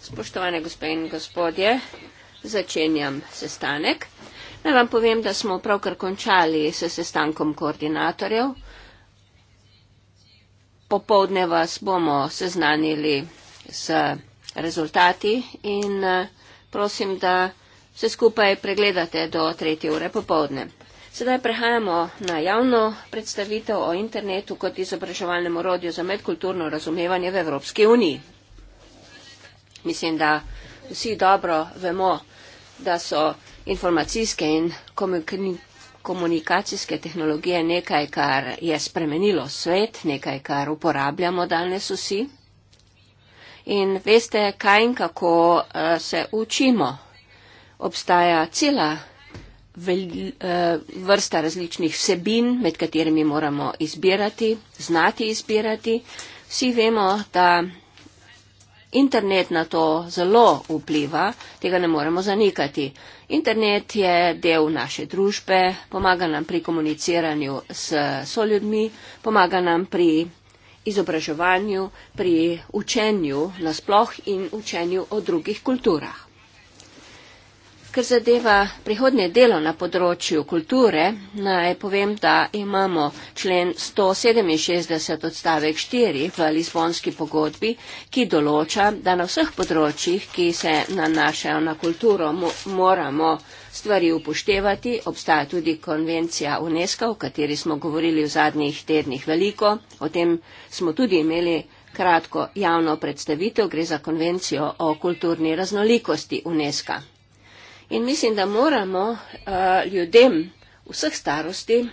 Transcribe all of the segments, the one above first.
Spoštovane gospe in gospodje, začenjam sestanek. Naj vam povem, da smo pravkar končali s sestankom koordinatorjev. Popovdne vas bomo seznanili s rezultati in eh, prosim, da se skupaj pregledate do tretje ure popovdne. Sedaj prehajamo na javno predstavitev o internetu kot izobraževalnem orodju za medkulturno razumevanje v Evropski uniji. Mislim, da vsi dobro vemo, da so informacijske in komunikacijske tehnologije nekaj, kar je spremenilo svet, nekaj, kar uporabljamo danes vsi. In veste, kaj in kako eh, se učimo. Obstaja cela vel, eh, vrsta različnih vsebin, med katerimi moramo izbirati, znati izbirati. Vsi vemo, da internet na to zelo vpliva, tega ne moremo zanikati. Internet je del naše družbe, pomaga nam pri komuniciranju s soljudmi, pomaga nam pri izobraževanju, pri učenju nasploh in učenju o drugih kulturah kar zadeva prihodnje delo na področju kulture, naj povem, da imamo člen 167 odstavek 4 v Lizbonski pogodbi, ki določa, da na vseh področjih, ki se nanašajo na kulturo, moramo stvari upoštevati. Obstaja tudi konvencija UNESCO, o kateri smo govorili v zadnjih tednih veliko. O tem smo tudi imeli kratko javno predstavitev. Gre za konvencijo o kulturni raznolikosti UNESCO. In mislim, da moramo uh, ljudem vseh starosti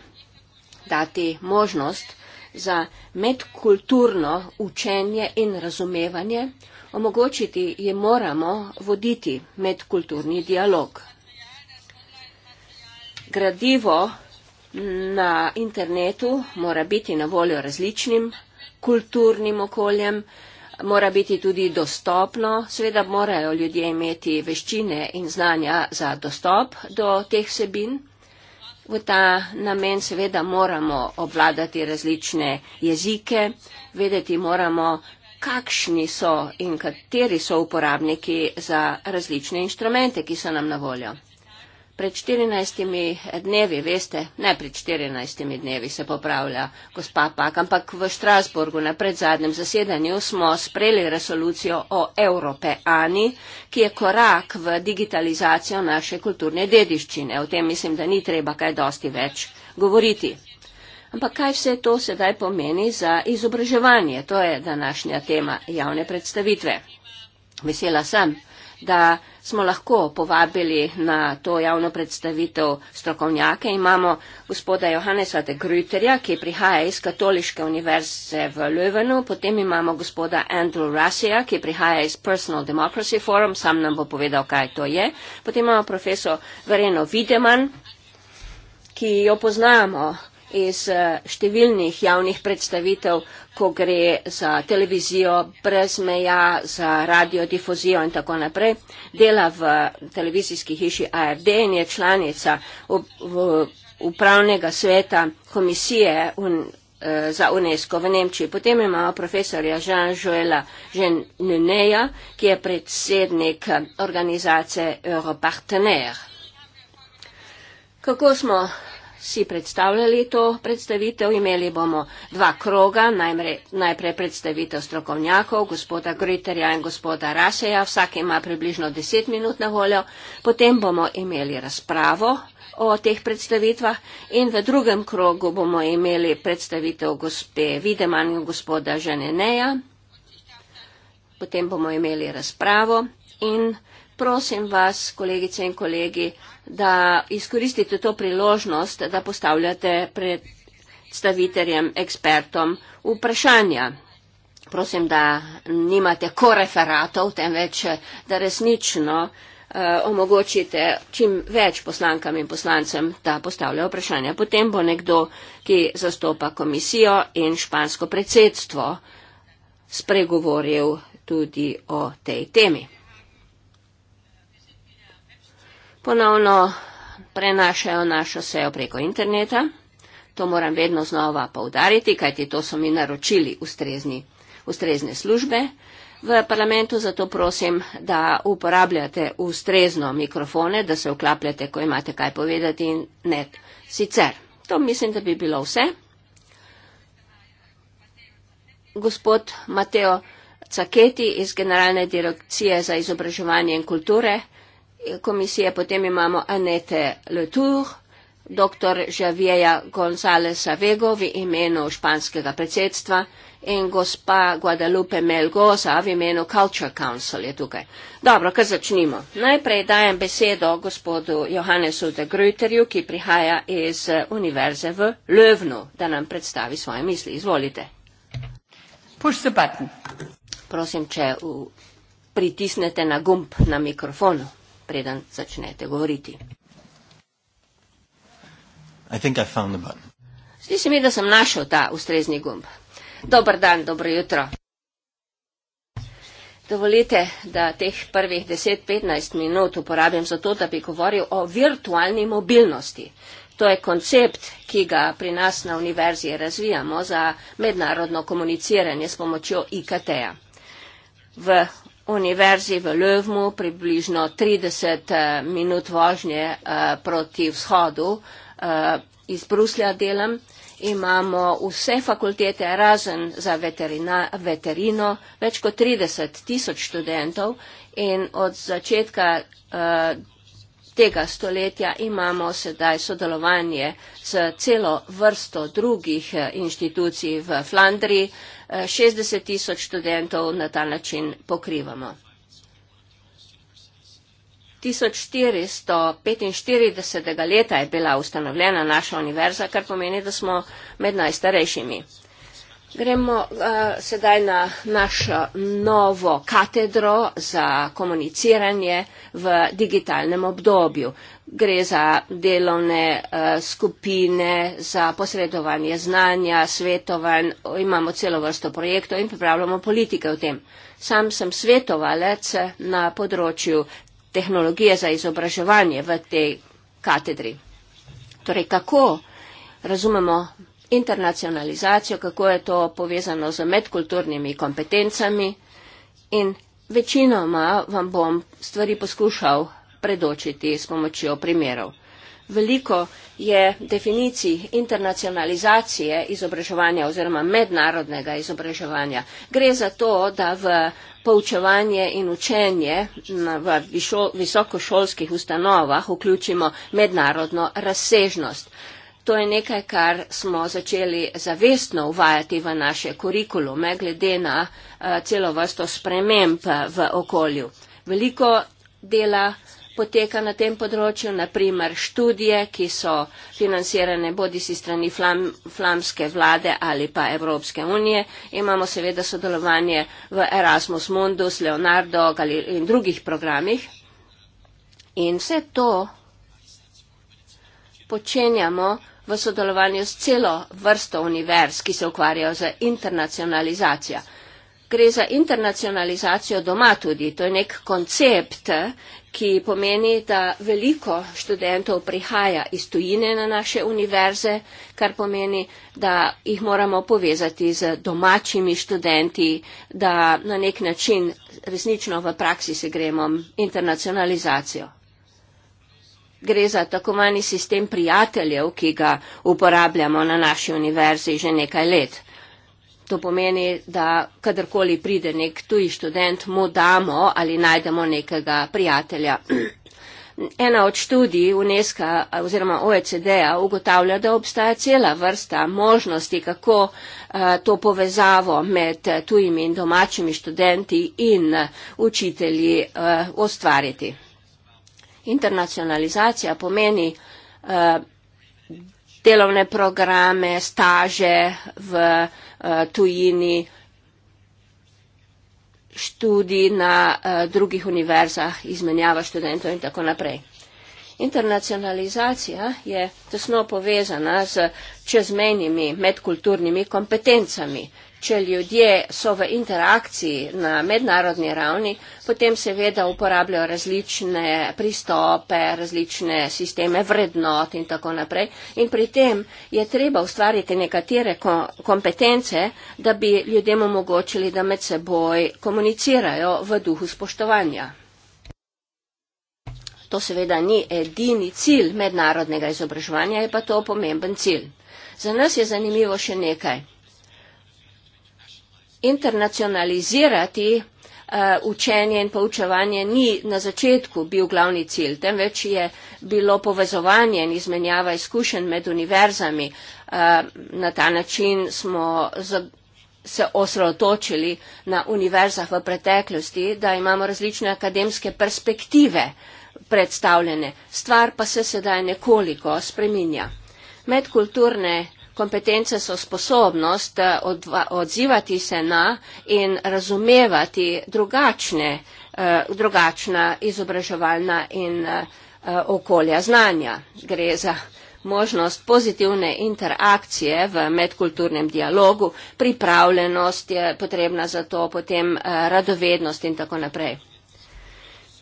dati možnost za medkulturno učenje in razumevanje, omogočiti je moramo voditi medkulturni dialog. Gradivo na internetu mora biti na voljo različnim kulturnim okoljem, uh, mora biti tudi dostopno, seveda morajo ljudje imeti veščine in znanja za dostop do teh sebin. V ta namen seveda moramo obvladati različne jezike, vedeti moramo, kakšni so in kateri so uporabniki za različne inštrumente, ki so nam na voljo pred 14 dnevi, veste, ne pred 14 dnevi se popravlja gospa Pak, ampak v Štrasburgu na predzadnjem zasedanju smo sprejeli resolucijo o Evrope Ani, ki je korak v digitalizacijo naše kulturne dediščine. O tem mislim, da ni treba kaj dosti več govoriti. Ampak kaj vse to sedaj pomeni za izobraževanje? To je današnja tema javne predstavitve. Vesela sem, da smo lahko povabili na to javno predstavitev strokovnjake. Imamo gospoda Johannesa de Gruterja, ki prihaja iz Katoliške univerze v Löwenu, potem imamo gospoda Andrew Rassija, ki prihaja iz Personal Democracy Forum, sam nam bo povedal, kaj to je. Potem imamo profesor Vareno Videman, ki jo poznamo iz eh, številnih javnih predstavitev, ko gre za televizijo brez meja, za radiodifuzijo in tako naprej. Dela v televizijski hiši ARD in je članica upravnega sveta komisije un, eh, za UNESCO v Nemčiji. Potem imamo profesorja Jean-Joela Jean-Neneja, ki je predsednik organizacije Europartner. Kako smo si predstavljali to predstavitev, imeli bomo dva kroga, najprej predstavitev strokovnjakov, gospoda Griterja in gospoda Raseja, vsak ima približno deset minut na voljo, potem bomo imeli razpravo o teh predstavitvah in v drugem krogu bomo imeli predstavitev gospe Videman in gospoda Ženeneja, potem bomo imeli razpravo in prosim vas, kolegice in kolegi, da izkoristite to priložnost, da postavljate predstaviteljem, ekspertom vprašanja. Prosim, da nimate koreferatov, temveč da resnično eh, omogočite čim več poslankam in poslancem, da postavljajo vprašanja. Potem bo nekdo, ki zastopa komisijo in špansko predsedstvo, spregovoril tudi o tej temi ponovno prenašajo našo sejo preko interneta. To moram vedno znova povdariti, kajti to so mi naročili ustrezni, ustrezne službe v parlamentu, zato prosim, da uporabljate ustrezno mikrofone, da se vklapljate, ko imate kaj povedati in ne sicer. To mislim, da bi bilo vse. Gospod Mateo Caketi iz Generalne direkcije za izobraževanje in kulture komisije potem imamo Anete Letour, dr. Javieja Gonzalesa Vego v imenu španskega predsedstva in gospa Guadalupe Melgoza v imenu Culture Council je tukaj. Dobro, kar začnimo. Najprej dajem besedo gospodu Johannesu de Gruterju, ki prihaja iz univerze v Lövnu, da nam predstavi svoje misli. Izvolite. Push the button. Prosim, če pritisnete na gumb na mikrofonu preden začnete govoriti. Zdi se mi, da sem našel ta ustrezni gumb. Dobr dan, dobro jutro. Dovolite, da teh prvih 10-15 minut uporabim za to, da bi govoril o virtualni mobilnosti. To je koncept, ki ga pri nas na univerzi razvijamo za mednarodno komuniciranje s pomočjo IKT-ja. V univerzi v Lövmu, približno 30 eh, minut vožnje eh, proti vzhodu eh, iz Bruslja delam. Imamo vse fakultete razen za veterina, veterino, več kot 30 tisoč študentov in od začetka tega stoletja imamo sedaj sodelovanje z celo vrsto drugih inštitucij v Flandriji, 60 tisoč študentov na ta način pokrivamo. 1445. leta je bila ustanovljena naša univerza, kar pomeni, da smo med najstarejšimi. Gremo uh, sedaj na našo eh, novo katedro za komuniciranje v digitalnem obdobju. Uh, gre za delovne uh, skupine, za posredovanje znanja, svetovanj, imamo celo vrsto projektov in pripravljamo politike v tem. Sam sem svetovalec na področju tehnologije za izobraževanje v tej katedri. Torej, kako razumemo internacionalizacijo, kako je to povezano z medkulturnimi kompetencami in večinoma vam bom stvari poskušal predočiti s pomočjo primerov. Veliko je definicij internacionalizacije izobraževanja oziroma mednarodnega izobraževanja. Gre za to, da v poučevanje in učenje v visokošolskih ustanovah vključimo mednarodno razsežnost. To je nekaj, kar smo začeli zavestno uvajati v naše kurikulume, glede na eh, celo vrsto sprememb eh, v okolju. Veliko dela poteka na tem področju, naprimer študije, ki so financirane bodi si strani flam, flamske vlade ali pa Evropske unije. Imamo seveda sodelovanje v Erasmus Mundus, Leonardo Galil in drugih programih. In vse to počenjamo v sodelovanju s celo vrsto univerz, ki se ukvarjajo z internacionalizacijo gre za internacionalizacijo doma tudi. To je nek koncept, ki pomeni, da veliko študentov prihaja iz tujine na naše univerze, kar pomeni, da jih moramo povezati z domačimi študenti, da na nek način resnično v praksi se gremo internacionalizacijo. Gre za tako manj sistem prijateljev, ki ga uporabljamo na naši univerzi že nekaj let to pomeni, da kadarkoli pride nek tuji študent, mu damo ali najdemo nekega prijatelja. Ena od študij UNESCO oziroma OECD-a ugotavlja, da obstaja cela vrsta možnosti, kako eh, to povezavo med eh, tujimi in domačimi študenti in eh, učitelji ustvariti. Internacionalizacija pomeni delovne programe, staže v Eh, tujini študij na eh, drugih univerzah, izmenjava študentov in tako naprej. Internacionalizacija je tesno povezana z čezmenjimi medkulturnimi kompetencami, če ljudje so v interakciji na mednarodni ravni, potem seveda uporabljajo različne pristope, različne sisteme vrednot in tako naprej. In pri tem je treba ustvariti nekatere kompetence, da bi ljudem omogočili, da med seboj komunicirajo v duhu spoštovanja. To seveda ni edini cilj mednarodnega izobraževanja, je pa to pomemben cilj. Za nas je zanimivo še nekaj internacionalizirati eh, učenje in poučevanje ni na začetku bil glavni cilj, temveč je bilo povezovanje in izmenjava izkušenj med univerzami. Eh, na ta način smo se osredotočili na univerzah v preteklosti, da imamo različne akademske perspektive predstavljene. Stvar pa se sedaj nekoliko spreminja. Medkulturne Kompetence so sposobnost eh, odva, odzivati se na in razumevati drugačne, eh, drugačna izobraževalna in eh, okolja znanja. Gre za možnost pozitivne interakcije v medkulturnem dialogu, pripravljenost je potrebna za to, potem radovednost in tako naprej.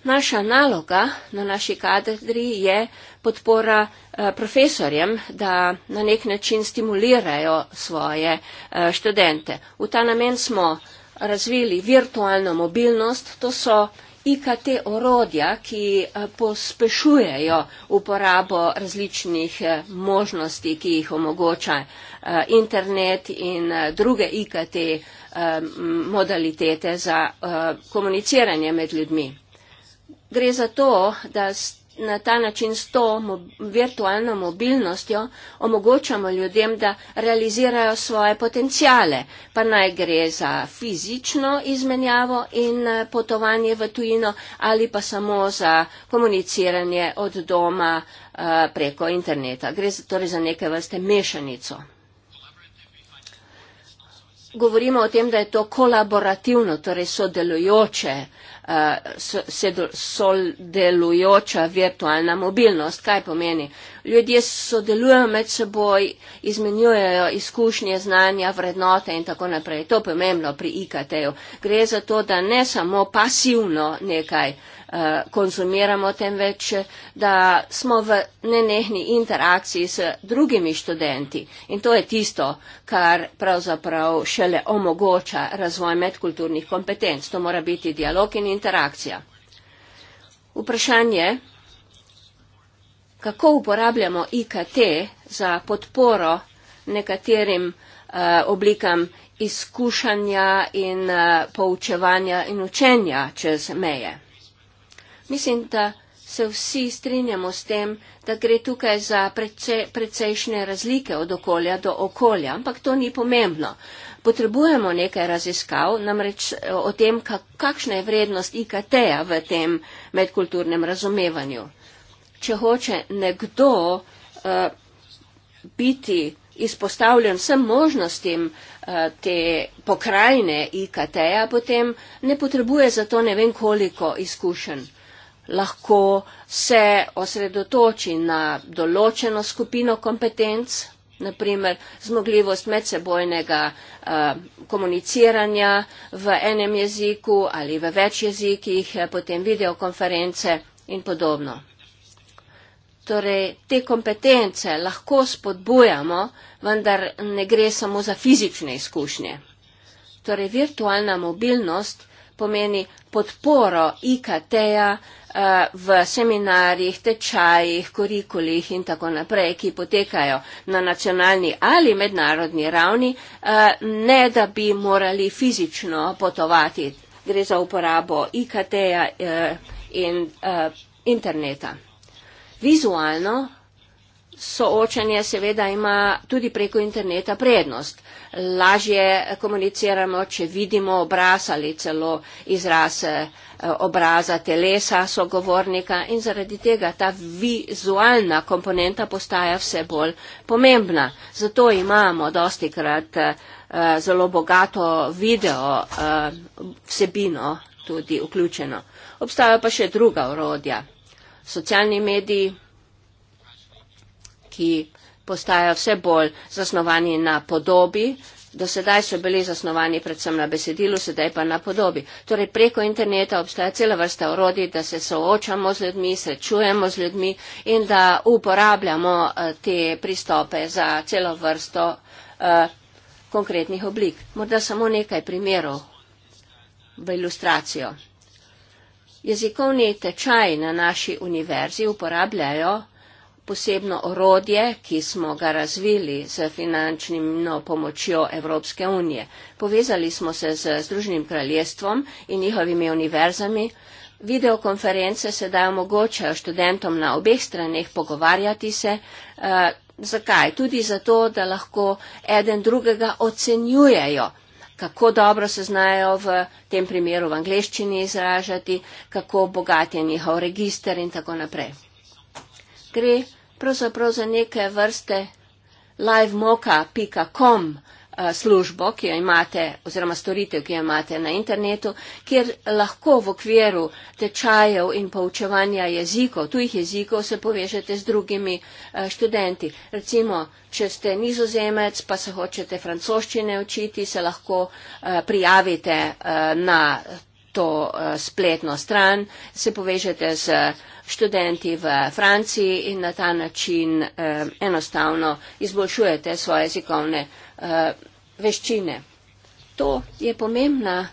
Naša naloga na naši kadri je podpora eh, profesorjem, da na nek način stimulirajo svoje eh, študente. V ta namen smo razvili virtualno mobilnost, to so IKT orodja, ki eh, pospešujejo uporabo različnih možnosti, ki jih omogoča internet in druge IKT modalitete za komuniciranje med ljudmi. Gre za to, da na ta način s to virtualno mobilnostjo omogočamo ljudem, da realizirajo svoje potencijale, pa naj gre za fizično izmenjavo in eh, potovanje v tujino ali pa samo za komuniciranje od doma eh, preko interneta. Gre za, torej za neke vrste mešanico. Govorimo o tem, da je to kolaborativno, torej sodelujoče uh, sodelujoča virtualna mobilnost. Kaj pomeni? Ljudje sodelujejo med seboj, izmenjujejo izkušnje, znanja, vrednote in tako naprej. To je pomembno pri IKT-ju. Gre za to, da ne samo pasivno nekaj Eh, konzumiramo, temveč eh, da smo v nenehni interakciji s drugimi študenti. In to je tisto, kar pravzaprav šele omogoča razvoj medkulturnih kompetenc. To mora biti dialog in interakcija. Vprašanje, kako uporabljamo IKT za podporo nekaterim eh, oblikam izkušanja in poučevanja in učenja čez meje. Mislim, da se vsi strinjamo s tem, da gre tukaj za precejšnje razlike od okolja do okolja, ampak to ni pomembno. Potrebujemo nekaj raziskav, namreč eh, o tem, kakšna je vrednost IKT-ja v tem medkulturnem razumevanju. Če hoče nekdo uh, biti izpostavljen vsem možnostim eh, te pokrajine IKT-ja, potem ne potrebuje za to ne vem koliko izkušenj lahko se osredotoči na določeno skupino kompetenc, naprimer zmogljivost medsebojnega uh, komuniciranja v enem jeziku ali v več jezikih, eh, potem videokonference in podobno. Torej, te kompetence lahko spodbujamo, vendar ne gre samo za fizične izkušnje. Torej, virtualna mobilnost pomeni podporo IKT-ja, v seminarjih, tečajih, kurikulih in tako naprej, ki potekajo na nacionalni ali mednarodni ravni, eh, ne da bi morali fizično potovati. Gre za uporabo IKT-ja eh, in eh, interneta. Vizualno soočanje seveda ima tudi preko interneta prednost. Lažje komuniciramo, če vidimo obraz ali celo izraz eh, obraza telesa sogovornika in zaradi tega ta vizualna komponenta postaja vse bolj pomembna. Zato imamo dosti krat eh, zelo bogato video eh, vsebino tudi vključeno. Obstajajo pa še druga orodja. Socialni mediji, ki postajajo vse bolj zasnovani na podobi. Do sedaj so bili zasnovani predvsem na besedilu, sedaj pa na podobi. Torej preko interneta obstaja cela vrsta orodij, da se soočamo z ljudmi, srečujemo z ljudmi in da uporabljamo eh, te pristope za celo vrsto uh, konkretnih oblik. Morda samo nekaj primerov v ilustracijo. Jezikovni tečaj na naši univerzi uporabljajo posebno orodje, ki smo ga razvili z finančno pomočjo Evropske unije. Povezali smo se z Združenim kraljestvom in njihovimi univerzami. Videokonference sedaj omogočajo študentom na obeh straneh pogovarjati se. Eh, zakaj? Tudi zato, da lahko eden drugega ocenjujejo kako dobro se znajo v tem primeru v angleščini izražati, kako bogat je njihov register in tako naprej. Gre pravzaprav za neke vrste livemoka.com eh, službo, ki jo imate, oziroma storitev, ki jo imate na internetu, kjer lahko v okviru tečajev in poučevanja jezikov, tujih jezikov, se povežete z drugimi eh, študenti. Recimo, če ste nizozemec, pa se hočete francoščine učiti, se lahko eh, prijavite na to uh, spletno stran, se povežete z študenti v Franciji in na ta način uh, enostavno izboljšujete svoje jezikovne uh, veščine. To je pomembna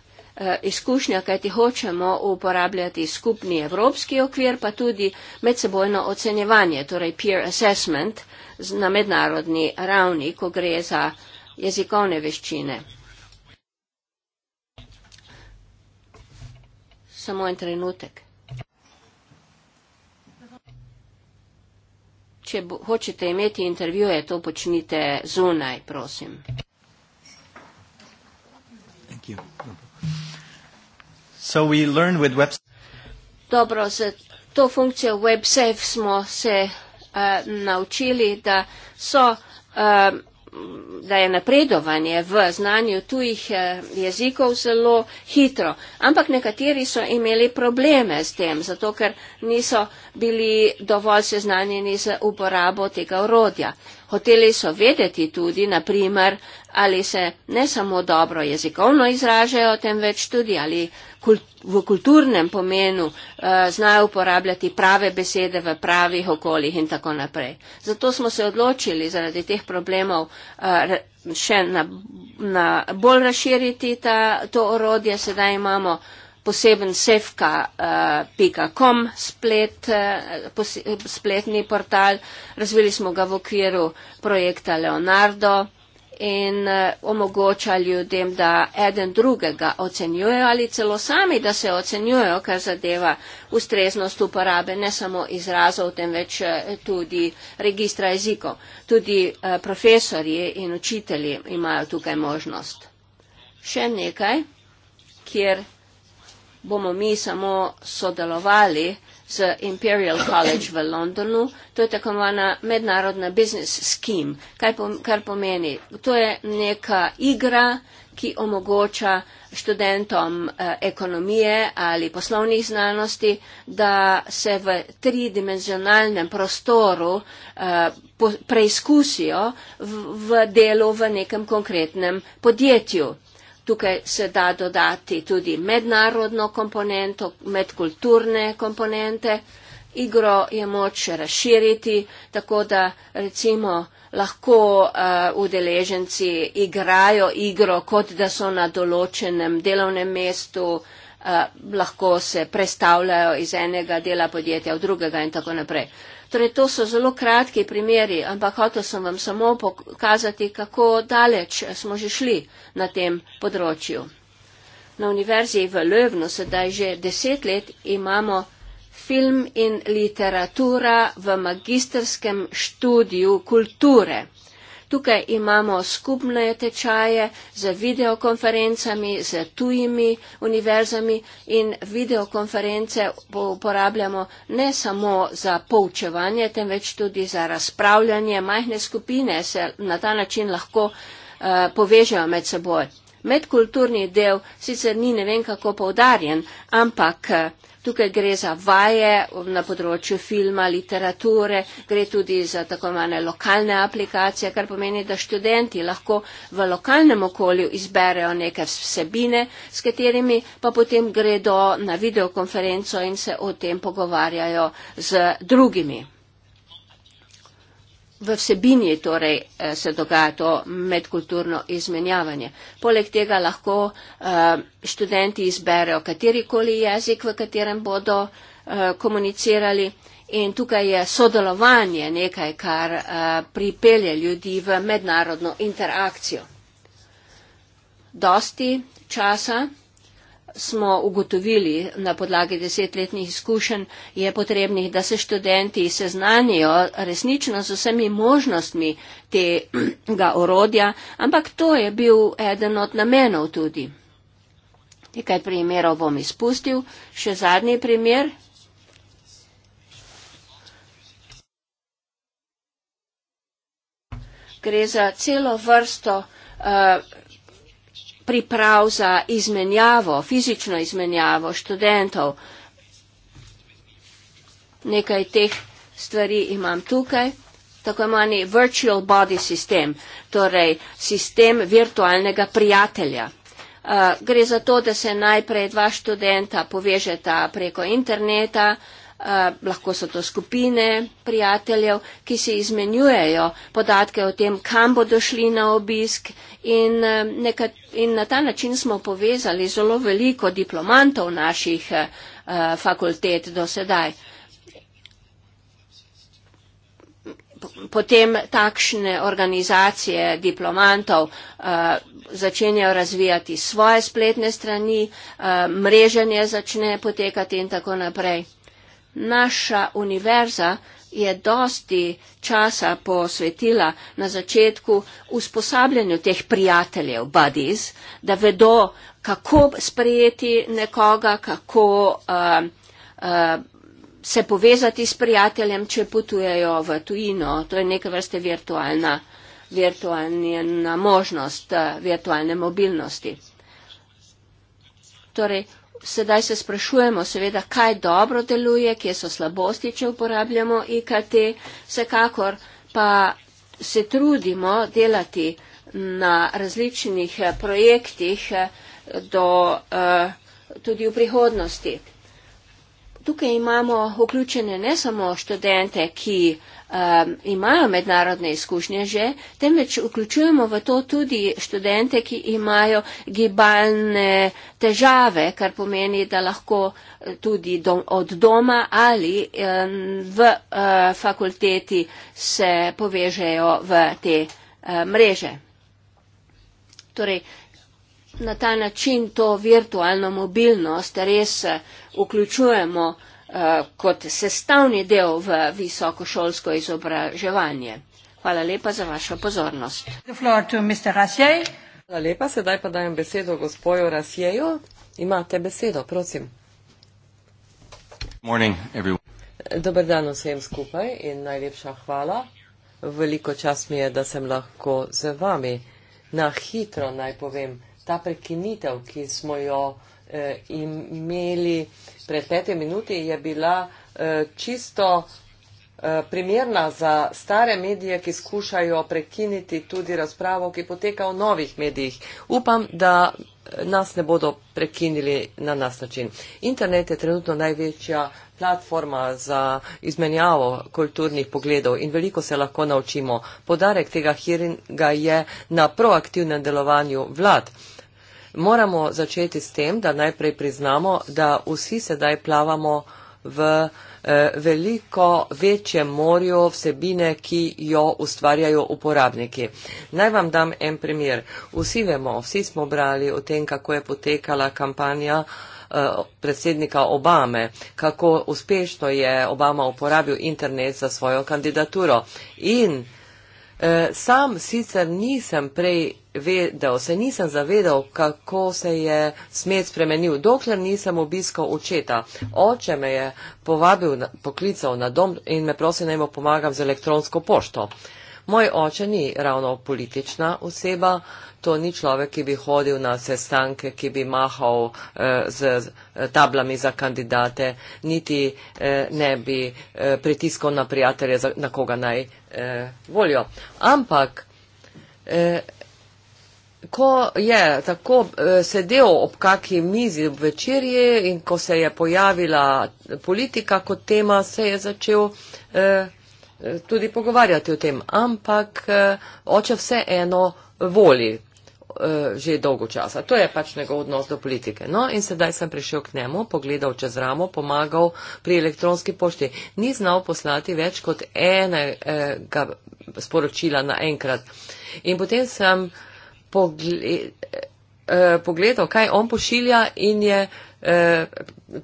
izkušnja, kajti hočemo uporabljati skupni evropski okvir, pa tudi medsebojno ocenjevanje, torej peer assessment na mednarodni ravni, ko gre za jezikovne veščine. samo en trenutek. Če bo, hočete imeti intervjuje, to počnite zunaj, prosim. Dobro, z to funkcijo WebSafe smo se uh, naučili, da so uh, da je napredovanje v znanju tujih eh, jezikov zelo hitro. Ampak nekateri so imeli probleme s tem, zato ker niso bili dovolj seznanjeni z uporabo tega urodja. Hoteli so vedeti tudi, naprimer, ali se ne samo dobro jezikovno izražajo, temveč tudi ali kult, v kulturnem pomenu eh, znajo uporabljati prave besede v pravih okoljih in tako naprej. Zato smo se odločili zaradi teh problemov eh, še na, na bolj razširiti ta, to orodje. Sedaj imamo poseben sevka.com eh, splet, eh, spletni portal. Razvili smo ga v okviru projekta Leonardo in eh, omogoča ljudem, da eden drugega ocenjujejo ali celo sami, da se ocenjujejo, kar zadeva ustreznost uporabe ne samo izrazov, temveč eh, tudi registra jezikov. Tudi eh, profesorji in učitelji imajo tukaj možnost. Še nekaj, kjer bomo mi samo sodelovali, z Imperial College v Londonu. To je tako imenovana mednarodna business scheme, kaj pom kar pomeni. To je neka igra, ki omogoča študentom eh, ekonomije ali poslovnih znanosti, da se v tridimenzionalnem prostoru eh, preizkusijo v, v delu v nekem konkretnem podjetju. Tukaj se da dodati tudi mednarodno komponento, medkulturne komponente. Igro je moč razširiti, tako da recimo lahko uh, udeleženci igrajo igro, kot da so na določenem delovnem mestu, uh, lahko se predstavljajo iz enega dela podjetja v drugega in tako naprej. Uh, Torej, to so zelo kratki primeri, ampak hotel sem vam samo pokazati, kako daleč smo že šli na tem področju. Na univerzi v Lövnu sedaj že deset let imamo film in literatura v magisterskem študiju kulture. Tukaj imamo skupne tečaje z videokonferencami, z tujimi univerzami in videokonference uporabljamo ne samo za poučevanje, temveč tudi za razpravljanje. Majhne skupine se na ta način lahko uh, povežejo med seboj. Medkulturni del sicer ni ne vem kako poudarjen, ampak uh, Tukaj gre za vaje na področju filma, literature, gre tudi za tako imene lokalne aplikacije, kar pomeni, da študenti lahko v lokalnem okolju izberejo neke vsebine, s katerimi pa potem gredo na videokonferenco in se o tem pogovarjajo z drugimi. V vsebini torej eh, se dogaja to medkulturno izmenjavanje. Poleg tega lahko eh, študenti izberejo katerikoli jezik, v katerem bodo eh, komunicirali in tukaj je sodelovanje nekaj, kar pripelje ljudi v mednarodno interakcijo. Dosti časa smo ugotovili na podlagi desetletnih izkušenj, je potrebnih, da se študenti seznanijo resnično z vsemi možnostmi tega orodja, ampak to je bil eden od namenov tudi. Nekaj primerov bom izpustil. Še zadnji primer. Gre za celo vrsto uh, priprav za izmenjavo, fizično izmenjavo študentov. Nekaj teh stvari imam tukaj. Tako imani virtual body system, torej sistem virtualnega prijatelja. Uh, gre za to, da se najprej dva študenta povežeta preko interneta, uh, Eh, lahko so to skupine prijateljev, ki si izmenjujejo podatke o tem, kam bodo šli na obisk in, uh, eh, neka, in na ta način smo povezali zelo veliko diplomantov naših uh, fakultet do sedaj. Potem takšne organizacije diplomantov uh, začenjajo razvijati svoje spletne strani, uh, mreženje začne potekati in tako naprej naša univerza je dosti časa posvetila na začetku usposabljanju teh prijateljev, buddies, da vedo, kako sprejeti nekoga, kako uh, uh, se povezati s prijateljem, če potujejo v tujino. To je neka vrste virtualna, virtualna možnost, uh, virtualne mobilnosti. Torej, sedaj se sprašujemo, seveda, kaj dobro deluje, kje so slabosti, če uporabljamo IKT. Vsekakor pa se trudimo delati na različnih eh, projektih eh, do, eh, tudi v prihodnosti. Tukaj imamo vključene ne samo študente, ki uh, um, imajo mednarodne izkušnje že, temveč vključujemo v to tudi študente, ki imajo gibalne težave, kar pomeni, da lahko eh, tudi dom, od doma ali um, v uh, fakulteti se povežejo v te uh, mreže. Torej, na ta način to virtualno mobilnost res vključujemo uh, Eh, kot sestavni del v visokošolsko izobraževanje. Hvala lepa za vašo pozornost. Hvala lepa, sedaj pa dajem besedo gospoju Rasjeju. Imate besedo, prosim. Morning, Dober dan vsem skupaj in najlepša hvala. Veliko čas mi je, da sem lahko z vami. Na hitro naj povem, ta prekinitev, ki smo jo eh, imeli pred petimi minuti, je bila eh, čisto eh, primerna za stare medije, ki skušajo prekiniti tudi razpravo, ki poteka v novih medijih. Upam, da nas ne bodo prekinili na nas način. Internet je trenutno največja platforma za izmenjavo kulturnih pogledov in veliko se lahko naučimo. Podarek tega hiringa je na proaktivnem delovanju vlad moramo začeti s tem, da najprej priznamo, da vsi sedaj plavamo v eh, veliko večje morjo vsebine, ki jo ustvarjajo uporabniki. Naj vam dam en primer. Vsi vemo, vsi smo brali o tem, kako je potekala kampanja eh, predsednika Obame, kako uspešno je Obama uporabil internet za svojo kandidaturo. In eh, sam sicer nisem prej vedel, se nisem zavedal, kako se je smet spremenil, dokler nisem obiskal očeta. Oče me je povabil, poklical na dom in me prosil, naj mu pomagam z elektronsko pošto. Moj oče ni ravno politična oseba, to ni človek, ki bi hodil na sestanke, ki bi mahal eh, z eh, tablami za kandidate, niti eh, ne bi eh, pritiskal na prijatelje, na koga naj eh, volijo. Ampak eh, ko je tako eh, sedel ob kakšni mizi v večerji in ko se je pojavila politika kot tema, se je začel eh, eh, tudi pogovarjati o tem. Ampak oče vse eno voli že dolgo časa. To je pač njegov odnos do politike. No in sedaj sem prišel k njemu, pogledal čez ramo, pomagal pri elektronski pošti. Ni znal poslati več kot enega sporočila naenkrat. In potem sem eh, pogled, eh, pogledal, kaj on pošilja in je eh,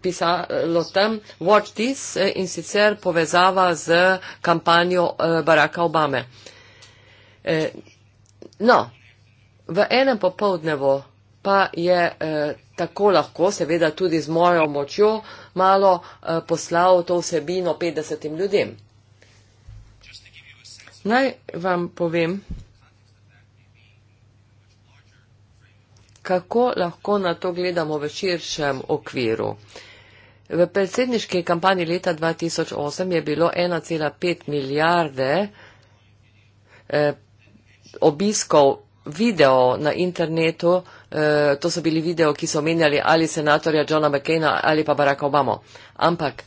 pisalo tam Watch This eh, in sicer povezava z kampanjo eh, Baracka Obame. Eh, no, v enem popovdnevu pa je eh, tako lahko, seveda tudi z mojo močjo, malo eh, poslal to vsebino 50 ljudem. Naj vam povem, kako lahko na to gledamo v širšem okviru. V predsedniški kampanji leta 2008 je bilo 1,5 milijarde eh, obiskov video na internetu, eh, to so bili video, ki so omenjali ali senatorja Johna McCaina ali pa Baracka Obama. Ampak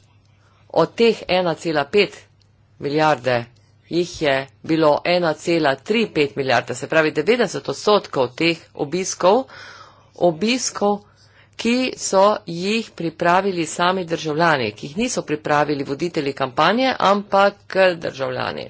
od teh 1,5 milijarde jih je bilo 1,35 milijarde, se pravi 90 odstotkov teh obiskov, obiskov, ki so jih pripravili sami državljani, ki jih niso pripravili voditelji kampanje, ampak državljani.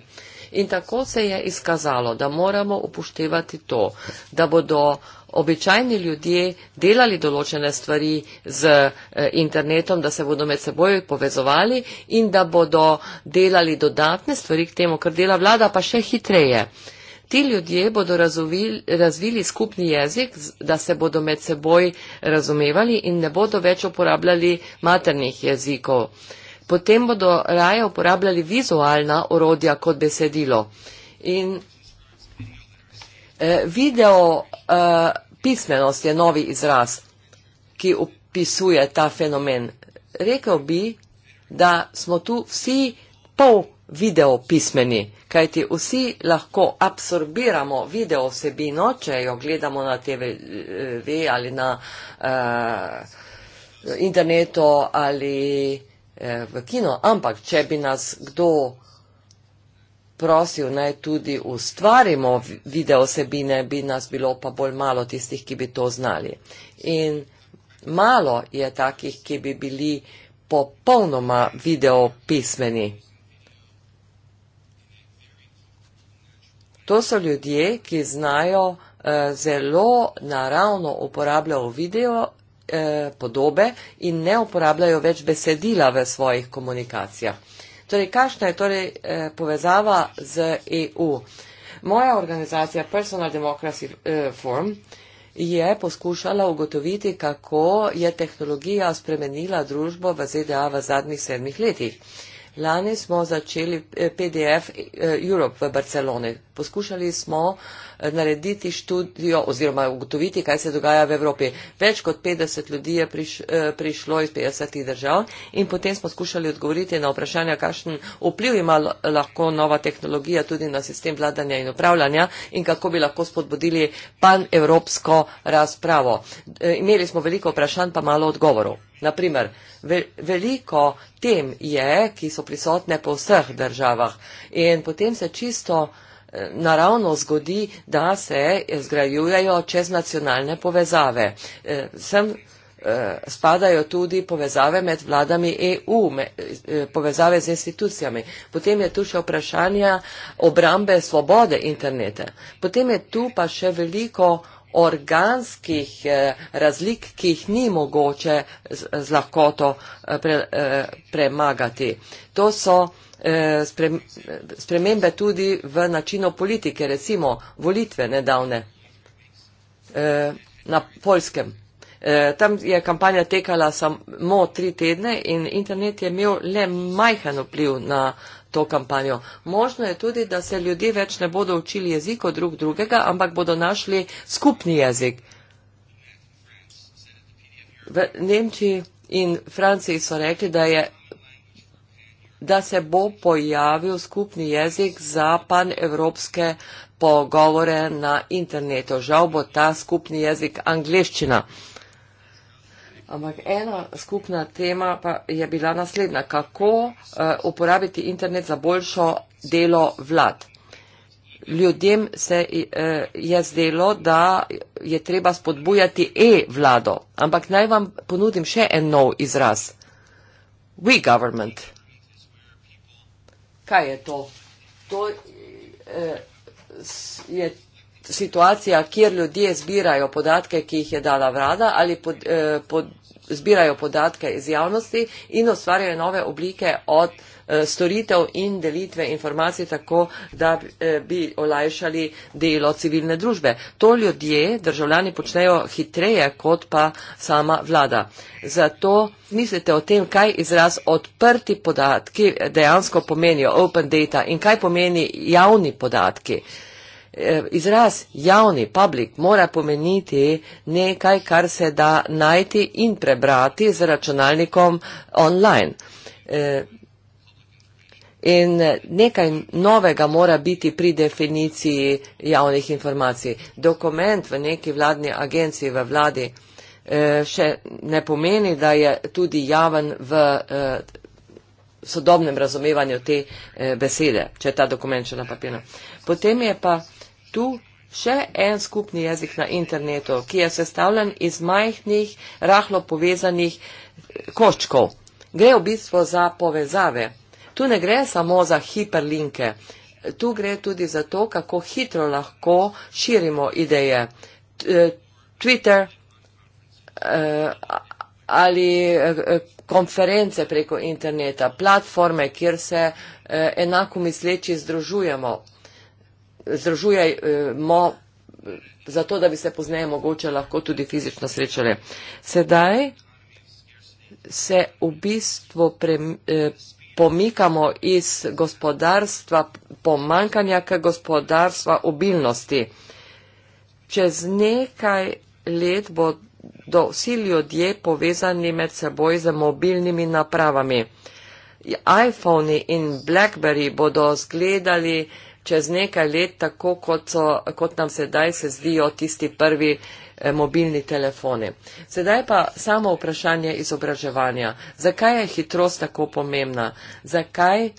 In tako se je izkazalo, da moramo upoštevati to, da bodo uh, običajni ljudje delali določene stvari z eh, internetom, da se bodo med seboj povezovali in da bodo delali dodatne stvari k temu, kar dela vlada, pa še hitreje. Ti ljudje bodo razvili, razvili skupni jezik, da se bodo med seboj razumevali in ne bodo več uporabljali maternih jezikov. Potem bodo raje uporabljali vizualna orodja kot besedilo. In eh, video. Eh, pismenost je novi izraz, ki opisuje ta fenomen. Rekel bi, da smo tu vsi pol video pismeni, kajti vsi lahko absorbiramo video vsebino, če jo gledamo na TV eh, ali na uh, internetu ali uh, v kino, ampak če bi nas kdo prosil, naj tudi ustvarimo video osebine, bi nas bilo pa bolj malo tistih, ki bi to znali. In malo je takih, ki bi bili popolnoma video pismeni. To so ljudje, ki znajo eh, zelo naravno uporabljati video eh, podobe in ne uporabljajo več besedila v svojih komunikacijah. Eh, Torej, kakšna je torej eh, povezava z EU? Moja organizacija Personal Democracy eh, Forum je poskušala ugotoviti, kako je tehnologija spremenila družbo v ZDA v zadnjih sedmih letih. Lani smo začeli eh, PDF eh, Europe v Barceloni. Poskušali smo eh, narediti študijo oziroma ugotoviti, kaj se dogaja v Evropi. Več kot 50 ljudi je priš, eh, prišlo iz 50 držav in potem smo skušali odgovoriti na vprašanje, kakšen vpliv ima lahko nova tehnologija tudi na sistem vladanja in upravljanja in kako bi lahko spodbudili panevropsko razpravo. Eh, imeli smo veliko vprašanj, pa malo odgovorov. Naprimer, veliko tem je, ki so prisotne po vseh državah in potem se čisto naravno zgodi, da se zgrajujajo čeznacionalne povezave. E, sem e, spadajo tudi povezave med vladami EU, e, povezave z institucijami. Potem je tu še vprašanje obrambe svobode interneta. Potem je tu pa še veliko organskih razlik, ki jih ni mogoče z lahkoto pre, premagati. To so Eh, spremembe tudi v načinu politike, recimo volitve nedavne eh, na Polskem. Eh, tam je kampanja tekala samo tri tedne in internet je imel le majhen vpliv na to kampanjo. Možno je tudi, da se ljudje več ne bodo učili jeziko drug drugega, ampak bodo našli skupni jezik. V Nemčiji in Franciji so rekli, da je da se bo pojavil skupni jezik za panevropske pogovore na internetu. Žal bo ta skupni jezik angliščina. Ampak ena skupna tema pa je bila naslednja. Kako eh, uporabiti internet za boljšo delo vlad? Ljudem se eh, je zdelo, da je treba spodbujati e-vlado. Ampak naj vam ponudim še en nov izraz. We government kaj je to? To eh, je situacija, kjer ljudje zbirajo podatke, ki jih je dala vlada ali pod, eh, pod, zbirajo podatke iz javnosti in ustvarjajo nove oblike od. Eh, storitev in delitve informacij tako, da eh, bi olajšali delo civilne družbe. To ljudje, državljani počnejo hitreje kot pa sama vlada. Zato mislite o tem, kaj izraz odprti podatki dejansko pomenijo, open data in kaj pomeni javni podatki. Eh, izraz javni, public, mora pomeniti nekaj, kar se da najti in prebrati z računalnikom online. In eh, nekaj novega mora biti pri definiciji javnih informacij. Dokument v neki vladni agenciji, v vladi, eh, še ne pomeni, da je tudi javen v eh, sodobnem razumevanju te besede, če je ta dokument še na papirju. Potem je pa tu še en skupni jezik na internetu, ki je sestavljen iz majhnih, rahlo povezanih koščkov. Gre v bistvu za povezave. Tu ne gre samo za hiperlinke, tu gre tudi za to, kako hitro lahko širimo ideje. Eh, Twitter eh, ali eh, konference preko interneta, platforme, kjer se enako misleči združujemo, združujemo zato, da bi se pozneje mogoče lahko tudi fizično srečali. Sedaj se v bistvu premijo pomikamo iz gospodarstva pomankanja k gospodarstva obilnosti. Čez nekaj let bo do vsi ljudje povezani med seboj z mobilnimi napravami. iPhone in Blackberry bodo zgledali čez nekaj let tako, kot, so, kot nam sedaj se zdijo tisti prvi Eh, mobilni telefoni. Sedaj pa samo vprašanje izobraževanja. Zakaj je hitrost tako pomembna? Zakaj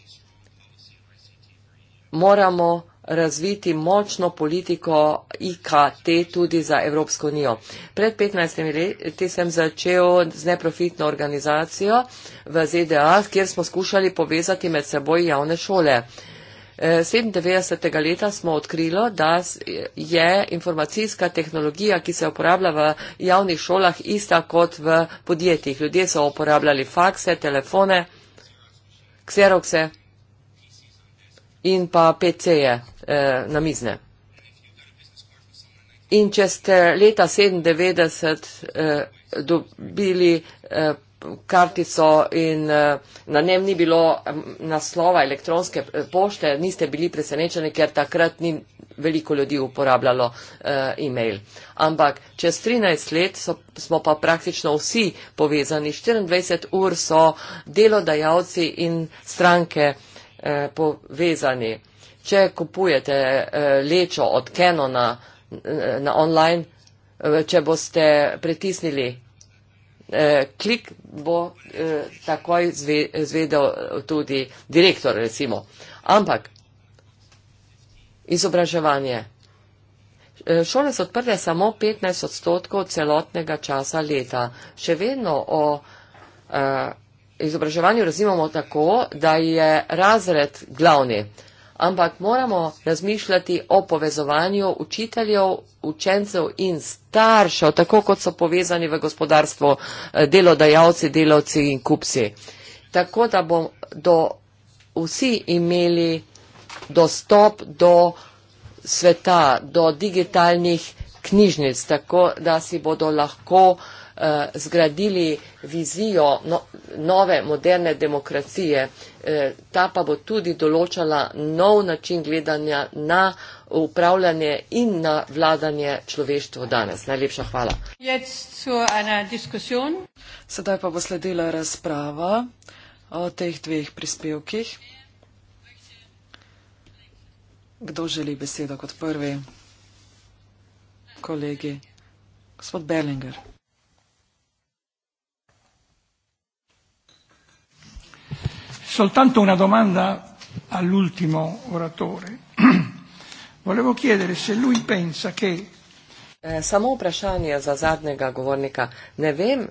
moramo razviti močno politiko IKT tudi za Evropsko unijo. Pred 15 leti sem začel z neprofitno organizacijo v ZDA, kjer smo skušali povezati med seboj javne šole. Uh, 97. leta smo odkrilo, da je informacijska tehnologija, ki se uporablja v javnih šolah, ista kot v podjetjih. Ljudje so uporabljali fakse, telefone, kserokse in pa PC-je eh, na mizne. In če ste leta 97 eh, dobili eh, kartico in eh, na njem ni bilo naslova elektronske eh, pošte, niste bili presenečeni, ker takrat ni veliko ljudi uporabljalo eh, e-mail. Ampak čez 13 let so, smo pa praktično vsi povezani, 24 ur so delodajalci in stranke povezani. Če kupujete lečo od Kenona na online, če boste pritisnili Eh, klik bo eh, takoj zvedel tudi direktor, recimo. Ampak izobraževanje. Eh, šole so odprte samo 15 odstotkov celotnega časa leta. Še vedno o izobraževanju razimamo tako, da je razred glavni ampak moramo razmišljati o povezovanju učiteljev, učencev in staršev, tako kot so povezani v gospodarstvo eh, delodajalci, delavci in kupci. Tako da bomo vsi imeli dostop do sveta, do digitalnih knjižnic, tako da si bodo lahko uh, uh, zgradili vizijo no, nove moderne demokracije. Uh, ta pa bo tudi določala nov način gledanja na upravljanje in na vladanje človeštvo danes. Najlepša hvala. Sedaj pa bo sledila razprava o teh dveh prispevkih. Kdo želi besedo kot prvi? Kolegi. Gospod Berlinger. Soltanto una domanda all'ultimo oratore. Volevo chiedere se lui pensa che. Eh, samo vprašanje za zadnjega govornika. Ne vem.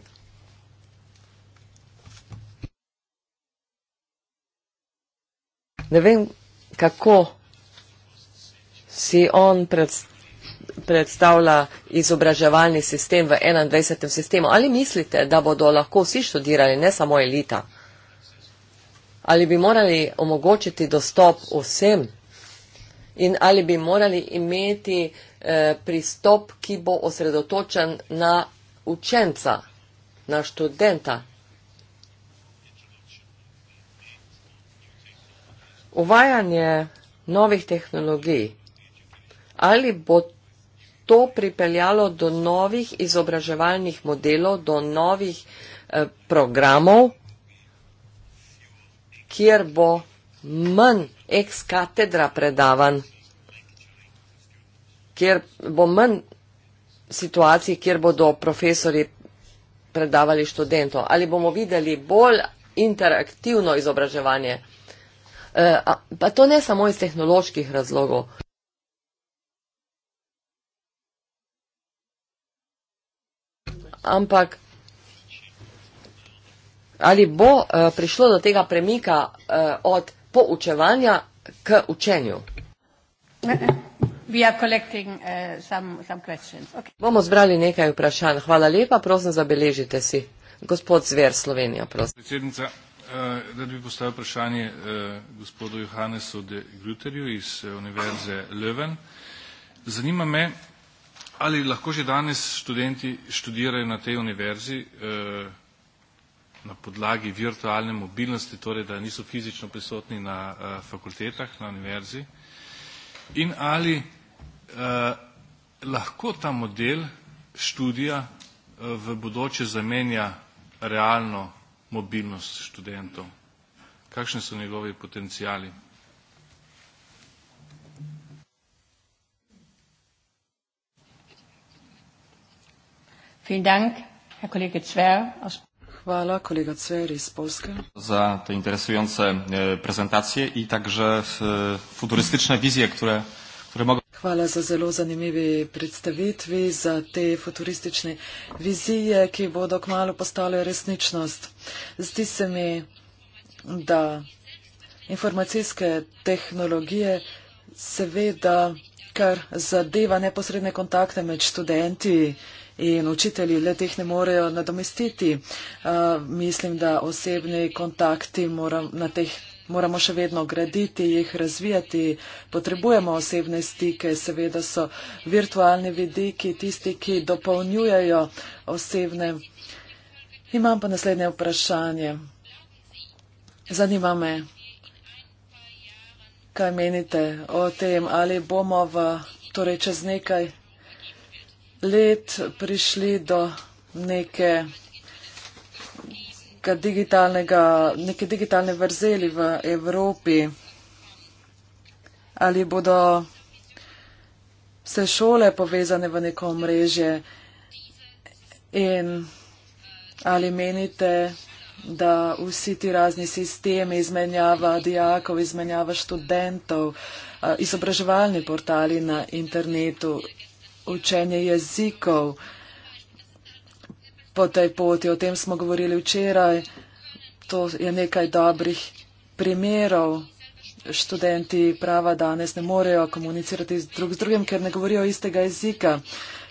Ne vem, kako si on predstavlja izobraževalni sistem v 21. sistemu. Ali mislite, da bodo lahko vsi študirali, ne samo elita? ali bi morali omogočiti dostop vsem in ali bi morali imeti eh, pristop, ki bo osredotočen na učenca, na študenta. Uvajanje novih tehnologij. Ali bo to pripeljalo do novih izobraževalnih modelov, do novih eh, programov, kjer bo manj ex-katedra predavan, kjer bo manj situacij, kjer bodo profesori predavali študentov. Ali bomo videli bolj interaktivno izobraževanje? E, a, pa to ne samo iz tehnoloških razlogov. Ampak ali bo uh, prišlo do tega premika uh, od poučevanja k učenju. Eh, Bomo zbrali nekaj vprašanj. Hvala lepa, prosim, zabeležite si. Gospod Zver, Slovenija, prosim. Predsednica, rad bi postavil vprašanje gospodu Johannesu de Gruterju iz Univerze Leuven. Zanima me, ali lahko že danes študenti študirajo na tej univerzi, na podlagi virtualne mobilnosti, torej da niso fizično prisotni na uh, fakultetah, na univerzi. In ali uh, lahko ta model študija uh, v bodoče zamenja realno mobilnost študentov? Kakšni so njegovi potencijali? Vielen Dank, Herr Kollege Zwer aus Hvala, kolega Cver iz Polske. Za te interesujące e, prezentacje i także e, futurystyczne wizje, które, które mogą... Hvala za zelo zanimivi predstavitvi, za te futuristične vizije, ki bodo kmalo postale resničnost. Zdi se mi, da informacijske tehnologije seveda, kar zadeva neposredne kontakte med študenti in učitelji le teh ne morejo nadomestiti. Uh, mislim, da osebni kontakti moram, na teh moramo še vedno graditi, jih razvijati. Potrebujemo osebne stike, seveda so virtualni vidiki tisti, ki dopolnjujejo osebne. Imam pa naslednje vprašanje. Zanima me, kaj menite o tem, ali bomo v, torej čez nekaj let prišli do neke digitalnega, neke digitalne vrzeli v Evropi. Ali bodo vse šole povezane v neko mrežje in ali menite, da vsi ti razni sistemi izmenjava dijakov, izmenjava študentov, eh, izobraževalni portali na internetu učenje jezikov po tej poti. O tem smo govorili včeraj. To je nekaj dobrih primerov. Študenti prava danes ne morejo komunicirati drug z drugim, ker ne govorijo istega jezika.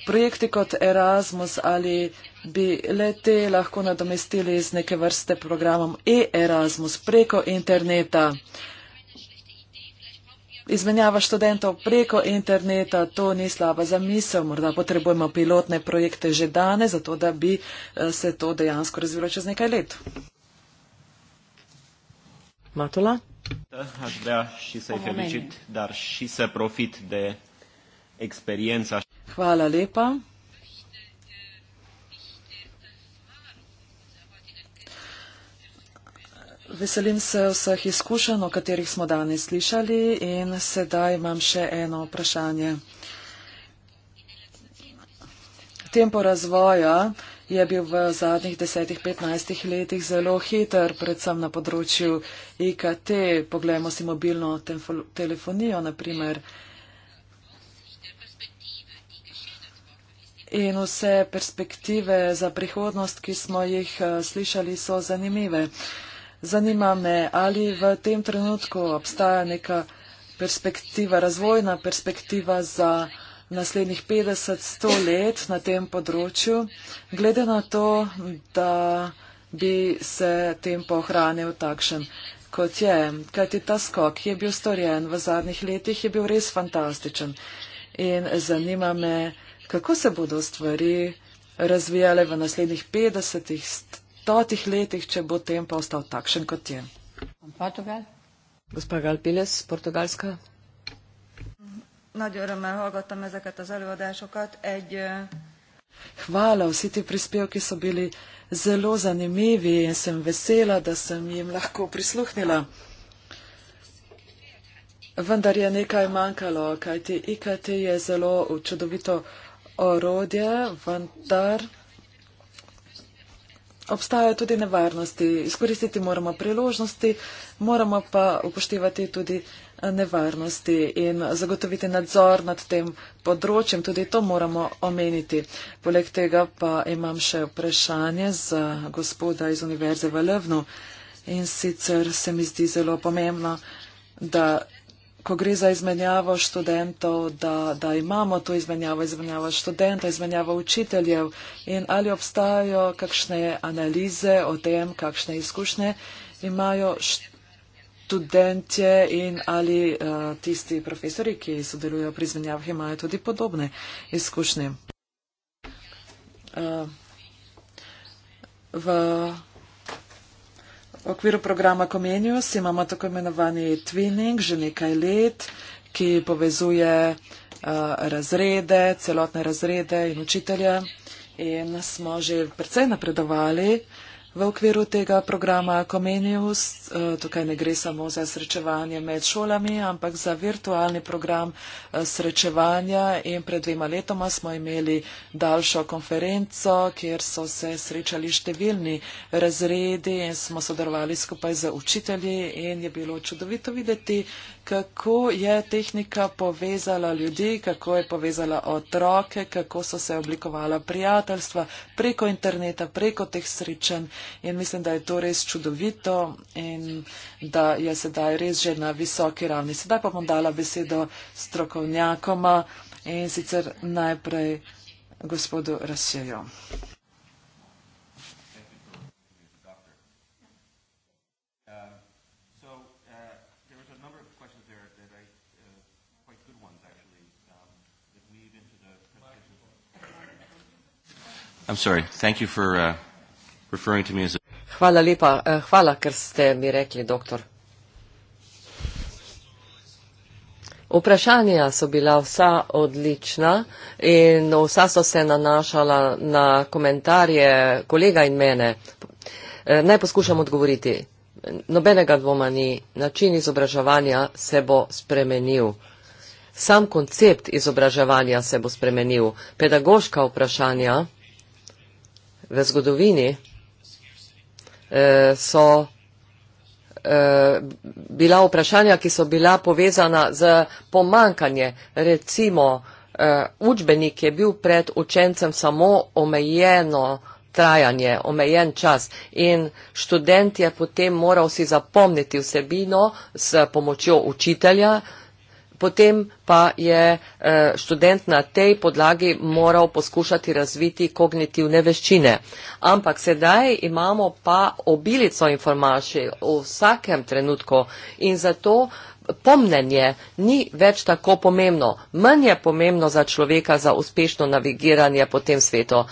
Projekti kot Erasmus ali bi le te lahko nadomestili z neke vrste programom e-Erasmus preko interneta. Izmenjava študentov preko interneta, to ni slaba zamisel, morda potrebujemo pilotne projekte že danes, zato da bi eh, se to dejansko razvilo čez nekaj let. Matula? Hvala lepa. Veselim se vseh izkušenj, o katerih smo danes slišali in sedaj imam še eno vprašanje. Tempo razvoja je bil v zadnjih 10-15 letih zelo hiter, predvsem na področju IKT. Poglejmo si mobilno telefonijo, naprimer. In vse perspektive za prihodnost, ki smo jih eh, slišali, so zanimive. Zanima me, ali v tem trenutku obstaja neka perspektiva, razvojna perspektiva za naslednjih 50-100 let na tem področju, glede na to, da bi se tempo ohranil takšen, kot je. Kajti ta skok, ki je bil storjen v zadnjih letih, je bil res fantastičen. In zanima me, kako se bodo stvari razvijale v naslednjih 50-ih 100 letih stotih letih, če bo tempo ostal takšen, kot je. Portugal. Gospa Galpiles, Portugalska. Nagy örömmel hallgattam ezeket az előadásokat. Egy, Hvala, vsi ti prispevki so bili zelo zanimivi in sem vesela, da sem jim lahko prisluhnila. Vendar je nekaj manjkalo, kajti IKT je zelo čudovito orodje, vendar obstajajo tudi nevarnosti. Izkoristiti moramo priložnosti, moramo pa upoštevati tudi eh, nevarnosti in zagotoviti nadzor nad tem področjem. Tudi to moramo omeniti. Poleg tega pa imam še vprašanje za gospoda iz Univerze v Levnu. In sicer se mi zdi zelo pomembno, da ko gre za izmenjavo študentov, da, da imamo to izmenjavo, izmenjavo študentov, izmenjavo učiteljev in ali obstajajo kakšne analize o tem, kakšne izkušnje imajo študentje in ali uh, tisti profesori, ki sodelujo pri izmenjavah, imajo tudi podobne izkušnje. Uh, V okviru programa Comenius imamo tako imenovani twinning že nekaj let, ki povezuje uh, razrede, celotne razrede in učitelje. In smo že precej napredovali, V okviru tega programa Comenius, eh, tukaj ne gre samo za srečevanje med šolami, ampak za virtualni program eh, srečevanja in pred dvema letoma smo imeli daljšo konferenco, kjer so se srečali številni razredi in smo sodelovali skupaj z učitelji in je bilo čudovito videti, kako je tehnika povezala ljudi, kako je povezala otroke, kako so se oblikovala prijateljstva preko interneta, preko teh srečen. In mislim, da je to res čudovito in da je sedaj res že na visoki ravni. Sedaj pa bom dala besedo strokovnjakoma in sicer najprej gospodu Rasijo. Uh, hvala lepa, eh, hvala, ker ste mi rekli, doktor. Vprašanja so bila vsa odlična in vsa so se nanašala na komentarje kolega in mene. Eh, naj poskušam odgovoriti. Nobenega dvoma ni. Način izobraževanja se bo spremenil. Sam koncept izobraževanja se bo spremenil. Pedagoška vprašanja v zgodovini eh, so eh, bila vprašanja, ki so bila povezana z pomankanje. Recimo, eh, učbenik je bil pred učencem samo omejeno trajanje, omejen čas in študent je potem moral si zapomniti vsebino s pomočjo učitelja, Potem pa je eh, študent na tej podlagi moral poskušati razviti kognitivne veščine. Ampak sedaj imamo pa obilico informacij v vsakem trenutku in zato pomnenje ni več tako pomembno. Manje je pomembno za človeka za uspešno navigiranje po tem svetu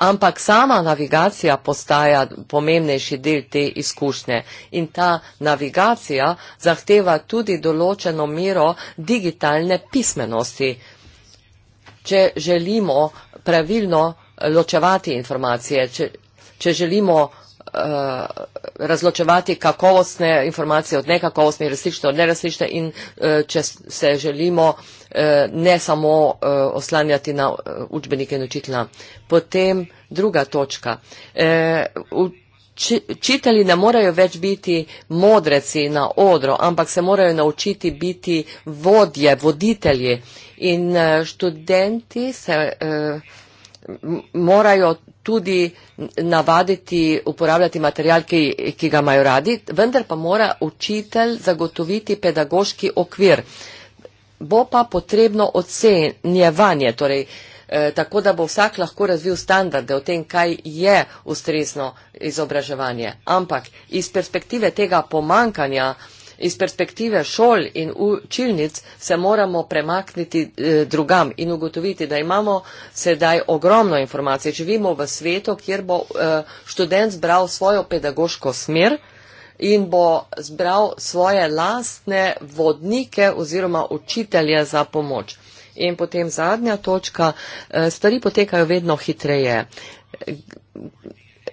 ampak sama navigacija postaja pomembnejši del te izkušnje in ta navigacija zahteva tudi določeno mero digitalne pismenosti, če želimo pravilno ločevati informacije, če, če želimo Eh, razločevati kakovostne informacije od nekakovostne, resnične od neresnične in eh, če se želimo eh, ne samo oslanjati na učbenike in učitelja. Potem druga točka. Čitelji ne morajo več biti modreci na odro, ampak se morajo naučiti biti vodje, voditelji. In študenti se morajo tudi navaditi uporabljati material, ki, ki ga imajo radi, vendar pa mora učitelj zagotoviti pedagoški okvir. Bo pa potrebno ocenjevanje, torej, eh, tako da bo vsak lahko razvil standarde o tem, kaj je ustrezno izobraževanje. Ampak iz perspektive tega pomankanja, iz perspektive šol in učilnic se moramo premakniti eh, drugam in ugotoviti, da imamo sedaj ogromno informacije. Živimo v svetu, kjer bo eh, študent zbral svojo pedagoško smer in bo zbral svoje lastne vodnike oziroma učitelje za pomoč. In potem zadnja točka, eh, stvari potekajo vedno hitreje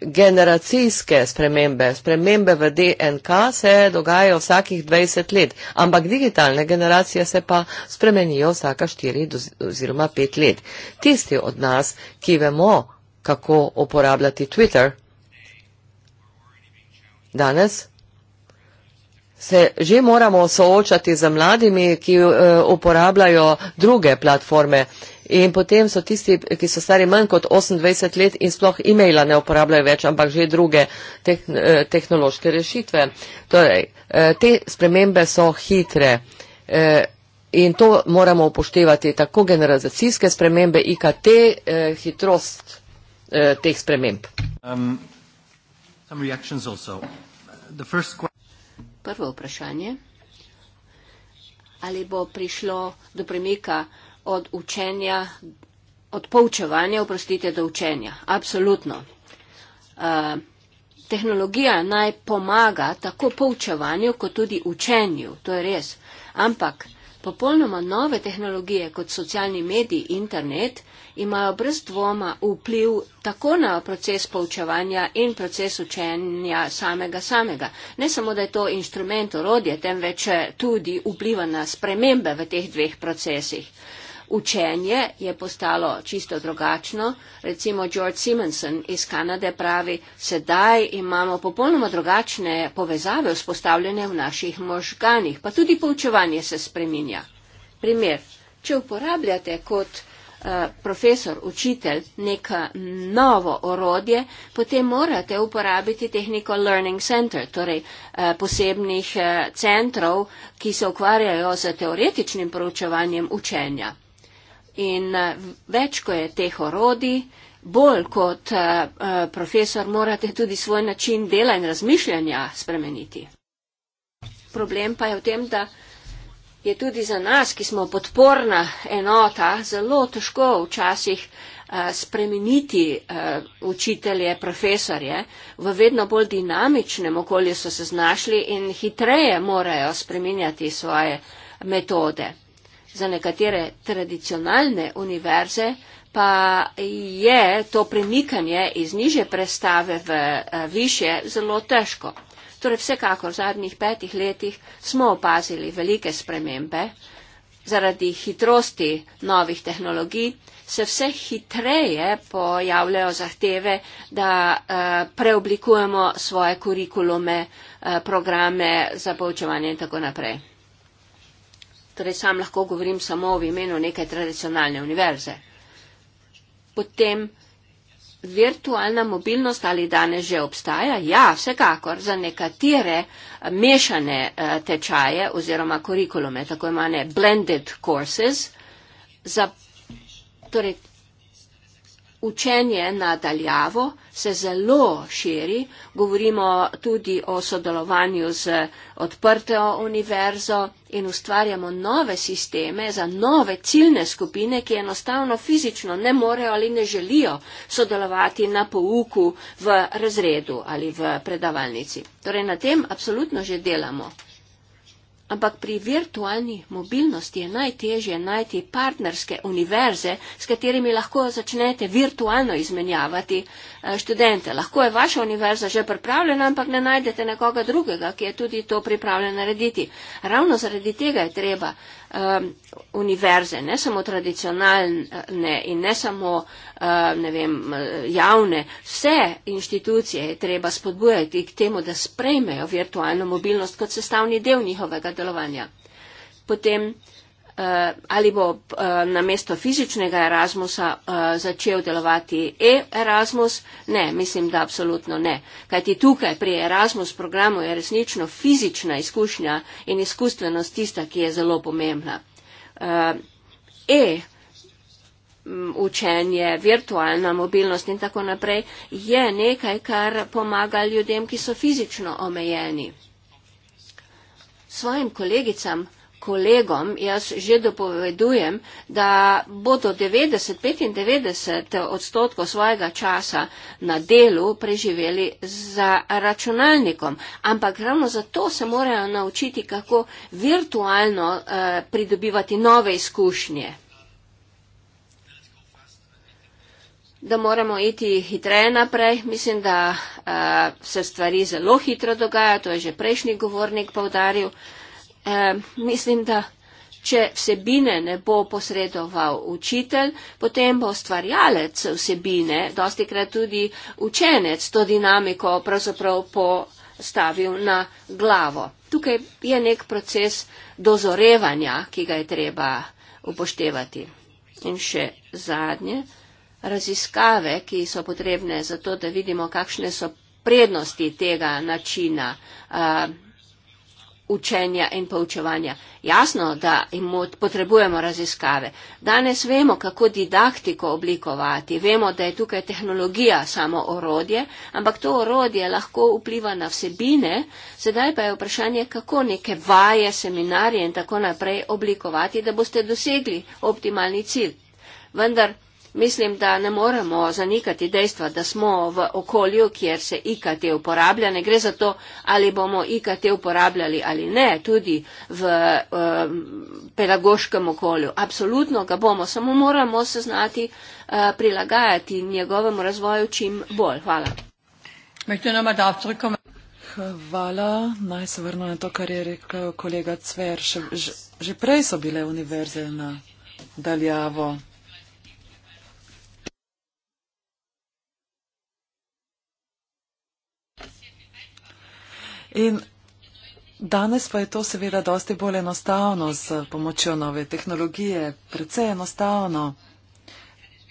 generacijske spremembe, spremembe v DNK se dogajajo vsakih 20 let, ampak digitalne generacije se pa spremenijo vsaka 4 oziroma 5 let. Tisti od nas, ki vemo, kako uporabljati Twitter, danes se že moramo soočati z mladimi, ki eh, uporabljajo druge platforme. In potem so tisti, ki so stari manj kot 28 let in sploh e-maila ne uporabljajo več, ampak že druge eh, tehnološke rešitve. Torej, eh, te spremembe so hitre. Eh, in to moramo upoštevati, tako generacijske spremembe, IKT, eh, hitrost eh, teh sprememb. Um, Prvo vprašanje. Ali bo prišlo do premika eh, od učenja, od poučevanja, oprostite, do učenja. Absolutno. Uh, tehnologija naj pomaga tako poučevanju, kot tudi učenju, to je res. Ampak popolnoma nove tehnologije, kot socialni mediji, internet, imajo brez dvoma vpliv tako na proces poučevanja in proces učenja samega samega. Ne samo, da je to inštrument orodje, temveč tudi vpliva na spremembe v teh dveh procesih. Uh, učenje je postalo čisto drugačno. Recimo George Simonson iz Kanade pravi, sedaj imamo popolnoma drugačne povezave vzpostavljene v naših možganih, pa tudi poučevanje se spreminja. Primer, če uporabljate kot eh, profesor, učitelj, neko novo orodje, potem morate uporabiti tehniko Learning Center, torej eh, posebnih eh, centrov, ki se ukvarjajo z teoretičnim proučevanjem učenja. In eh, več, ko je teh orodij, bolj kot eh, eh, profesor morate tudi svoj način dela in razmišljanja spremeniti. Problem pa je v tem, da je tudi za nas, ki smo podporna enota, zelo težko včasih spremeniti učitelje, profesorje. V vedno bolj dinamičnem okolju so se znašli in hitreje morajo spremenjati svoje metode za nekatere tradicionalne univerze pa je to premikanje iz niže prestave v eh, više zelo težko. Torej vsekakor v zadnjih petih letih smo opazili velike spremembe. Zaradi hitrosti novih tehnologij se vse hitreje pojavljajo zahteve, da eh, preoblikujemo svoje kurikulume, eh, programe za poučevanje in tako naprej torej sam lahko govorim samo v imenu neke tradicionalne univerze. Potem virtualna mobilnost ali danes že obstaja? Ja, vsekakor za nekatere eh, mešane eh, tečaje oziroma kurikulume, tako imane blended courses, za, torej učenje nadaljavo se zelo širi, govorimo tudi o sodelovanju z odprto univerzo in ustvarjamo nove sisteme za nove ciljne skupine, ki enostavno fizično ne morejo ali ne želijo sodelovati na pouku v razredu ali v predavalnici. Torej na tem absolutno že delamo. Ampak pri virtualni mobilnosti je najtežje najti partnerske univerze, s katerimi lahko začnete virtualno izmenjavati eh, študente. Lahko je vaša univerza že pripravljena, ampak ne najdete nekoga drugega, ki je tudi to pripravljen narediti. Ravno zaradi tega je treba um, univerze, ne samo tradicionalne in ne samo um, ne vem, javne. Vse inštitucije je treba spodbujati k temu, da sprejmejo virtualno mobilnost kot sestavni del njihovega delovanja. Potem, uh, Eh, ali bo eh, na mesto fizičnega Erasmusa eh, začel delovati e-Erasmus? Ne, mislim, da absolutno ne. Kajti tukaj pri Erasmus programu je resnično fizična izkušnja in izkustvenost tista, ki je zelo pomembna. E mm, učenje, virtualna mobilnost in tako naprej je nekaj, kar pomaga ljudem, ki so fizično omejeni. Svojim kolegicam kolegom jaz že dopovedujem, da bodo 90-95 odstotkov svojega časa na delu preživeli za računalnikom. Ampak ravno zato se morajo naučiti, kako virtualno eh, pridobivati nove izkušnje. da moramo iti hitreje naprej. Mislim, da uh, se stvari zelo hitro dogajajo, to je že prejšnji govornik povdaril. Uh, mislim, da če vsebine ne bo posredoval učitelj, potem bo stvarjalec vsebine, dosti krat tudi učenec, to dinamiko pravzaprav postavil na glavo. Tukaj je nek proces dozorevanja, ki ga je treba upoštevati. In še zadnje, raziskave, ki so potrebne za to, da vidimo, kakšne so prednosti tega načina. Uh, učenja in poučevanja. Jasno, da potrebujemo raziskave. Danes vemo, kako didaktiko oblikovati. Vemo, da je tukaj tehnologija samo orodje, ampak to orodje lahko vpliva na vsebine. Sedaj pa je vprašanje, kako neke vaje, seminarje in tako naprej oblikovati, da boste dosegli optimalni cilj. Vendar Mislim, da ne moremo zanikati dejstva, da smo v okolju, kjer se IKT uporablja. Ne gre za to, ali bomo IKT uporabljali ali ne, tudi v um, pedagoškem okolju. Absolutno ga bomo, samo moramo se znati uh, prilagajati njegovemu razvoju čim bolj. Hvala. Hvala. Naj se vrnem na to, kar je rekel kolega Cver. Že, že, že prej so bile univerze na daljavo. In danes pa je to seveda dosti bolj enostavno s pomočjo nove tehnologije, precej enostavno.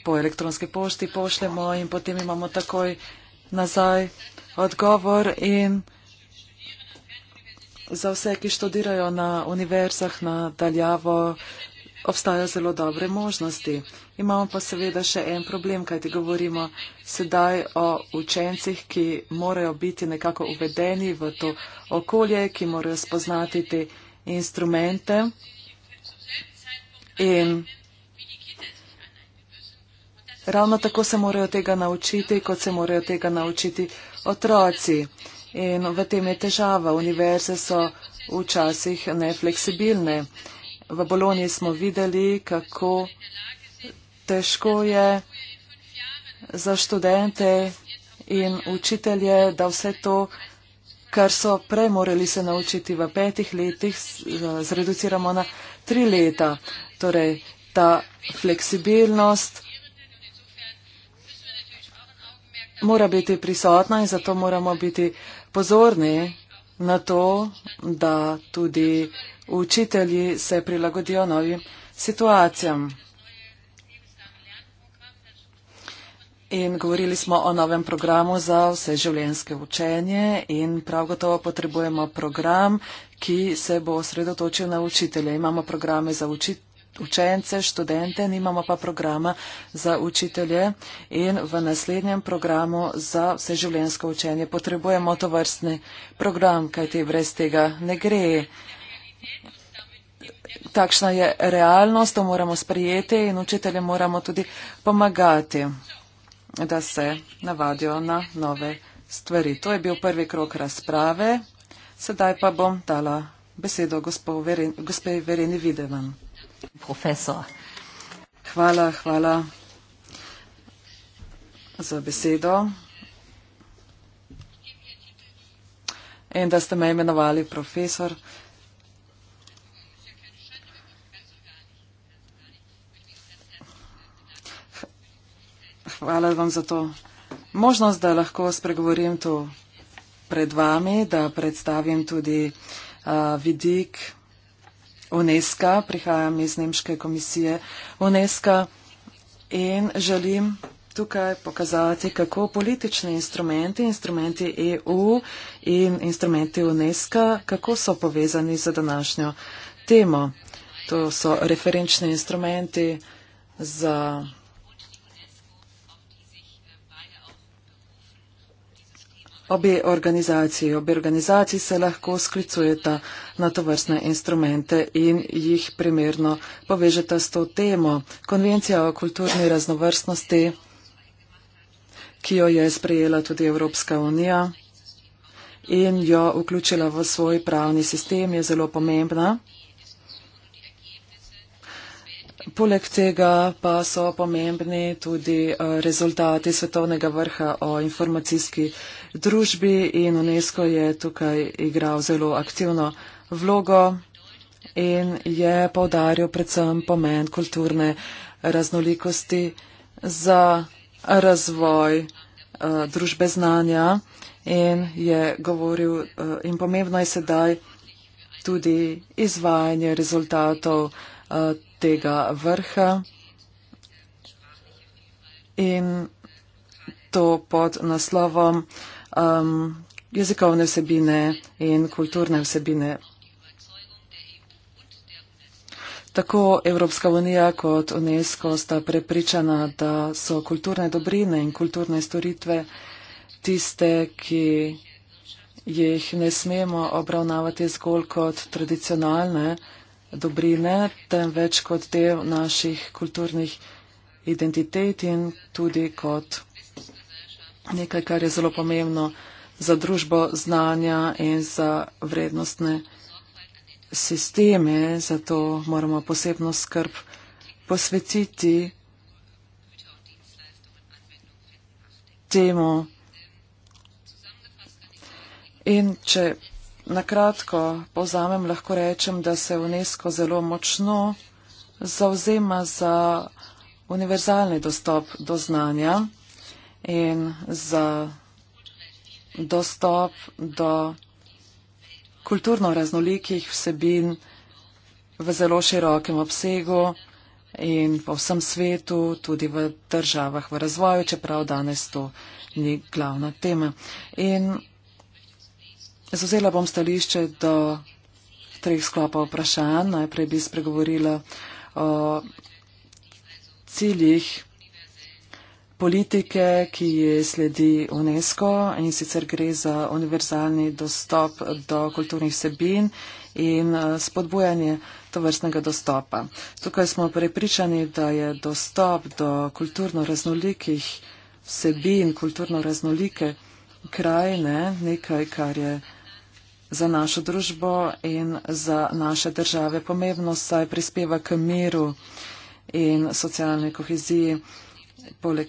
Po elektronski pošti pošljemo in potem imamo takoj nazaj odgovor in za vse, ki študirajo na univerzah, na daljavo, obstajajo zelo dobre možnosti. Imamo pa seveda še en problem, kajti govorimo sedaj o učencih, ki morajo biti nekako uvedeni v to okolje, ki morajo spoznati te instrumente. In ravno tako se morajo tega naučiti, kot se morajo tega naučiti otroci. In v tem je težava. Univerze so včasih nefleksibilne. V Boloniji smo videli, kako težko je za študente in učitelje, da vse to, kar so prej morali se naučiti v petih letih, zreduciramo na tri leta. Torej, ta fleksibilnost mora biti prisotna in zato moramo biti pozorni na to, da tudi učitelji se prilagodijo novim situacijam. In govorili smo o novem programu za vse življenjske učenje in prav gotovo potrebujemo program, ki se bo osredotočil na učitelje. Imamo programe za učitelje učence, študente, nimamo pa programa za učitelje in v naslednjem programu za vseživljenjsko učenje potrebujemo to vrstni program, kajti brez tega ne gre takšna je realnost, to moramo sprijeti in učitelje moramo tudi pomagati, da se navadijo na nove stvari. To je bil prvi krok razprave. Sedaj pa bom dala besedo gospe Vereni Videvan. Profesor. Hvala, hvala za besedo. In da ste me imenovali profesor. Hvala vam za to možnost, da lahko spregovorim tu pred vami, da predstavim tudi uh, vidik UNESCO. Prihajam iz Nemške komisije UNESCO in želim tukaj pokazati, kako politični instrumenti, instrumenti EU in instrumenti UNESCO, kako so povezani z današnjo temo. To so referenčni instrumenti za Obe organizaciji, obe organizaciji se lahko sklicujeta na to vrstne instrumente in jih primerno povežeta s to temo. Konvencija o kulturni raznovrstnosti, ki jo je sprejela tudi Evropska unija in jo vključila v svoj pravni sistem, je zelo pomembna. Poleg tega pa so pomembni tudi eh, rezultati svetovnega vrha o informacijski družbi in UNESCO je tukaj igral zelo aktivno vlogo in je povdaril predvsem pomen kulturne raznolikosti za razvoj uh, družbe znanja in je govoril uh, in pomembno je sedaj tudi izvajanje rezultatov uh, tega vrha in to pod naslovom uh, um, jezikovne vsebine in kulturne vsebine. Tako Evropska unija kot UNESCO sta prepričana, da so kulturne dobrine in kulturne storitve tiste, ki jih ne smemo obravnavati zgolj kot tradicionalne dobrine, temveč kot del naših kulturnih identitet in tudi kot nekaj, kar je zelo pomembno za družbo znanja in za vrednostne sisteme. Zato moramo posebno skrb posvetiti temu. In če na kratko povzamem, lahko rečem, da se UNESCO zelo močno zauzema za univerzalni dostop do znanja in za dostop do kulturno raznolikih vsebin v zelo širokem obsegu in po vsem svetu, tudi v državah v razvoju, čeprav danes to ni glavna tema. In zazela bom stališče do treh sklopov vprašanj. Najprej bi spregovorila o ciljih politike, ki je sledi UNESCO in sicer gre za univerzalni dostop do kulturnih sebin in eh, spodbujanje tovrstnega dostopa. Tukaj smo prepričani, da je dostop do kulturno raznolikih vsebin, kulturno raznolike krajine nekaj, kar je za našo družbo in za naše države pomembno, saj prispeva k miru in socialni koheziji. Poleg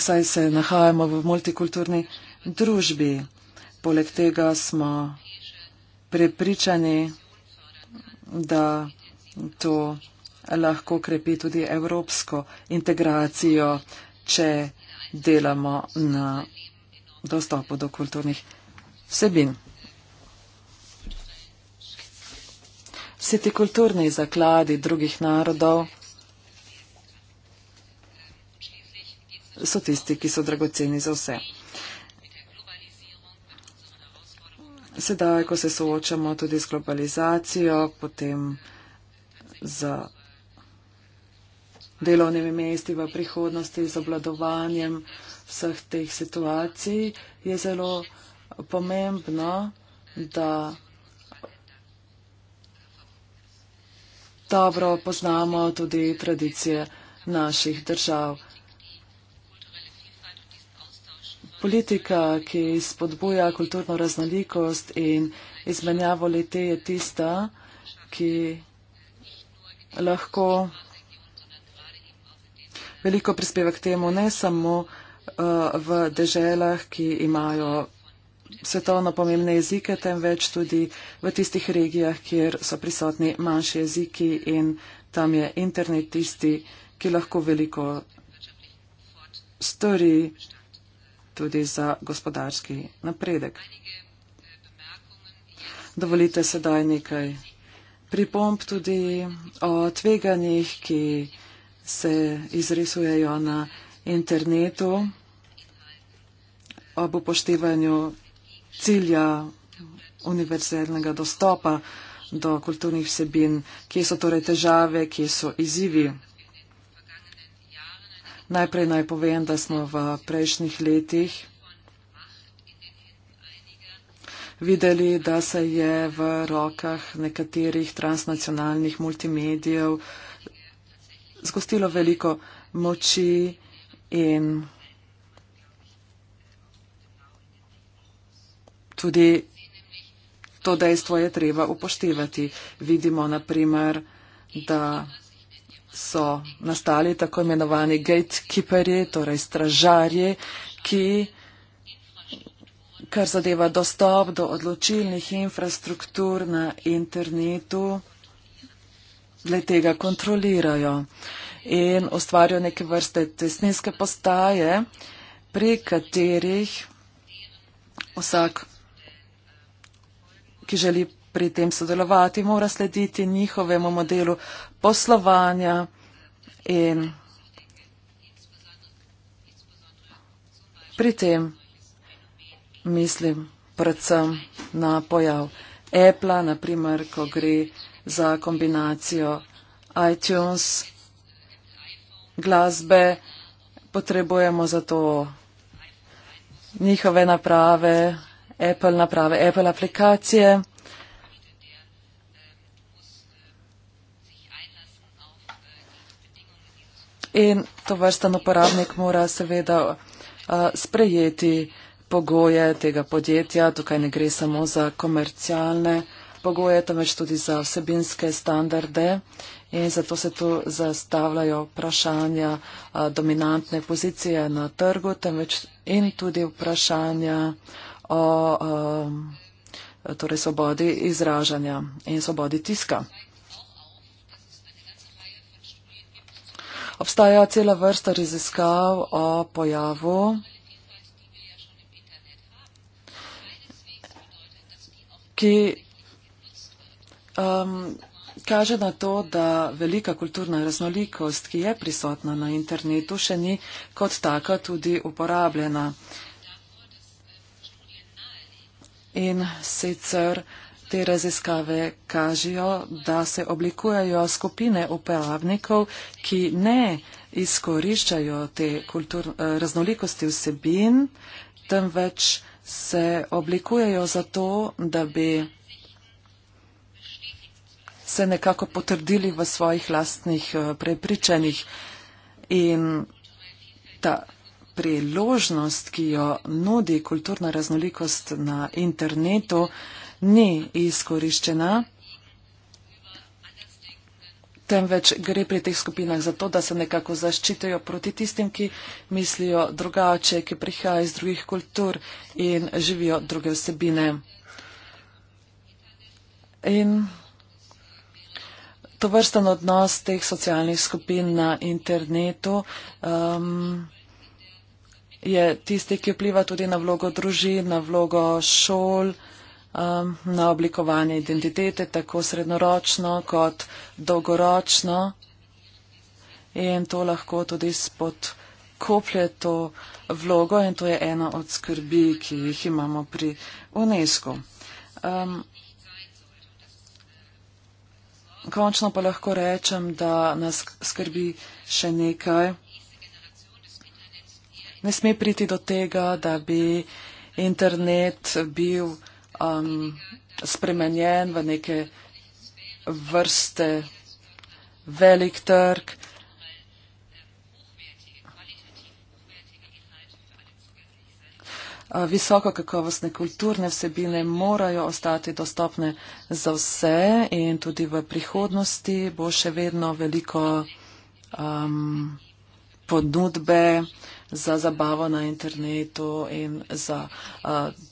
saj se nahajamo v multikulturni družbi. Poleg tega smo prepričani, da to lahko krepi tudi evropsko integracijo, če delamo na dostopu do kulturnih vsebin. Siti kulturni zakladi drugih narodov so tisti, ki so dragoceni za vse. Sedaj, ko se soočamo tudi z globalizacijo, potem z delovnimi mesti v prihodnosti, z obladovanjem vseh teh situacij, je zelo pomembno, da dobro poznamo tudi tradicije naših držav. Politika, ki spodbuja kulturno raznolikost in izmenjavo lete je tista, ki lahko veliko prispeva k temu, ne samo uh, v deželah, ki imajo svetovno pomembne jezike, temveč tudi v tistih regijah, kjer so prisotni manjši jeziki in tam je internet tisti, ki lahko veliko stori tudi za gospodarski napredek. Dovolite sedaj nekaj pripomp tudi o tveganjih, ki se izrisujejo na internetu ob upoštevanju cilja univerzalnega dostopa do kulturnih vsebin, kje so torej težave, kje so izzivi. Najprej naj povem, da smo v prejšnjih letih videli, da se je v rokah nekaterih transnacionalnih multimedijev zgostilo veliko moči in tudi to dejstvo je treba upoštevati. Vidimo naprimer, da so nastali tako imenovani gatekeeperji, torej stražarji, ki, kar zadeva dostop do odločilnih infrastruktur na internetu, glede tega kontrolirajo in ustvarjajo neke vrste tesninske postaje, pri katerih vsak, ki želi pri tem sodelovati, mora slediti njihovemu modelu poslovanja in pri tem mislim predvsem na pojav Apple, naprimer, ko gre za kombinacijo iTunes glasbe, potrebujemo za to njihove naprave, Apple naprave, Apple aplikacije. in to vrsten uporabnik mora seveda uh, sprejeti pogoje tega podjetja. Tukaj ne gre samo za komercialne pogoje, temveč tudi za vsebinske standarde in zato se tu zastavljajo vprašanja uh, dominantne pozicije na trgu in tudi vprašanja o um, torej svobodi izražanja in svobodi tiska. Obstaja cela vrsta raziskav o pojavu. Ki um, kaže na to, da velika kulturna raznolikost, ki je prisotna na internetu, še ni kot taka tudi uporabljena. In sicer Te raziskave kažejo, da se oblikujejo skupine uporabnikov, ki ne izkoriščajo te kultur, eh, raznolikosti vsebin, temveč se oblikujejo zato, da bi se nekako potrdili v svojih lastnih eh, prepričanjih. In ta priložnost, ki jo nudi kulturna raznolikost na internetu, ni izkoriščena, temveč gre pri teh skupinah za to, da se nekako zaščitijo proti tistim, ki mislijo drugače, ki prihajajo iz drugih kultur in živijo druge vsebine. In to vrsten odnos teh socialnih skupin na internetu um, je tisti, ki vpliva tudi na vlogo družin, na vlogo šol. Um, um, na oblikovanje identitete, tako srednjeročno kot dolgoročno. In to lahko tudi spodkoplje to vlogo in to je ena od skrbi, ki jih imamo pri UNESCO. Um, Končno pa lahko rečem, da nas skrbi še nekaj. Ne sme priti do tega, da bi internet bil um, spremenjen v neke vrste velik trg. Uh, visoko kakovostne kulturne vsebine morajo ostati dostopne za vse in tudi v prihodnosti bo še vedno veliko um, ponudbe, uh, za zabavo na internetu in za uh,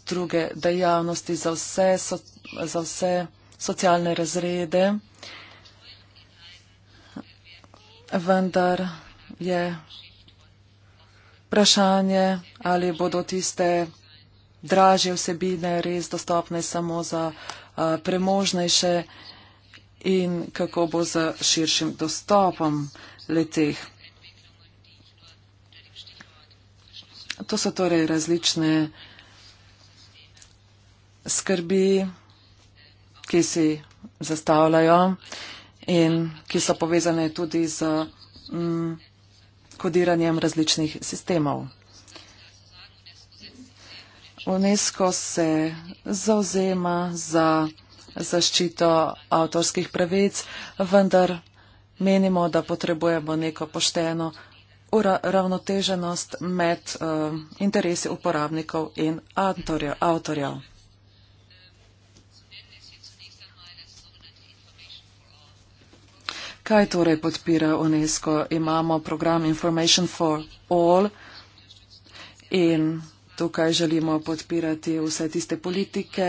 druge dejavnosti, za vse, so, za vse socialne razrede. Vendar je vprašanje, ali bodo tiste dražje vsebine res dostopne samo za uh, premožnejše in kako bo z širšim dostopom leteh. To so torej različne skrbi, ki si zastavljajo in ki so povezane tudi z mm, kodiranjem različnih sistemov. UNESCO se zauzema za zaščito avtorskih pravic, vendar menimo, da potrebujemo neko pošteno uravnoteženost med uh, interesi uporabnikov in avtorja, avtorjev. Kaj torej podpira UNESCO? Imamo program Information for All in tukaj želimo podpirati vse tiste politike,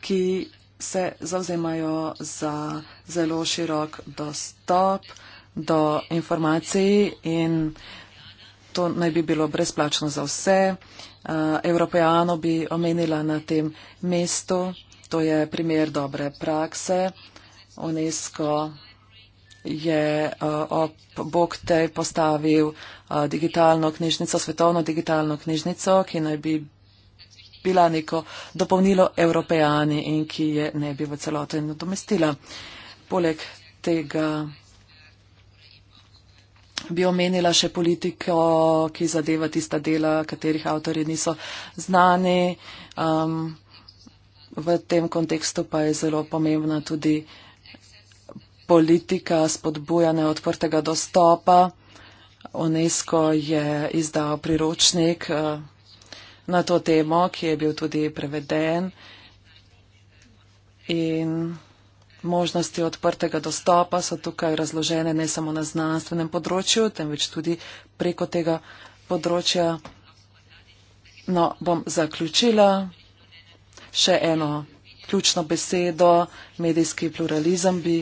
ki se zauzemajo za zelo širok dostop uh, do informacij in to naj bi bilo brezplačno za vse. Eh, Evropejano bi omenila na tem mestu, to je primer dobre prakse. UNESCO je eh, ob bok tej postavil eh, digitalno knjižnico, svetovno digitalno knjižnico, ki naj bi bila neko dopolnilo Evropejani in ki je ne bi v celoti nadomestila. Poleg tega bi omenila še politiko, ki zadeva tista dela, katerih avtori niso znani. Um, v tem kontekstu pa je zelo pomembna tudi politika spodbujanja odprtega dostopa. UNESCO je izdal priročnik uh, na to temo, ki je bil tudi preveden. In možnosti odprtega dostopa so tukaj razložene ne samo na znanstvenem področju, temveč tudi preko tega področja. No, bom zaključila še eno ključno besedo, medijski pluralizem bi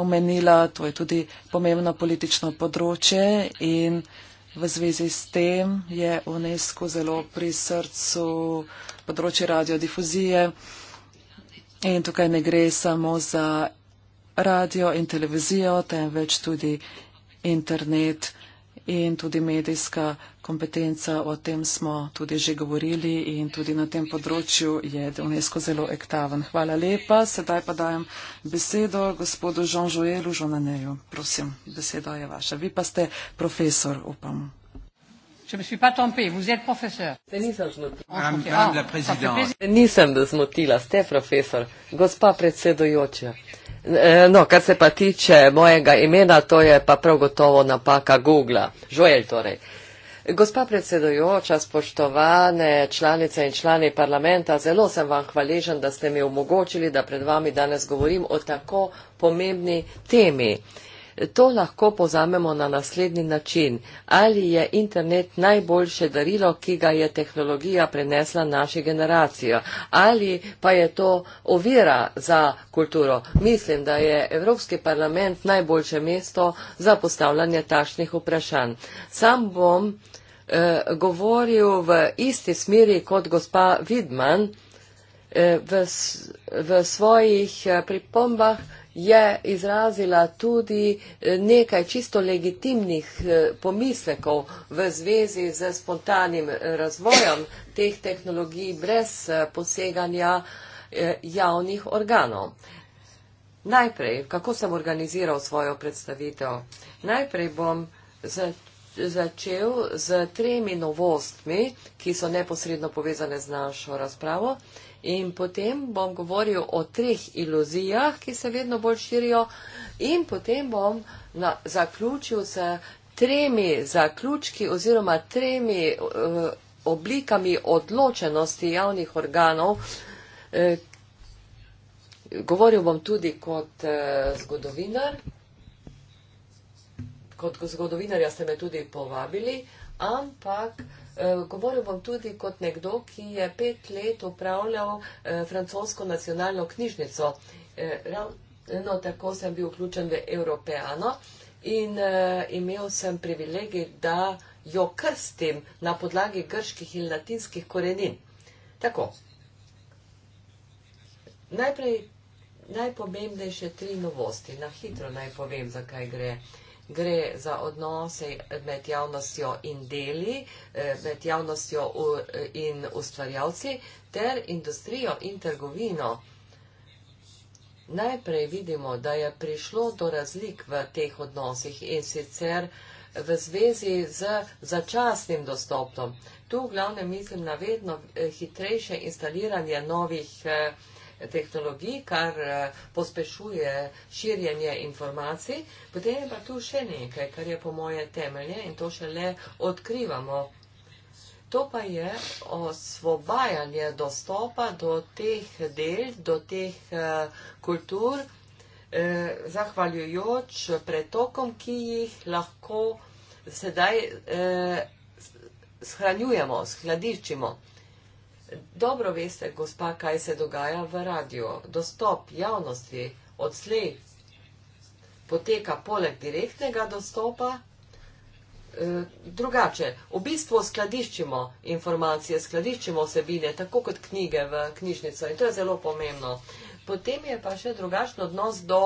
omenila, to je tudi pomembno politično področje in v zvezi s tem je UNESCO zelo pri srcu področje radiodifuzije. In tukaj ne gre samo za radio in televizijo, temveč tudi internet in tudi medijska kompetenca. O tem smo tudi že govorili in tudi na tem področju je UNESCO zelo ektaven. Hvala lepa. Sedaj pa dajem besedo gospodu Jean-Joelu Žonaneju. Prosim, beseda je vaša. Vi pa ste profesor, upam. Je me suis pas trompée, vous êtes professeur. Nisem da ah, zmotila, ste profesor, gospa predsedujoča. Eh, no, kar se pa tiče mojega imena, to je pa prav gotovo napaka Google. Žoel torej. Gospa predsedujoča, spoštovane članice in člani parlamenta, zelo sem vam hvaležen, da ste mi omogočili, da pred vami danes govorim o tako pomembni temi. To lahko pozamemo na naslednji način. Ali je internet najboljše darilo, ki ga je tehnologija prenesla naši generacijo? Ali pa je to ovira za kulturo? Mislim, da je Evropski parlament najboljše mesto za postavljanje takšnih vprašanj. Sam bom eh, govoril v isti smeri kot gospa Vidman eh, v, v svojih eh, pripombah je izrazila tudi eh, nekaj čisto legitimnih eh, pomislekov v zvezi z spontanim eh, razvojem teh tehnologij brez poseganja javnih organov. Najprej, kako sem organiziral svojo predstavitev? Najprej bom začel z tremi novostmi, ki so neposredno povezane z našo razpravo. In potem bom govoril o treh iluzijah, ki se vedno bolj širijo. In potem bom na, zaključil s tremi zaključki oziroma tremi uh, oblikami odločenosti javnih organov. Uh, govoril bom tudi kot uh, zgodovinar kot zgodovinarja ste me tudi povabili, ampak eh, govoril bom tudi kot nekdo, ki je pet let upravljal eh, francosko nacionalno knjižnico. Eh, ravno tako sem bil vključen v Europeano in eh, imel sem privilegij, da jo krstim na podlagi grških in latinskih korenin. Tako. Najprej najpomembnejše tri novosti. Na hitro naj povem, zakaj gre. Eh, gre za odnose med javnostjo in deli, eh, med javnostjo eh, in ustvarjavci ter industrijo in trgovino. Najprej vidimo, da je prišlo do razlik v teh odnosih in sicer v zvezi z začasnim dostopom. Tu v glavnem mislim na vedno eh, hitrejše instaliranje novih eh, tehnologij, kar eh, pospešuje širjenje informacij. Potem je pa tu še nekaj, kar je po moje temelje in to šele odkrivamo. To pa je osvobajanje dostopa do teh del, do teh eh, kultur, eh, zahvaljujoč pretokom, ki jih lahko sedaj eh, shranjujemo, skladiščimo. Dobro veste, gospa, kaj se dogaja v radio. Dostop javnosti odslej poteka poleg direktnega dostopa. E, drugače, v bistvu skladiščimo informacije, skladiščimo osebine, tako kot knjige v knjižnico in to je zelo pomembno. Potem je pa še drugačen odnos do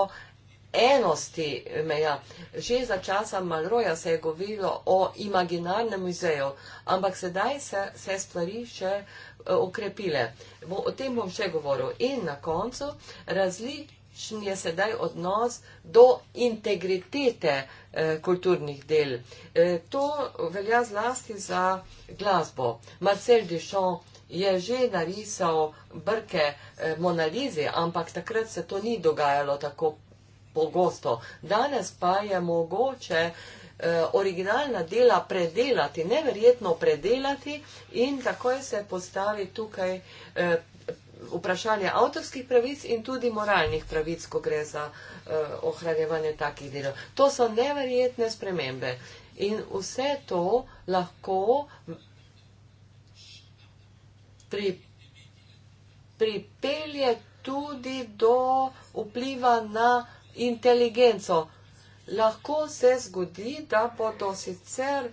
enosti meja. Že za časa Malroja se je govorilo o imaginarnem muzeju, ampak sedaj se, se stvari še e, okrepile. Bo, o tem bom še govoril. In na koncu različen je sedaj odnos do integritete eh, kulturnih del. Eh, to velja zlasti za glasbo. Marcel Duchamp je že narisal brke eh, Monalizi, ampak takrat se to ni dogajalo tako pogosto. Danes pa je mogoče eh, originalna dela predelati, neverjetno predelati in takoj se postavi tukaj eh, vprašanje avtorskih pravic in tudi moralnih pravic, ko gre za eh, ohranjevanje takih delov. To so neverjetne spremembe in vse to lahko pri, pripelje tudi do vpliva na inteligenco. Lahko se zgodi, da bodo sicer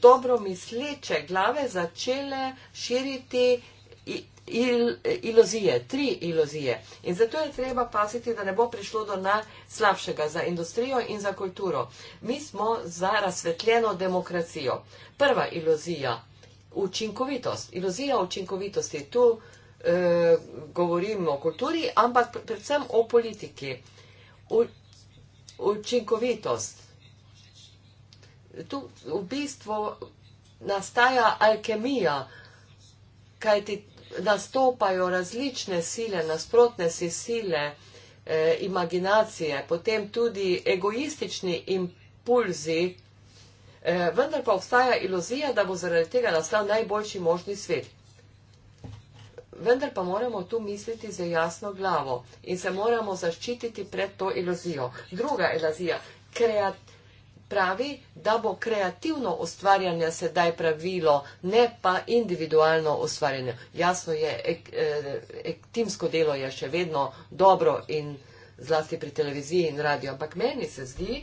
dobro misleče glave začele širiti il, il, iluzije, tri iluzije. In zato je treba paziti, da ne bo prišlo do najslabšega za industrijo in za kulturo. Mi smo za razsvetljeno demokracijo. Prva iluzija, učinkovitost. Iluzija učinkovitosti. Tu eh, govorimo o kulturi, ampak predvsem o politiki učinkovitost. Tu v bistvu nastaja alkemija, kajti nastopajo različne sile, nasprotne si sile, eh, imaginacije, potem tudi egoistični impulzi, eh, vendar pa obstaja iluzija, da bo zaradi tega nastal najboljši možni svet. Vendar pa moramo tu misliti za jasno glavo in se moramo zaščititi pred to iluzijo. Druga iluzija kreat, pravi, da bo kreativno ustvarjanje sedaj pravilo, ne pa individualno ustvarjanje. Jasno je, ek, e, ek, timsko delo je še vedno dobro in zlasti pri televiziji in radio, ampak meni se zdi,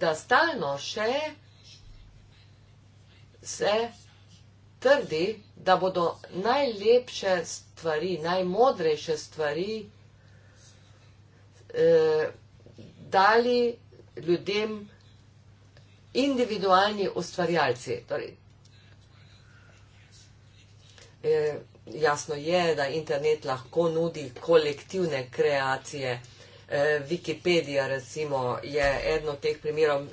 da stalno še se trdi, da bodo najlepše stvari, najmodrejše stvari eh, dali ljudem individualni ustvarjalci. Torej, eh, jasno je, da internet lahko nudi kolektivne kreacije. Eh, Wikipedija recimo je eno od teh primerov.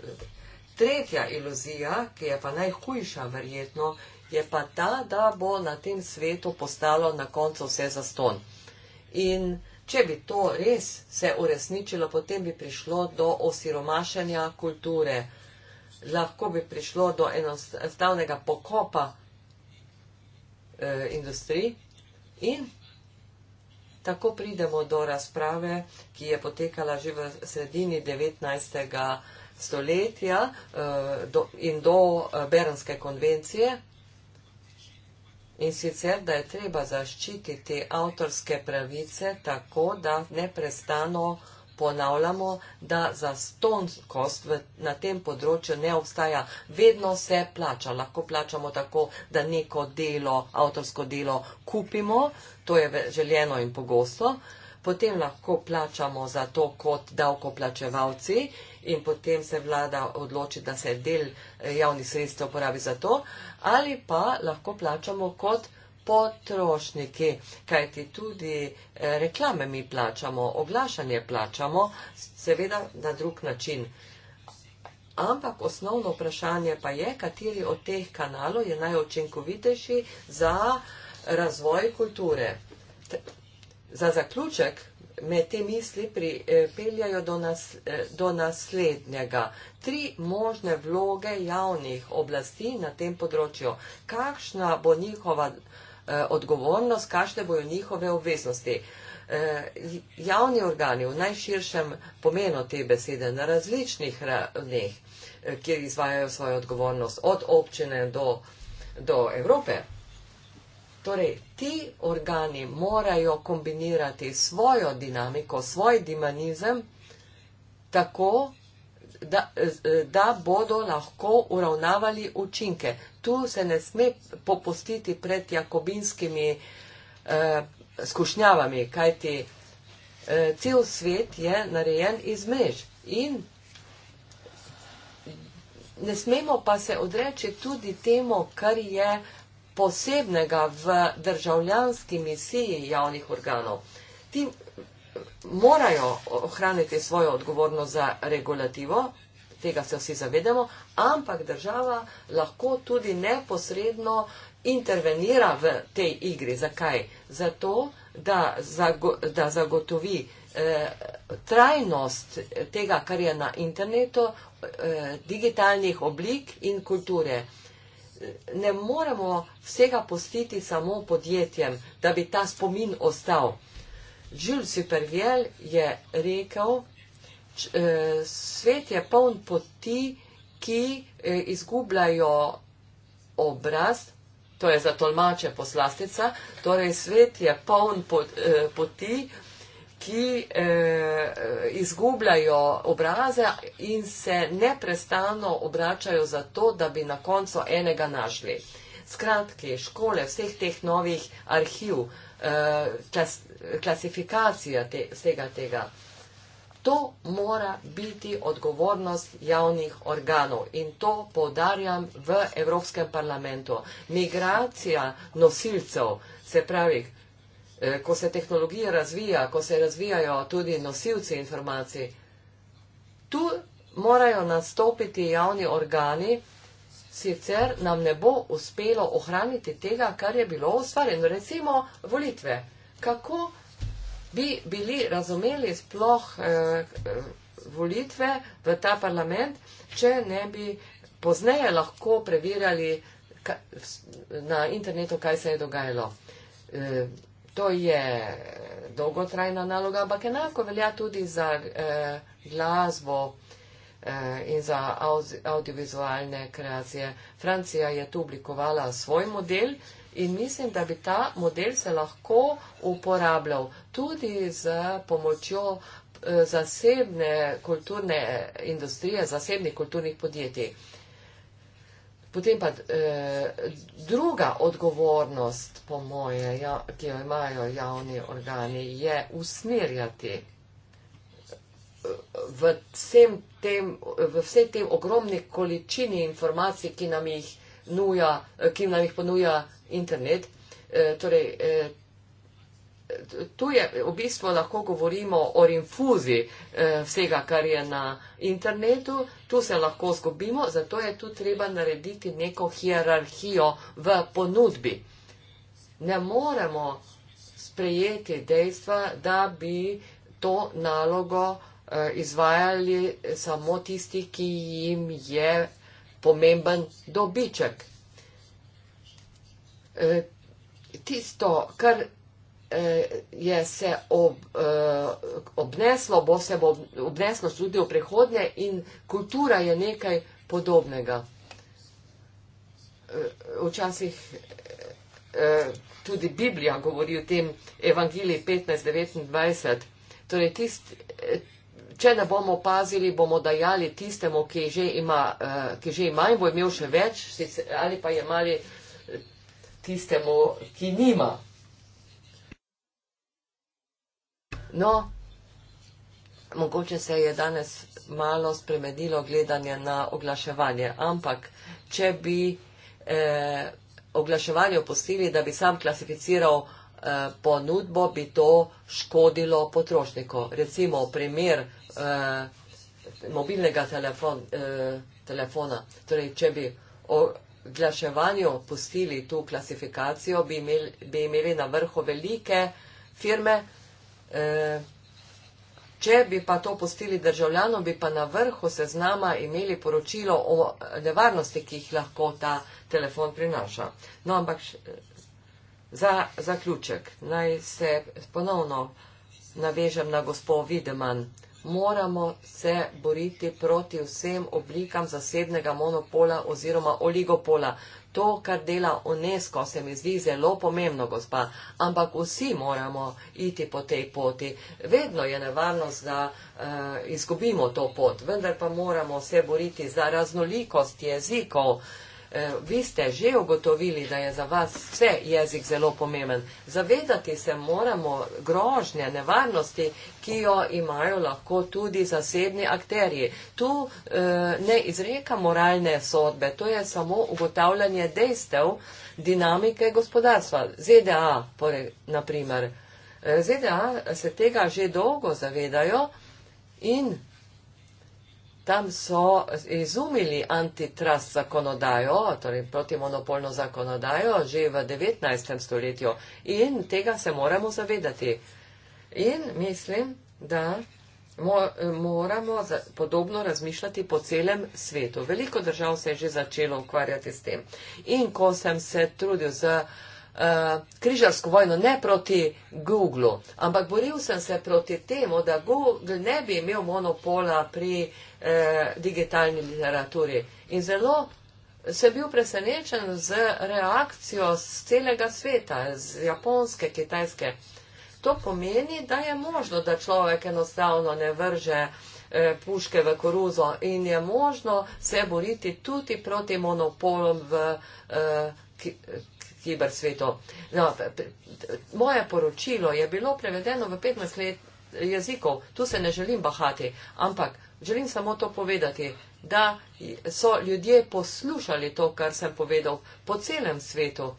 Tretja iluzija, ki je pa najhujša verjetno, je pa ta, da bo na tem svetu postalo na koncu vse za ston. In če bi to res se uresničilo, potem bi prišlo do osiromašanja kulture, lahko bi prišlo do enostavnega pokopa eh, industrij in tako pridemo do razprave, ki je potekala že v sredini 19. stoletja eh, do, in do eh, Bernske konvencije in sicer, da je treba zaščititi avtorske pravice tako, da neprestano ponavljamo, da za stonskost na tem področju ne obstaja. Vedno se plača. Lahko plačamo tako, da neko delo, avtorsko delo kupimo, to je želeno in pogosto, potem lahko plačamo za to kot davkoplačevalci in potem se vlada odloči, da se del eh, javnih sredstev porabi za to, ali pa lahko plačamo kot potrošniki, kajti tudi eh, reklame mi plačamo, oglašanje plačamo, seveda na drug način. Ampak osnovno vprašanje pa je, kateri od teh kanalov je najočinkovitejši za razvoj kulture za zaključek me te misli pripeljajo eh, do, nas, eh, do naslednjega. Tri možne vloge javnih oblasti na tem področju. Kakšna bo njihova eh, odgovornost, kakšne bojo njihove obveznosti. Javni organi v najširšem pomenu te besede na različnih ravneh, kjer izvajajo svojo odgovornost od občine do, do Evrope. Torej, ti organi morajo kombinirati svojo dinamiko, svoj dimanizem, tako, da, da bodo lahko uravnavali učinke. Tu se ne sme popustiti pred jakobinskimi eh, skušnjavami, kajti eh, cel svet je narejen iz mrež. In ne smemo pa se odreči tudi temu, kar je posebnega v državljanski misiji javnih organov. Ti morajo ohraniti svojo odgovornost za regulativo, tega se vsi zavedamo, ampak država lahko tudi neposredno intervenira v tej igri. Zakaj? Zato, da, zago, da zagotovi eh, trajnost tega, kar je na internetu, eh, digitalnih oblik in kulture. Eh, ne moremo vsega postiti samo podjetjem, da bi ta spomin ostal. Jules Superviel je rekel, č, e, svet je poln poti, ki e, izgubljajo obraz, to je za tolmače poslastica, torej svet je poln pot, e, poti, ki eh, izgubljajo obraze in se neprestano obračajo za to, da bi na koncu enega našli. Skratke, škole, vseh teh novih arhiv, eh, klas, klasifikacija te, vsega tega. To mora biti odgovornost javnih organov in to podarjam v Evropskem parlamentu. Migracija nosilcev, se pravi, Eh, ko se tehnologija razvija, ko se razvijajo tudi nosilci informacij, tu morajo nastopiti javni organi, sicer nam ne bo uspelo ohraniti tega, kar je bilo ustvarjeno. Recimo volitve. Kako bi bili razumeli sploh eh, volitve v ta parlament, če ne bi pozneje lahko preverjali ka, na internetu, kaj se je dogajalo. Eh, To je eh, dolgotrajna naloga, ampak enako velja tudi za eh, glasbo eh, in za audiovizualne kreacije. Francija je tu oblikovala svoj model in mislim, da bi ta model se lahko uporabljal tudi z pomočjo eh, zasebne kulturne eh, industrije, zasebnih kulturnih podjetij. Eh, Potem pa eh, druga odgovornost, po moje, ja, ki jo imajo javni organi, je usmerjati eh, v, tem, v vsej tem ogromni količini informacij, ki nam jih, nuja, eh, ki nam jih ponuja internet. Eh, torej, eh, tu je v bistvu lahko govorimo o infuzi eh, vsega, kar je na internetu, tu se lahko zgubimo, zato je tu treba narediti neko hierarhijo v ponudbi. Ne moremo sprejeti dejstva, da bi to nalogo eh, izvajali samo tisti, ki jim je pomemben dobiček. Eh, tisto, kar Eh, je se ob, eh, obneslo, bo se bo obneslo tudi v prihodnje in kultura je nekaj podobnega. Eh, včasih tudi Biblija govori o tem, Evangeliji 15.29. Torej, tist, če ne bomo pazili, bomo dajali tistemu, ki že ima, ki že ima in bo imel še več, ali pa je mali tistemu, ki nima. No, mogoče se je danes malo spremenilo gledanje na oglaševanje, ampak če bi eh, oglaševanje opustili, da bi sam klasificiral eh, ponudbo, bi to škodilo potrošniku. Recimo primer eh, mobilnega telefon, eh, telefona. Torej, če bi oglaševanju pustili tu klasifikacijo, bi imeli, bi imeli na vrhu velike firme, Eh, če bi pa to postili državljano, bi pa na vrhu seznama imeli poročilo o nevarnosti, ki jih lahko ta telefon prinaša. No, ampak eh, za zaključek naj se ponovno navežem na gospo Videman. Moramo se boriti proti vsem oblikam zasebnega monopola oziroma oligopola. To, kar dela UNESCO, se mi zdi zelo pomembno, gospa, ampak vsi moramo iti po tej poti. Vedno je nevarnost, da uh, izgubimo to pot, vendar pa moramo se boriti za raznolikost jezikov. Uh, Eh, vi ste že ugotovili, da je za vas vse jezik zelo pomemben. Zavedati se moramo grožnje, nevarnosti, ki jo imajo lahko tudi zasebni akterji. Tu eh, ne izreka moralne sodbe, to je samo ugotavljanje dejstev dinamike gospodarstva. ZDA, naprimer. Eh, ZDA se tega že dolgo zavedajo in tam so izumili antitrust zakonodajo, torej protimonopolno zakonodajo, že v 19. stoletju in tega se moramo zavedati. In mislim, da moramo podobno razmišljati po celem svetu. Veliko držav se je že začelo ukvarjati s tem. In ko sem se trudil za uh, križarsko vojno, ne proti Google, ampak boril sem se proti temu, da Google ne bi imel monopola pri uh, digitalni literaturi. In zelo sem bil presenečen z reakcijo z celega sveta, z japonske, kitajske. To pomeni, da je možno, da človek enostavno ne vrže eh, puške v koruzo in je možno se boriti tudi proti monopolom v eh, ciber svetu. No, moje poročilo je bilo prevedeno v 15 let jezikov, tu se ne želim bahati, ampak želim samo to povedati, da so ljudje poslušali to, kar sem povedal po celem svetu.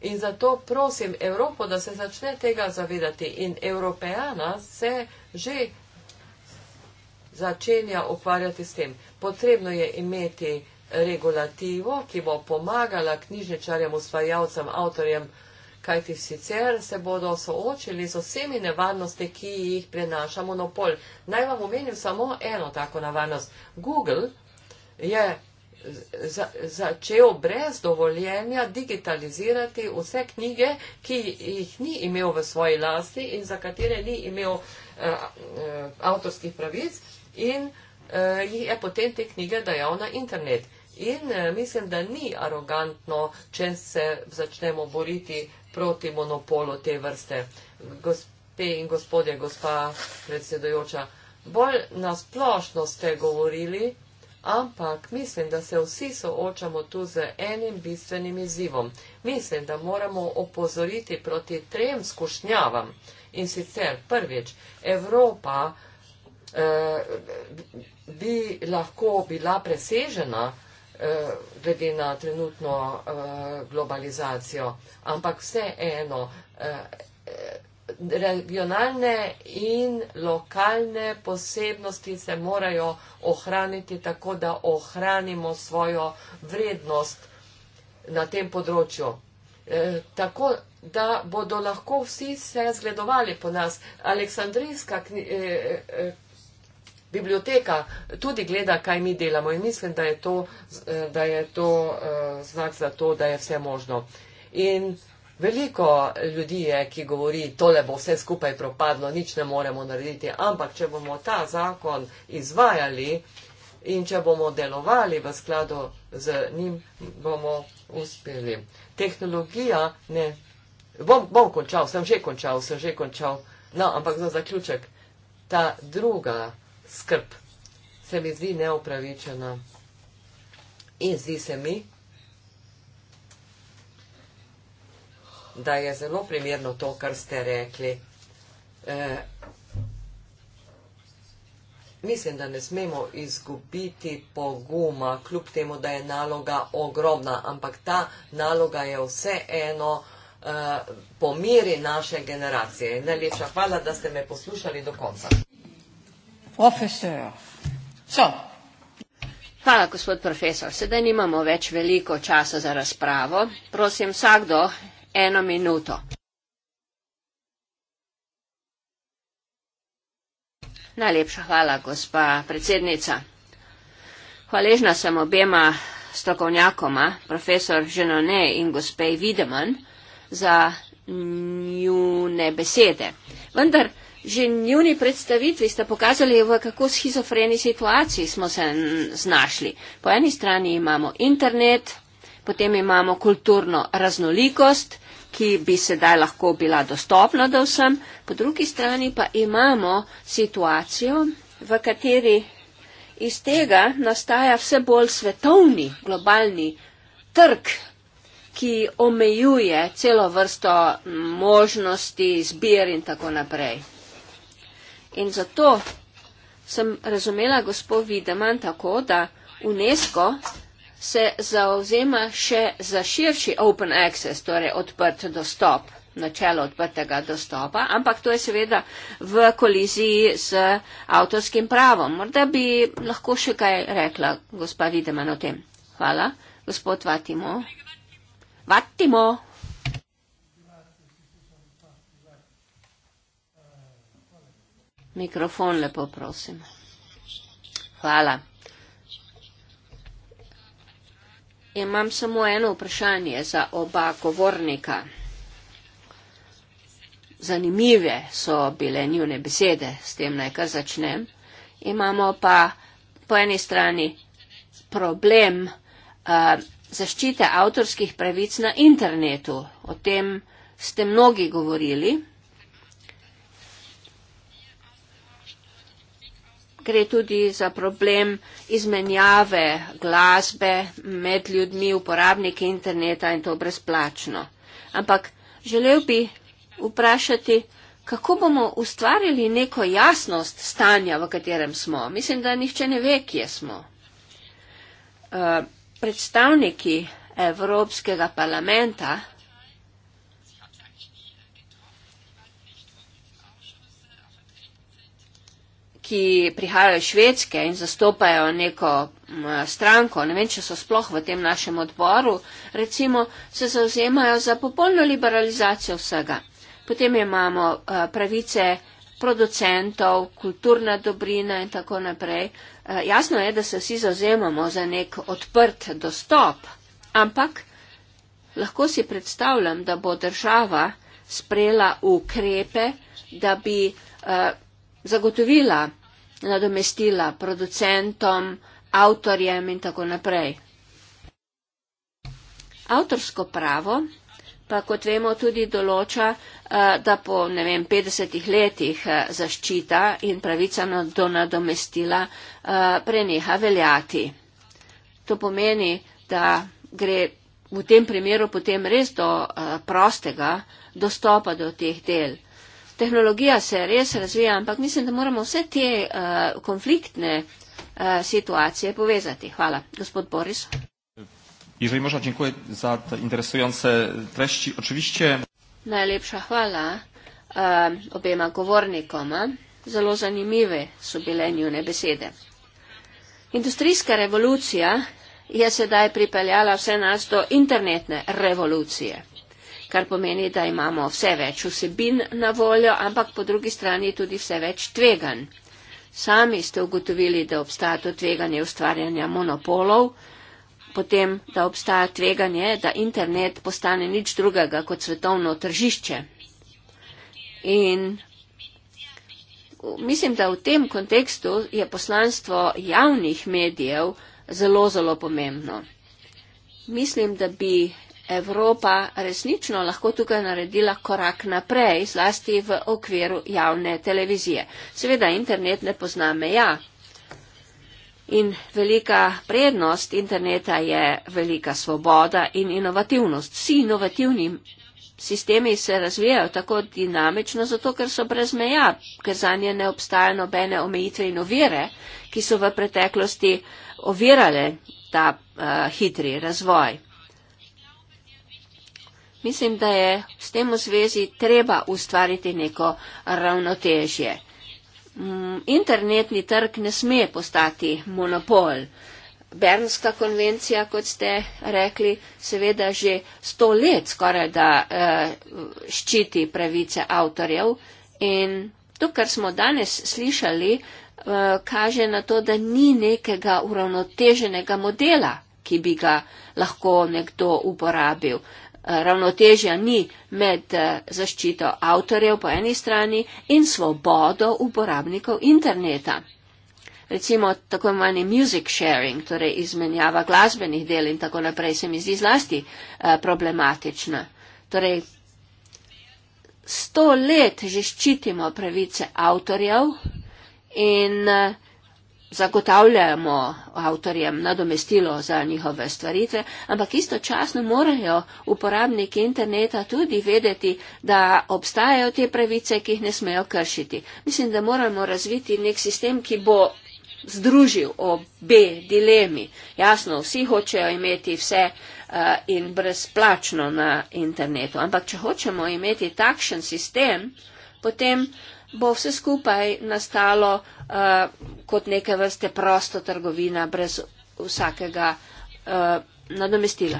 In zato prosim Evropo, da se začne tega zavedati in Evropejana se že začenja ukvarjati s tem. Potrebno je imeti regulativo, ki bo pomagala knjižničarjem, ustvarjavcem, avtorjem, kajti sicer se bodo soočili z vsemi nevarnosti, ki jih prenaša monopol. Naj vam omenim samo eno tako nevarnost. Google je za, začel brez dovoljenja digitalizirati vse knjige, ki jih ni imel v svoji lasti in za katere ni imel uh, uh, avtorskih pravic. In uh, Eh, je potem te knjige dajal na internet. In eh, mislim, da ni arogantno, če se začnemo boriti proti monopolu te vrste. Gospe in gospodje, gospa predsedojoča, bolj nasplošno ste govorili, ampak mislim, da se vsi soočamo tu z enim bistvenim izzivom. Mislim, da moramo opozoriti proti trem skušnjavam. In sicer prvič, Evropa. Eh, bi lahko bila presežena eh, glede na trenutno eh, globalizacijo, ampak vse eno, regionalne in lokalne posebnosti se morajo ohraniti tako, da ohranimo svojo vrednost na tem področju. Tako, da bodo lahko vsi se zgledovali po nas. Aleksandrijska biblioteka tudi gleda, kaj mi delamo in mislim, da je to, eh, da je to uh, znak za to, da je vse možno. In veliko ljudi je, ki govori, tole bo vse skupaj propadlo, nič ne moremo narediti, ampak če bomo ta zakon izvajali in če bomo delovali v skladu z njim, bomo uspeli. Tehnologija ne. Bom, bom končal, sem že končal, sem že končal. No, ampak za zaključek, ta druga skrb, se mi zdi neupravičena. In zdi se mi, da je zelo primerno to, kar ste rekli. E, mislim, da ne smemo izgubiti poguma, kljub temu, da je naloga ogromna, ampak ta naloga je vse eno e, eh, po meri naše generacije. Najlepša hvala, da ste me poslušali do konca professeur. So. Hvala, gospod profesor. Sedaj nimamo več veliko časa za razpravo. Prosim, vsakdo eno minuto. Najlepša hvala, gospa predsednica. Hvaležna sem obema strokovnjakoma, profesor Ženone in gospej Videman, za njune besede. Vendar že njuni predstavitvi sta pokazali, v kako schizofreni situaciji smo se znašli. Po eni strani imamo internet, potem imamo kulturno raznolikost, ki bi sedaj lahko bila dostopna do vsem, po drugi strani pa imamo situacijo, v kateri iz tega nastaja vse bolj svetovni, globalni trg ki omejuje celo vrsto možnosti, zbir in tako naprej. In zato sem razumela gospod Videman tako, da UNESCO se zauzema še za širši open access, torej odprt dostop, načelo odprtega dostopa, ampak to je seveda v koliziji z avtorskim pravom. Morda bi lahko še kaj rekla gospa Videman o tem. Hvala, gospod Vatimo. Vatimo. Mikrofon lepo prosim. Hvala. Imam samo eno vprašanje za oba govornika. Zanimive so bile njune besede, s tem naj kar začnem. Imamo pa po eni strani problem uh, zaščite avtorskih pravic na internetu. O tem ste mnogi govorili. gre tudi za problem izmenjave glasbe med ljudmi, uporabniki interneta in to brezplačno. Ampak želel bi vprašati, kako bomo ustvarili neko jasnost stanja, v katerem smo. Mislim, da nihče ne ve, kje smo. Eh, predstavniki Evropskega parlamenta ki prihajajo iz Švedske in zastopajo neko stranko, ne vem, če so sploh v tem našem odboru, recimo, se zauzemajo za popolno liberalizacijo vsega. Potem imamo eh, pravice producentov, kulturna dobrina in tako naprej. Eh, jasno je, da se vsi zauzemamo za nek odprt dostop, ampak lahko si predstavljam, da bo država sprejela ukrepe, da bi eh, zagotovila nadomestila producentom, avtorjem in tako naprej. Avtorsko pravo pa kot vemo tudi določa, eh, da po ne vem, 50 letih eh, zaščita in pravica do nadomestila eh, preneha veljati. To pomeni, da gre v tem primeru potem res do prostega dostopa do teh del tehnologija se res razvija, ampak mislim, da moramo vse te uh, konfliktne uh, situacije povezati. Hvala, gospod Boris. Jeżeli można, dziękuję za te interesujące treści. Oczywiście. Najlepsza chwała e, eh, obiema govornikom. Zalo zanimive są bile njune besede. Industrijska rewolucja je sedaj pripeljala vse nas do internetne rewolucje kar pomeni, da imamo vse več vsebin na voljo, ampak po drugi strani tudi vse več tveganj. Sami ste ugotovili, da obstaja to tveganje ustvarjanja monopolov, potem, da obstaja tveganje, da internet postane nič drugega kot svetovno tržišče. In mislim, da v tem kontekstu je poslanstvo javnih medijev zelo, zelo pomembno. Mislim, da bi Evropa resnično lahko tukaj naredila korak naprej, zlasti v okviru javne televizije. Seveda internet ne pozna meja. In velika prednost interneta je velika svoboda in inovativnost. Vsi inovativni sistemi se razvijajo tako dinamično, zato ker so brez meja, ker za nje ne obstaja nobene omejitve in ovire, ki so v preteklosti ovirale ta uh, hitri razvoj. Mislim, da je s tem v zvezi treba ustvariti neko ravnotežje. Mm, internetni trg ne sme postati monopol. Bernska konvencija, kot ste rekli, seveda že sto let skoraj da eh, ščiti pravice avtorjev in to, kar smo danes slišali, eh, kaže na to, da ni nekega uravnoteženega modela, ki bi ga lahko nekdo uporabil ravnotežja ni med eh, zaščito avtorjev po eni strani in svobodo uporabnikov interneta. Recimo tako imenovani music sharing, torej izmenjava glasbenih del in tako naprej, se mi zdi zlasti eh, problematična. Torej, sto let že ščitimo pravice avtorjev in eh, zagotavljamo avtorjem nadomestilo za njihove stvaritve, ampak istočasno morajo uporabniki interneta tudi vedeti, da obstajajo te pravice, ki jih ne smejo kršiti. Mislim, da moramo razviti nek sistem, ki bo združil obe dilemi. Jasno, vsi hočejo imeti vse uh, in brezplačno na internetu, ampak če hočemo imeti takšen sistem, potem bo vse skupaj nastalo uh, kot neke vrste prosto trgovina brez vsakega uh, nadomestila.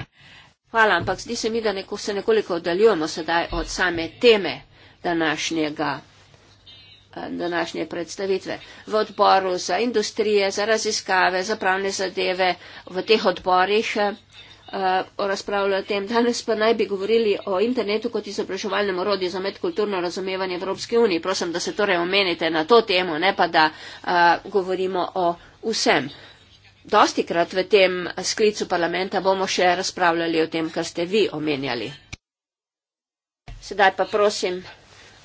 Hvala, ampak zdi se mi, da neko, se nekoliko oddaljujemo sedaj od same teme današnjega eh, današnje predstavitve. V odboru za industrije, za raziskave, za pravne zadeve, v teh odborih uh, eh, razpravljali o tem. Danes pa naj bi govorili o internetu kot izobraževalnem orodju za medkulturno razumevanje Evropske unije. Prosim, da se torej omenite na to temo, ne pa da uh, govorimo o vsem. Dosti krat v tem sklicu parlamenta bomo še razpravljali o tem, kar ste vi omenjali. Sedaj pa prosim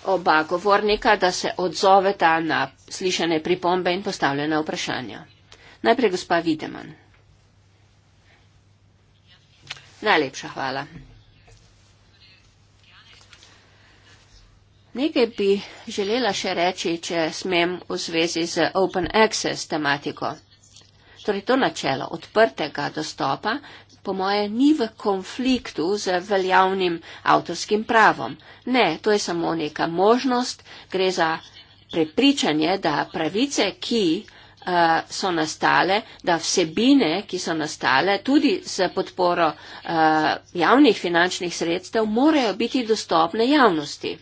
oba govornika, da se odzoveta na slišane pripombe in postavljene vprašanja. Najprej gospa Videman. Najlepša hvala. Nekaj bi želela še reči, če smem v zvezi z open access tematiko. Torej to načelo odprtega dostopa po moje ni v konfliktu z veljavnim avtorskim pravom. Ne, to je samo neka možnost, gre za prepričanje, da pravice, ki Eh, so nastale, da vsebine, ki so nastale tudi s podporo eh, javnih finančnih sredstev, morajo biti dostopne javnosti.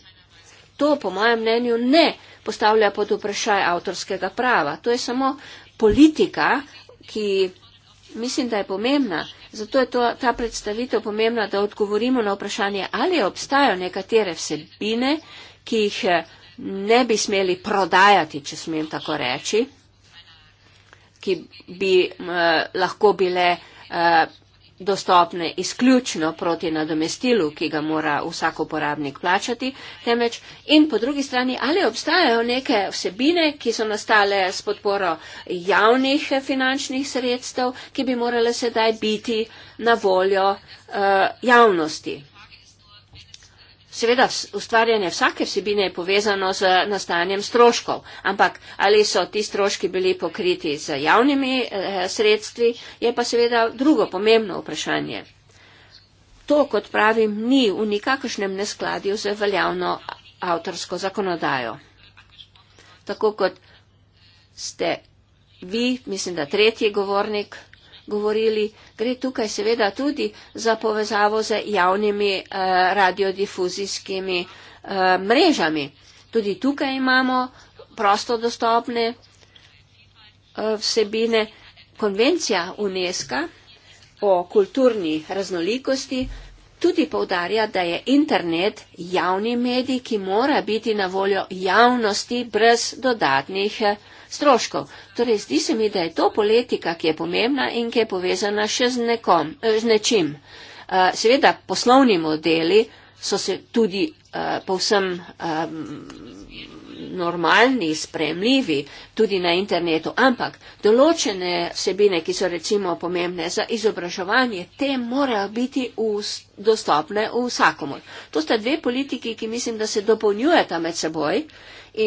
To, po mojem mnenju, ne postavlja pod vprašaj avtorskega prava. To je samo politika, ki mislim, da je pomembna. Zato je to, ta predstavitev pomembna, da odgovorimo na vprašanje, ali obstajajo nekatere vsebine, ki jih eh, ne bi smeli prodajati, če smem tako reči, ki bi eh, lahko bile eh, dostopne izključno proti nadomestilu, ki ga mora vsak uporabnik plačati, temveč in po drugi strani, ali obstajajo neke vsebine, ki so nastale s podporo javnih eh, finančnih sredstev, ki bi morale sedaj biti na voljo eh, javnosti. Seveda, ustvarjanje vsake vsebine je povezano z nastanjem stroškov, ampak ali so ti stroški bili pokriti z javnimi eh, sredstvi, je pa seveda drugo pomembno vprašanje. To, kot pravim, ni v nikakršnem neskladju z veljavno avtorsko zakonodajo. Tako kot ste vi, mislim, da tretji govornik govorili. Gre tukaj seveda tudi za povezavo z javnimi eh, radiodifuzijskimi eh, mrežami. Tudi tukaj imamo prosto dostopne eh, vsebine. Konvencija UNESCO o kulturni raznolikosti tudi povdarja, da je internet javni medij, ki mora biti na voljo javnosti brez dodatnih. Eh, stroškov. Torej, zdi se mi, da je to politika, ki je pomembna in ki je povezana še z, nekom, eh, z nečim. Eh, seveda, poslovni modeli so se tudi eh, povsem normalni, spremljivi, tudi na internetu, ampak določene sebine, ki so recimo pomembne za izobraževanje, te morajo biti dostopne vsakomor. To sta dve politiki, ki mislim, da se dopolnjujeta med seboj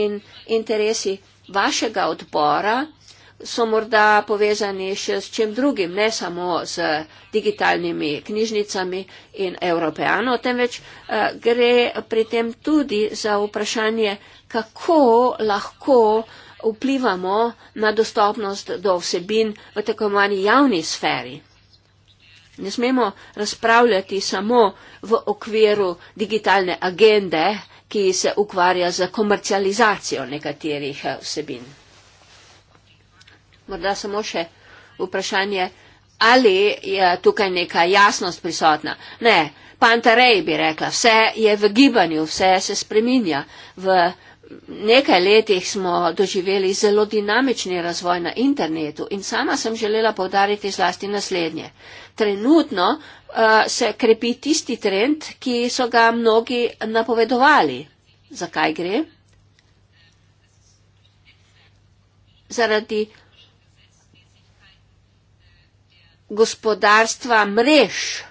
in interesi vašega odbora so morda povezani še s čim drugim, ne samo z digitalnimi knjižnicami in Evropejano, temveč eh, gre pri tem tudi za vprašanje, kako lahko vplivamo na dostopnost do vsebin v tako imenovani javni sferi. Ne smemo razpravljati samo v okviru digitalne agende, ki se ukvarja z komercializacijo nekaterih eh, vsebin. Morda samo še vprašanje, ali je tukaj neka jasnost prisotna. Ne, Pantarej bi rekla, vse je v gibanju, vse se spreminja. V nekaj letih smo doživeli zelo dinamični razvoj na internetu in sama sem želela povdariti zlasti naslednje. Trenutno uh, se krepi tisti trend, ki so ga mnogi napovedovali. Zakaj gre? Zaradi gospodarstva mrež.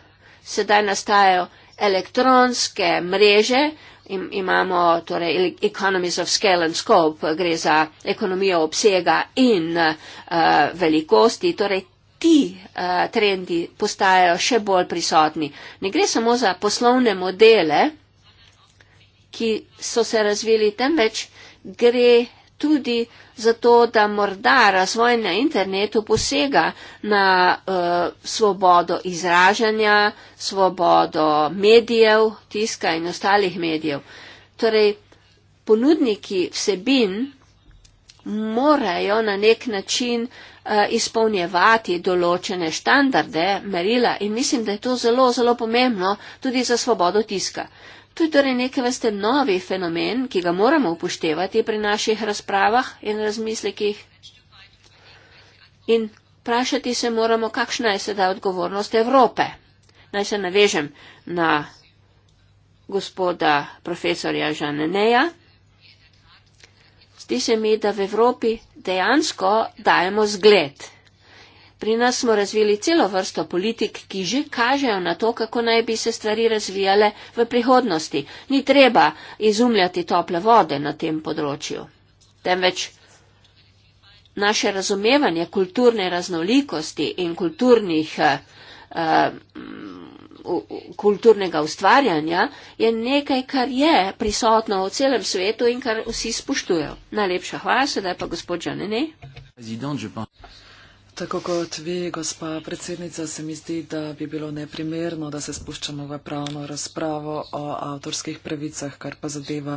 Sedaj nastajajo elektronske mreže, imamo torej e-, Economies of Scale and Scope, gre za ekonomijo obsega in uh, velikosti, torej ti uh, trendi postajajo še bolj prisotni. Ne gre samo za poslovne modele, ki so se razvili, temveč gre tudi za to, da morda razvoj na internetu posega na uh, svobodo izražanja, svobodo medijev, tiska in ostalih medijev. Torej, ponudniki vsebin morajo na nek način uh, Eh, izpolnjevati določene standarde, merila in mislim, da je to zelo, zelo pomembno tudi za svobodo tiska. To je torej neke vrste novi fenomen, ki ga moramo upoštevati pri naših razpravah in razmislekih. In vprašati se moramo, kakšna je sedaj odgovornost Evrope. Naj se navežem na gospoda profesorja Žaneneja. Zdi se mi, da v Evropi dejansko dajemo zgled. Pri nas smo razvili celo vrsto politik, ki že kažejo na to, kako naj bi se stvari razvijale v prihodnosti. Ni treba izumljati tople vode na tem področju, temveč naše razumevanje kulturne raznolikosti in kulturnih uh, kulturnega ustvarjanja, je nekaj, kar je prisotno v celem svetu in kar vsi spoštujejo. Najlepša hvala, sedaj pa gospod Žanene. Tako kot vi, gospa predsednica, se mi zdi, da bi bilo neprimerno, da se spuščamo v pravno razpravo o avtorskih pravicah, kar pa zadeva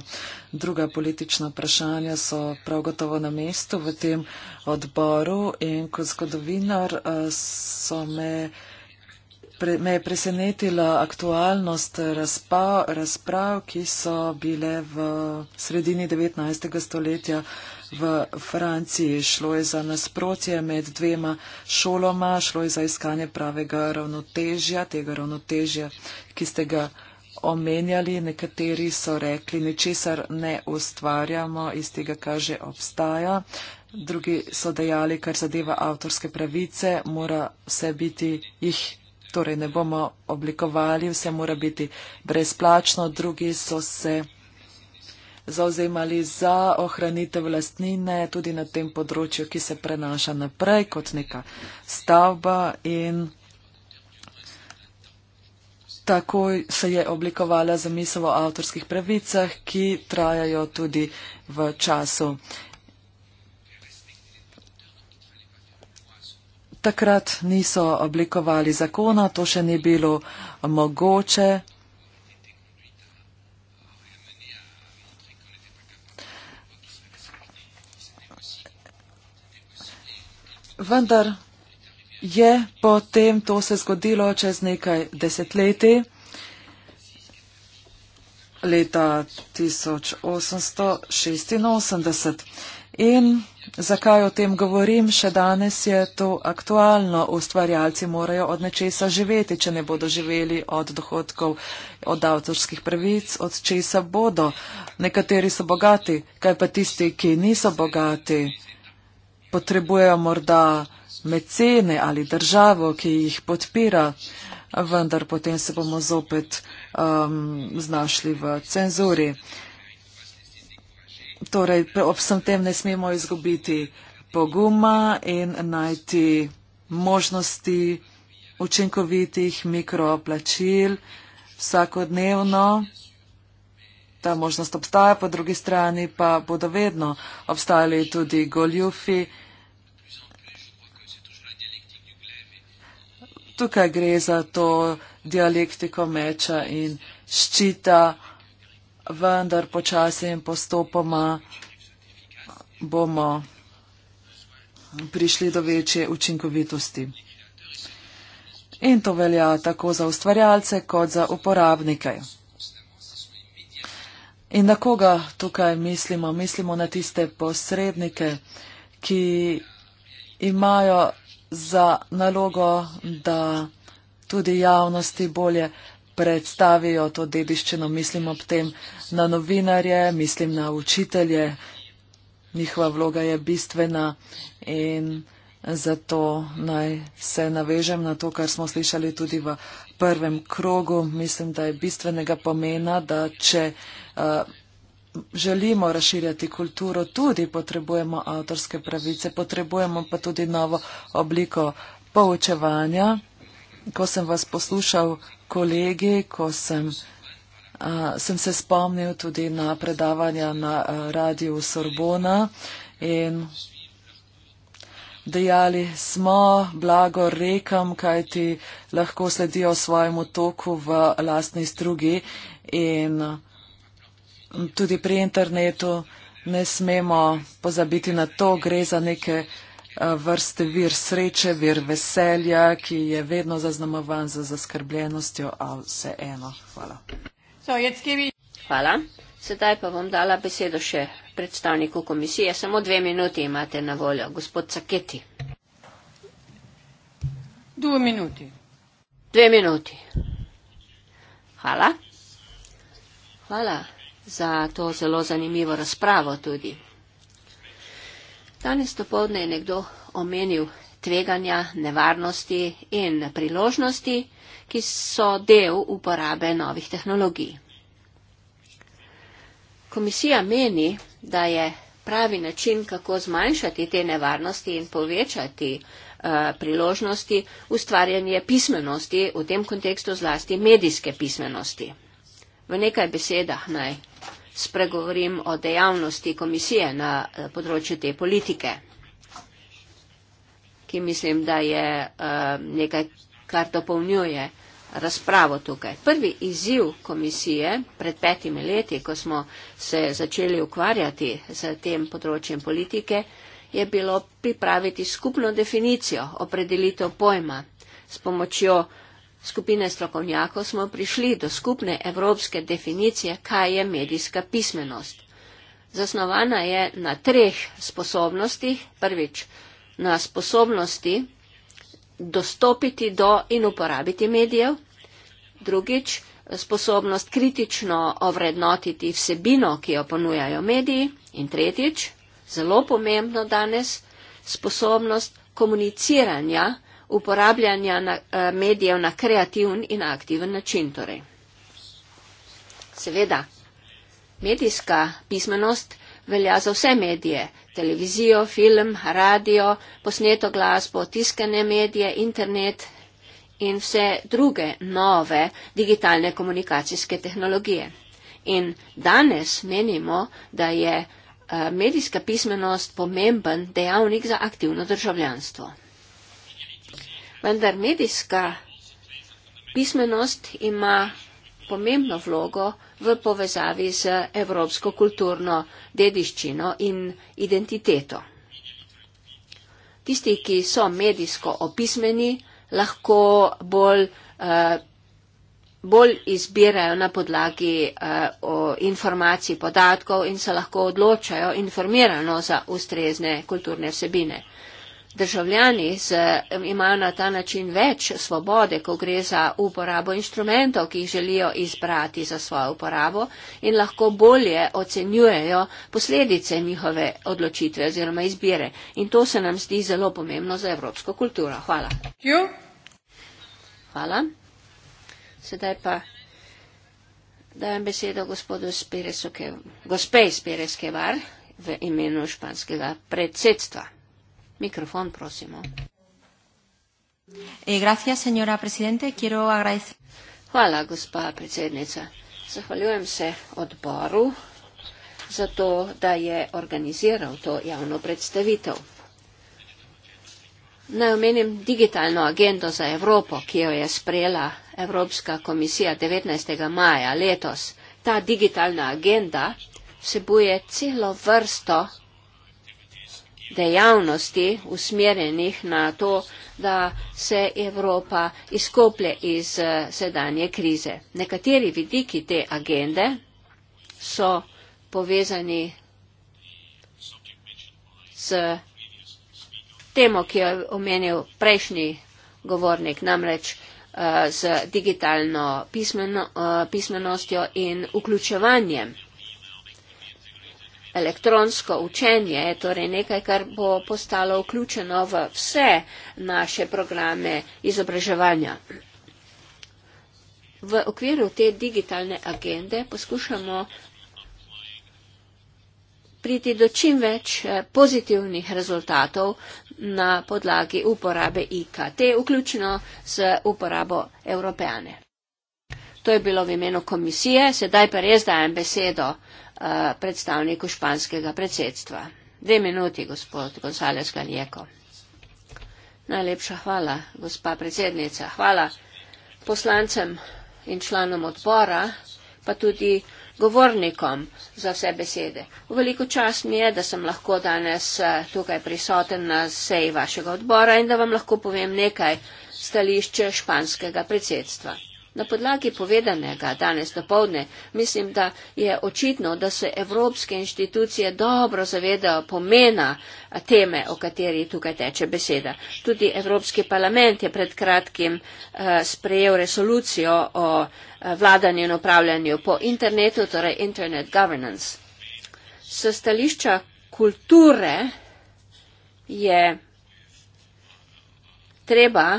druga politična vprašanja, so prav gotovo na mestu v tem odboru in kot zgodovinar eh, so me me je presenetila aktualnost razpa, razprav, ki so bile v sredini 19. stoletja v Franciji. Šlo je za nasprotje med dvema šoloma, šlo je za iskanje pravega ravnotežja, tega ravnotežja, ki ste ga omenjali. Nekateri so rekli, ničesar ne ustvarjamo, iz tega kaže obstaja. Drugi so dejali, kar zadeva avtorske pravice, mora vse biti jih torej ne bomo oblikovali, vse mora biti brezplačno. Drugi so se zauzemali za ohranitev lastnine tudi na tem področju, ki se prenaša naprej kot neka stavba in tako se je oblikovala zamisel o avtorskih pravicah, ki trajajo tudi v času takrat niso oblikovali zakona, to še ni bilo mogoče. Vendar je potem to se zgodilo čez nekaj desetletij, leta 1886. In Zakaj o tem govorim? Še danes je to aktualno. Ustvarjalci morajo od nečesa živeti, če ne bodo živeli od dohodkov, od avtorskih pravic, od česa bodo. Nekateri so bogati, kaj pa tisti, ki niso bogati, potrebujejo morda mecene ali državo, ki jih podpira, vendar potem se bomo zopet um, znašli v cenzuri. Torej, ob vsem tem ne smemo izgubiti poguma in najti možnosti učinkovitih mikroplačil vsakodnevno. Ta možnost obstaja, po drugi strani pa bodo vedno obstajali tudi goljufi. Tukaj gre za to dialektiko meča in ščita vendar počasi in postopoma bomo prišli do večje učinkovitosti. In to velja tako za ustvarjalce kot za uporabnike. In na koga tukaj mislimo? Mislimo na tiste posrednike, ki imajo za nalogo, da tudi javnosti bolje predstavijo to dediščino, mislim ob tem na novinarje, mislim na učitelje, njihova vloga je bistvena in zato naj se navežem na to, kar smo slišali tudi v prvem krogu. Mislim, da je bistvenega pomena, da če uh, želimo razširjati kulturo, tudi potrebujemo avtorske pravice, potrebujemo pa tudi novo obliko poučevanja. Ko sem vas poslušal kolegi, ko sem, a, sem se spomnil tudi na predavanja na radiju Sorbona in dejali smo, blago rekam, kaj ti lahko sledijo svojemu toku v lastni strugi in tudi pri internetu ne smemo pozabiti na to, gre za neke vrste vir sreče, vir veselja, ki je vedno zaznamovan za zaskrbljenostjo, a vse eno. Hvala. So, Hvala. Sedaj pa bom dala besedo še predstavniku komisije. Samo dve minuti imate na voljo, gospod Caketi. Dve minuti. Dve minuti. Hvala. Hvala za to zelo zanimivo razpravo tudi. Danes to povdne je nekdo omenil tveganja, nevarnosti in priložnosti, ki so del uporabe novih tehnologij. Komisija meni, da je pravi način, kako zmanjšati te nevarnosti in povečati uh, priložnosti, ustvarjanje pismenosti, v tem kontekstu zlasti medijske pismenosti. V nekaj besedah naj spregovorim o dejavnosti komisije na eh, področju te politike, ki mislim, da je eh, nekaj, kar dopolnjuje razpravo tukaj. Prvi izziv komisije pred petimi leti, ko smo se začeli ukvarjati z tem področjem politike, je bilo pripraviti skupno definicijo, opredelitev pojma s pomočjo skupine strokovnjakov smo prišli do skupne evropske definicije, kaj je medijska pismenost. Zasnovana je na treh sposobnostih. Prvič, na sposobnosti dostopiti do in uporabiti medijev. Drugič, sposobnost kritično ovrednotiti vsebino, ki jo ponujajo mediji. In tretjič, zelo pomembno danes, sposobnost komuniciranja uporabljanja na, uh, medijev na kreativen in aktiven način. Torej. Seveda, medijska pismenost velja za vse medije, televizijo, film, radio, posneto glasbo, tiskane medije, internet in vse druge nove digitalne komunikacijske tehnologije. In danes menimo, da je eh, medijska pismenost pomemben dejavnik za aktivno državljanstvo. Vendar medijska pismenost ima pomembno vlogo v povezavi z evropsko kulturno dediščino in identiteto. Tisti, ki so medijsko opismeni, lahko bolj, eh, bolj izbirajo na podlagi eh, informacij, podatkov in se lahko odločajo informirano za ustrezne kulturne vsebine državljani z, imajo na ta način več svobode, ko gre za uporabo inštrumentov, ki jih želijo izbrati za svojo uporabo in lahko bolje ocenjujejo posledice njihove odločitve oziroma izbire. In to se nam zdi zelo pomembno za evropsko kulturo. Hvala. Hvala. Sedaj pa dajem besedo gospodu Spiresu, gospej Spireskevar v imenu španskega predsedstva. Mikrofon, prosimo. E, gracias, señora presidente. Quiero agradecer. Hvala, gospa predsednica. Zahvaljujem se odboru za to, da je organiziral to javno predstavitev. Naj omenim digitalno agendo za Evropo, ki jo je sprejela Evropska komisija 19. maja letos. Ta digitalna agenda vsebuje celo vrsto dejavnosti usmerenih na to, da se Evropa izkoplje iz eh, sedanje krize. Nekateri vidiki te agende so povezani s temo, ki jo je omenil prejšnji govornik, namreč eh, z digitalno pismeno, eh, pismenostjo in vključevanjem elektronsko učenje je torej nekaj, kar bo postalo vključeno v vse naše programe izobraževanja. V okviru te digitalne agende poskušamo priti do čim več eh, pozitivnih rezultatov na podlagi uporabe IKT, vključno z uporabo Evropejane. To je bilo v imenu komisije, sedaj pa res dajem besedo. Eh, predstavniku španskega predsedstva. Dve minuti, gospod González Galjeko. Najlepša hvala, gospa predsednica. Hvala poslancem in članom odbora, pa tudi govornikom za vse besede. V veliko čas mi je, da sem lahko danes eh, tukaj prisoten na seji vašega odbora in da vam lahko povem nekaj stališče španskega predsedstva. Na podlagi povedanega danes dopovdne mislim, da je očitno, da se evropske inštitucije dobro zavedajo pomena teme, o kateri tukaj teče beseda. Tudi Evropski parlament je pred kratkim eh, sprejel resolucijo o eh, vladanju in upravljanju po internetu, torej Internet Governance. S stališča kulture je treba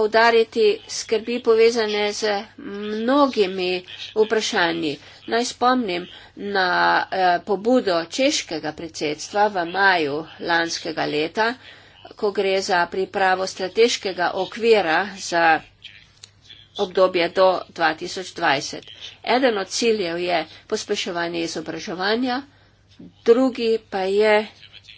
poudariti skrbi povezane z mnogimi vprašanji. Naj spomnim na eh, pobudo češkega predsedstva v maju lanskega leta, ko gre za pripravo strateškega okvira za obdobje do 2020. Eden od ciljev je pospeševanje izobraževanja, drugi pa je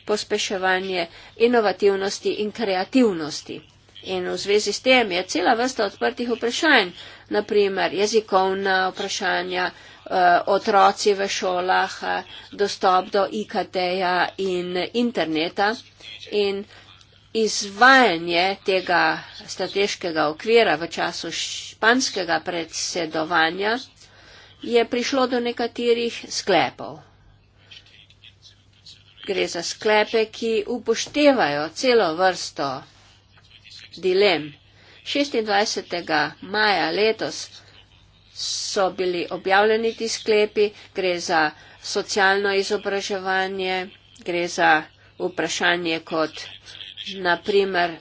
pospeševanje inovativnosti in kreativnosti. In v zvezi s tem je cela vrsta odprtih vprašanj, naprimer jezikovna vprašanja, eh, otroci v šolah, eh, dostop do IKT-ja in interneta in izvajanje tega strateškega okvira v času španskega predsedovanja je prišlo do nekaterih sklepov. Gre za sklepe, ki upoštevajo celo vrsto dilem. 26. maja letos so bili objavljeni ti sklepi, gre za socialno izobraževanje, gre za vprašanje kot naprimer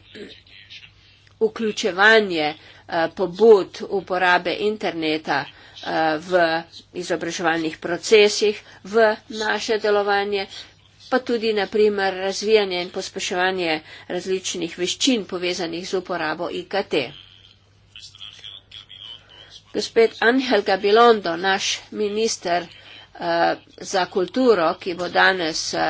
vključevanje eh, pobud uporabe interneta eh, v izobraževalnih procesih, v naše delovanje pa tudi naprimer razvijanje in pospeševanje različnih veščin povezanih z uporabo IKT. Gospod Angel Gabilondo, naš minister uh, za kulturo, ki bo danes uh,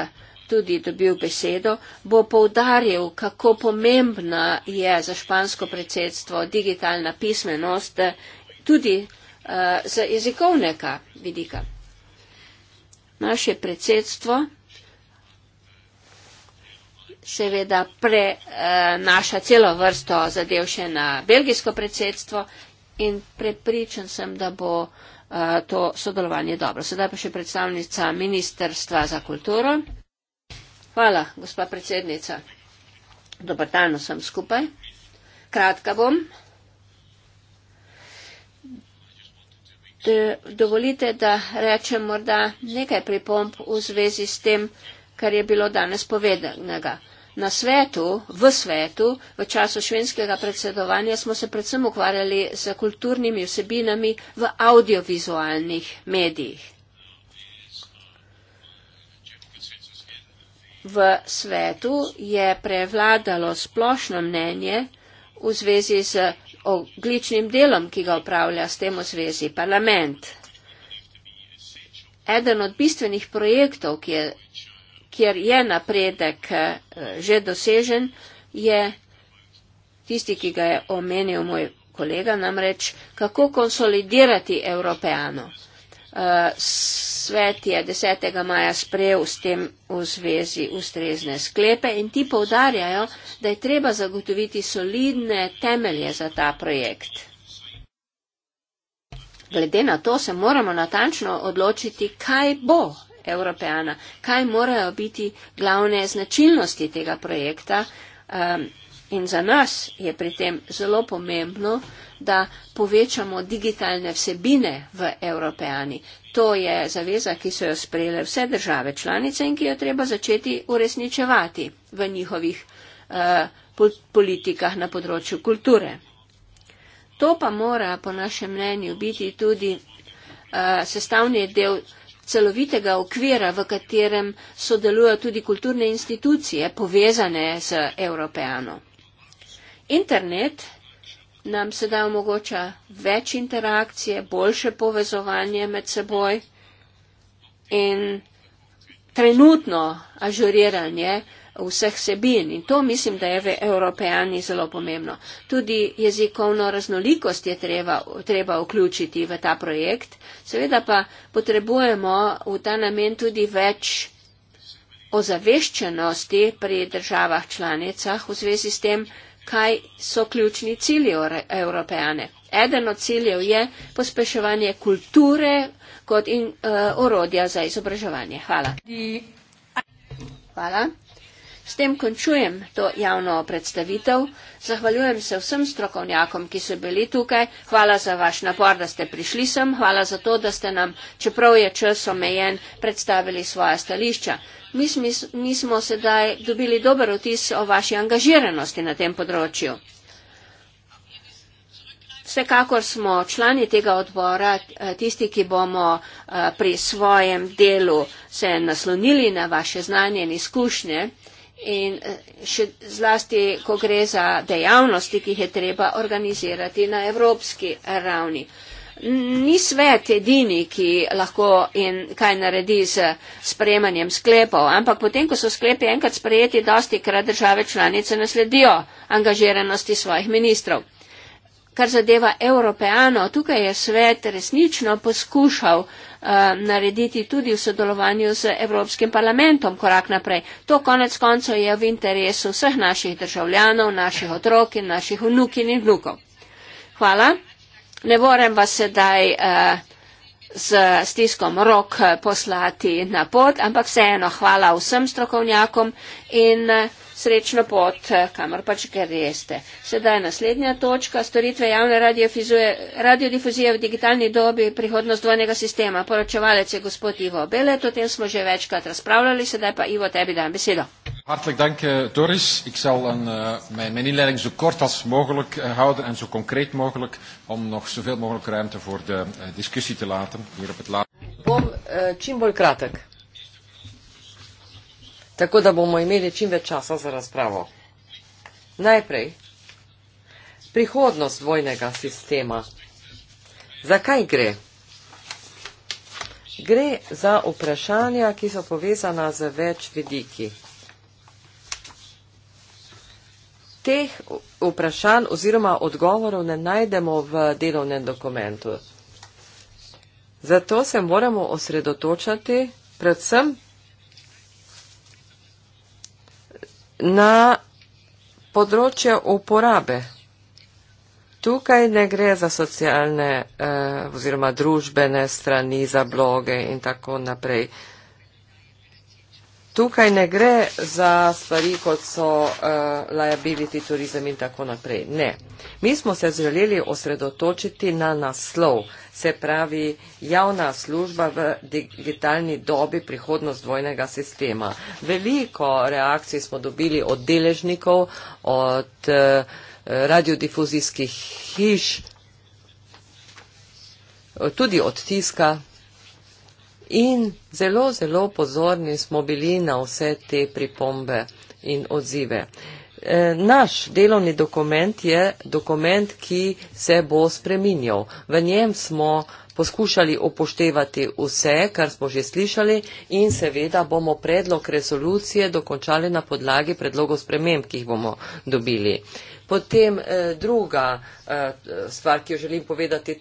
tudi dobil besedo, bo poudaril, kako pomembna je za špansko predsedstvo digitalna pismenost eh, tudi uh, za jezikovnega vidika. Naše predsedstvo seveda prenaša eh, celo vrsto zadev še na belgijsko predsedstvo in prepričan sem, da bo eh, to sodelovanje dobro. Sedaj pa še predstavnica Ministrstva za kulturo. Hvala, gospa predsednica. Dobar dan vsem skupaj. Kratka bom. Dovolite, da rečem morda nekaj pripomp v zvezi s tem, kar je bilo danes povedanega na svetu, v svetu, v času švenskega predsedovanja smo se predvsem ukvarjali z kulturnimi vsebinami v audiovizualnih medijih. V svetu je prevladalo splošno mnenje v zvezi z ogličnim delom, ki ga upravlja s tem v zvezi parlament. Eden od bistvenih projektov, ki je kjer je napredek eh, že dosežen, je tisti, ki ga je omenil moj kolega, namreč kako konsolidirati Evropejano. Eh, svet je 10. maja sprejel s tem v zvezi ustrezne sklepe in ti povdarjajo, da je treba zagotoviti solidne temelje za ta projekt. Glede na to se moramo natančno odločiti, kaj bo Evropejana. Kaj morajo biti glavne značilnosti tega projekta? Um, in za nas je pri tem zelo pomembno, da povečamo digitalne vsebine v Evropejani. To je zaveza, ki so jo sprejele vse države članice in ki jo treba začeti uresničevati v njihovih uh, politikah na področju kulture. To pa mora, po našem mnenju, biti tudi uh, sestavni del celovitega okvira, v katerem sodelujo tudi kulturne institucije povezane z Evropejano. Internet nam sedaj omogoča več interakcije, boljše povezovanje med seboj in trenutno ažuriranje uh, vseh sebin in to mislim, da je v Evropejani zelo pomembno. Tudi jezikovno raznolikost je treba, treba vključiti v ta projekt. Seveda pa potrebujemo v ta namen tudi več ozaveščenosti pri državah članicah v zvezi s tem, kaj so ključni cilji Evropejane. Eden od ciljev je pospeševanje kulture kot in, uh, orodja za izobraževanje. Hvala. Hvala. S tem končujem to javno predstavitev. Zahvaljujem se vsem strokovnjakom, ki so bili tukaj. Hvala za vaš napor, da ste prišli sem. Hvala za to, da ste nam, čeprav je čas omejen, predstavili svoja stališča. Mi, smi, mi smo sedaj dobili dober otis o vaši angažiranosti na tem področju. Vsekakor smo člani tega odbora, eh, tisti, ki bomo eh, pri svojem delu se naslonili na vaše znanje in izkušnje in eh, še zlasti, ko gre za dejavnosti, ki jih je treba organizirati na evropski ravni. Ni svet edini, ki lahko in kaj naredi s sprejemanjem sklepov, ampak potem, ko so sklepi enkrat sprejeti, dosti krat države članice nasledijo angažiranosti svojih ministrov. Kar zadeva Evropejano, tukaj je svet resnično poskušal uh, Eh, narediti tudi v sodelovanju z Evropskim parlamentom korak naprej. To konec koncev je v interesu vseh naših državljanov, naših otrok in naših vnukin in vnukov. Hvala. Ne morem vas sedaj eh, z stiskom rok eh, poslati na pot, ampak vseeno hvala vsem strokovnjakom in. Uh, srečno pot, eh, kamor pač greste. Sedaj naslednja točka, storitve javne radiodifuzije radio v digitalni dobi, prihodnost dvojnega sistema. Poročevalec je gospod Ivo Belet, o tem smo že večkrat razpravljali, sedaj pa Ivo, tebi dam besedo. Hartelijk dank eh, Doris. Ik zal een, eh, mijn, mijn inleiding zo kort als mogelijk houden en zo concreet mogelijk om nog zoveel mogelijk ruimte voor de discussie te laten hier op het laatste. Bom, uh, čim bolj kratek tako da bomo imeli čim več časa za razpravo. Najprej, prihodnost vojnega sistema. Zakaj gre? Gre za vprašanja, ki so povezana z več vidiki. Teh vprašanj oziroma odgovorov ne najdemo v delovnem dokumentu. Zato se moramo osredotočati predvsem na področje uporabe. Tukaj ne gre za socialne eh, oziroma družbene strani, za bloge in tako naprej. Eh, Tukaj ne gre za stvari, kot so uh, liability, turizem in tako naprej. Ne. Mi smo se želeli osredotočiti na naslov, se pravi javna služba v digitalni dobi prihodnost dvojnega sistema. Veliko reakcij smo dobili od deležnikov, od uh, radiodifuzijskih hiš, tudi od tiska. In zelo, zelo pozorni smo bili na vse te pripombe in odzive. E, naš delovni dokument je dokument, ki se bo spreminjal. V njem smo poskušali upoštevati vse, kar smo že slišali in seveda bomo predlog resolucije dokončali na podlagi predlogov sprememb, ki jih bomo dobili. Potem eh, druga eh, stvar, ki jo želim povedati,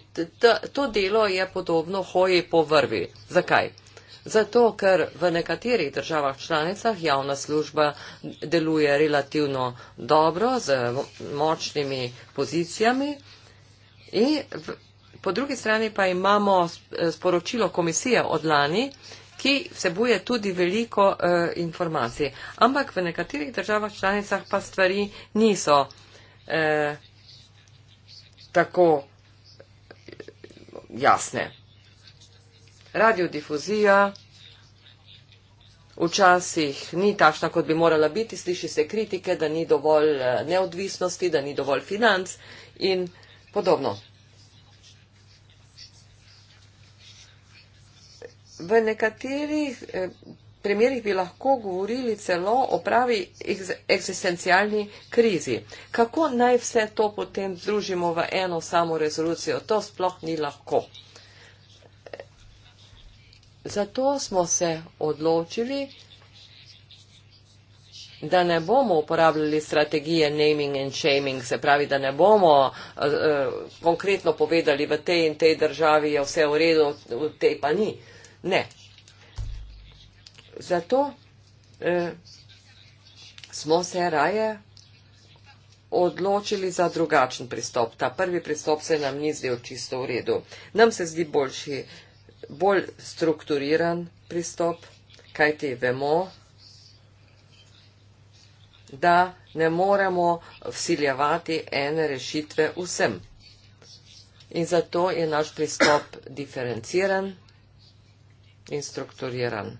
to delo je podobno hoji po vrvi. Zakaj? Zato, ker v nekaterih državah članicah javna služba deluje relativno dobro z močnimi pozicijami in po drugi strani pa imamo eh, sporočilo komisije od lani, ki vsebuje tudi veliko informacij. Ampak v nekaterih državah članicah pa stvari niso eh, tako jasne. Radiodifuzija včasih ni takšna, kot bi morala biti, sliši se kritike, da ni dovolj eh, neodvisnosti, da ni dovolj financ in podobno. V nekaterih eh, primerih bi lahko govorili celo o pravi egzistencialni krizi. Kako naj vse to potem združimo v eno samo rezolucijo? To sploh ni lahko. Zato smo se odločili, da ne bomo uporabljali strategije naming and shaming, se pravi, da ne bomo uh, konkretno povedali, v tej in tej državi je vse v redu, v tej pa ni. Ne, zato eh, smo se raje odločili za drugačen pristop. Ta prvi pristop se nam ni zdel čisto v redu. Nam se zdi boljši, bolj strukturiran pristop, kaj te vemo, da ne moremo vsiljevati ene rešitve vsem. In zato je naš pristop diferenciran in strukturiran.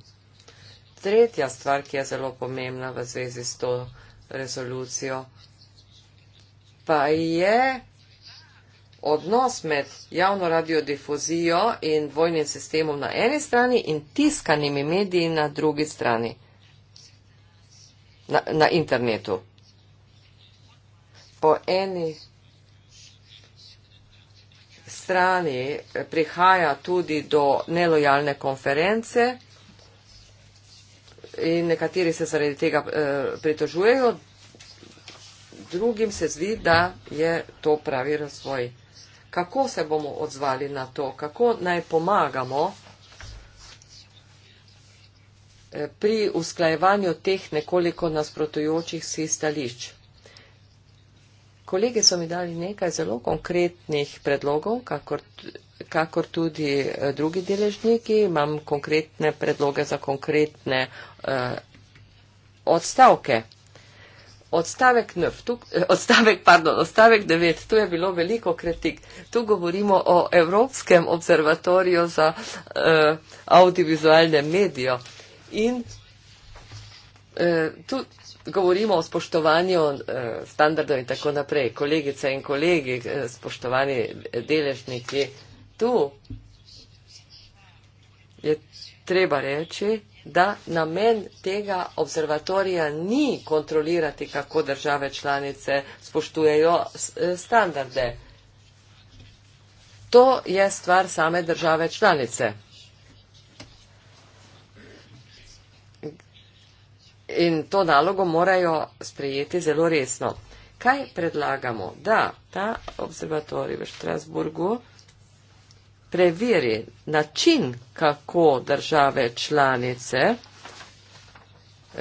Tretja stvar, ki je zelo pomembna v zvezi s to rezolucijo, pa je odnos med javno radiodifuzijo in vojnim sistemom na eni strani in tiskanimi mediji na drugi strani, na, na internetu. Po eni strani prihaja tudi do nelojalne konference, in nekateri se zaradi tega eh, pritožujejo, drugim se zdi, da je to pravi razvoj. Kako se bomo odzvali na to, kako naj pomagamo eh, pri usklajevanju teh nekoliko nasprotujočih si stališč? Kolege so mi dali nekaj zelo konkretnih predlogov, kako kakor tudi eh, drugi deležniki. Imam konkretne predloge za konkretne eh, odstavke. Odstavek, nef, tu, eh, odstavek, pardon, odstavek 9, tu je bilo veliko kritik. Tu govorimo o Evropskem observatoriju za uh, audiovizualne medije in uh, tu govorimo o spoštovanju uh, standardov in tako naprej. Kolegice in kolegi, spoštovani deležniki, uh, tu, je treba reči, da namen tega observatorija ni kontrolirati, kako države članice spoštujejo e, standarde. To je stvar same države članice. In to nalogo morajo sprejeti zelo resno. Kaj predlagamo? Da, ta observatorij v Štrasburgu preveri način, kako države članice,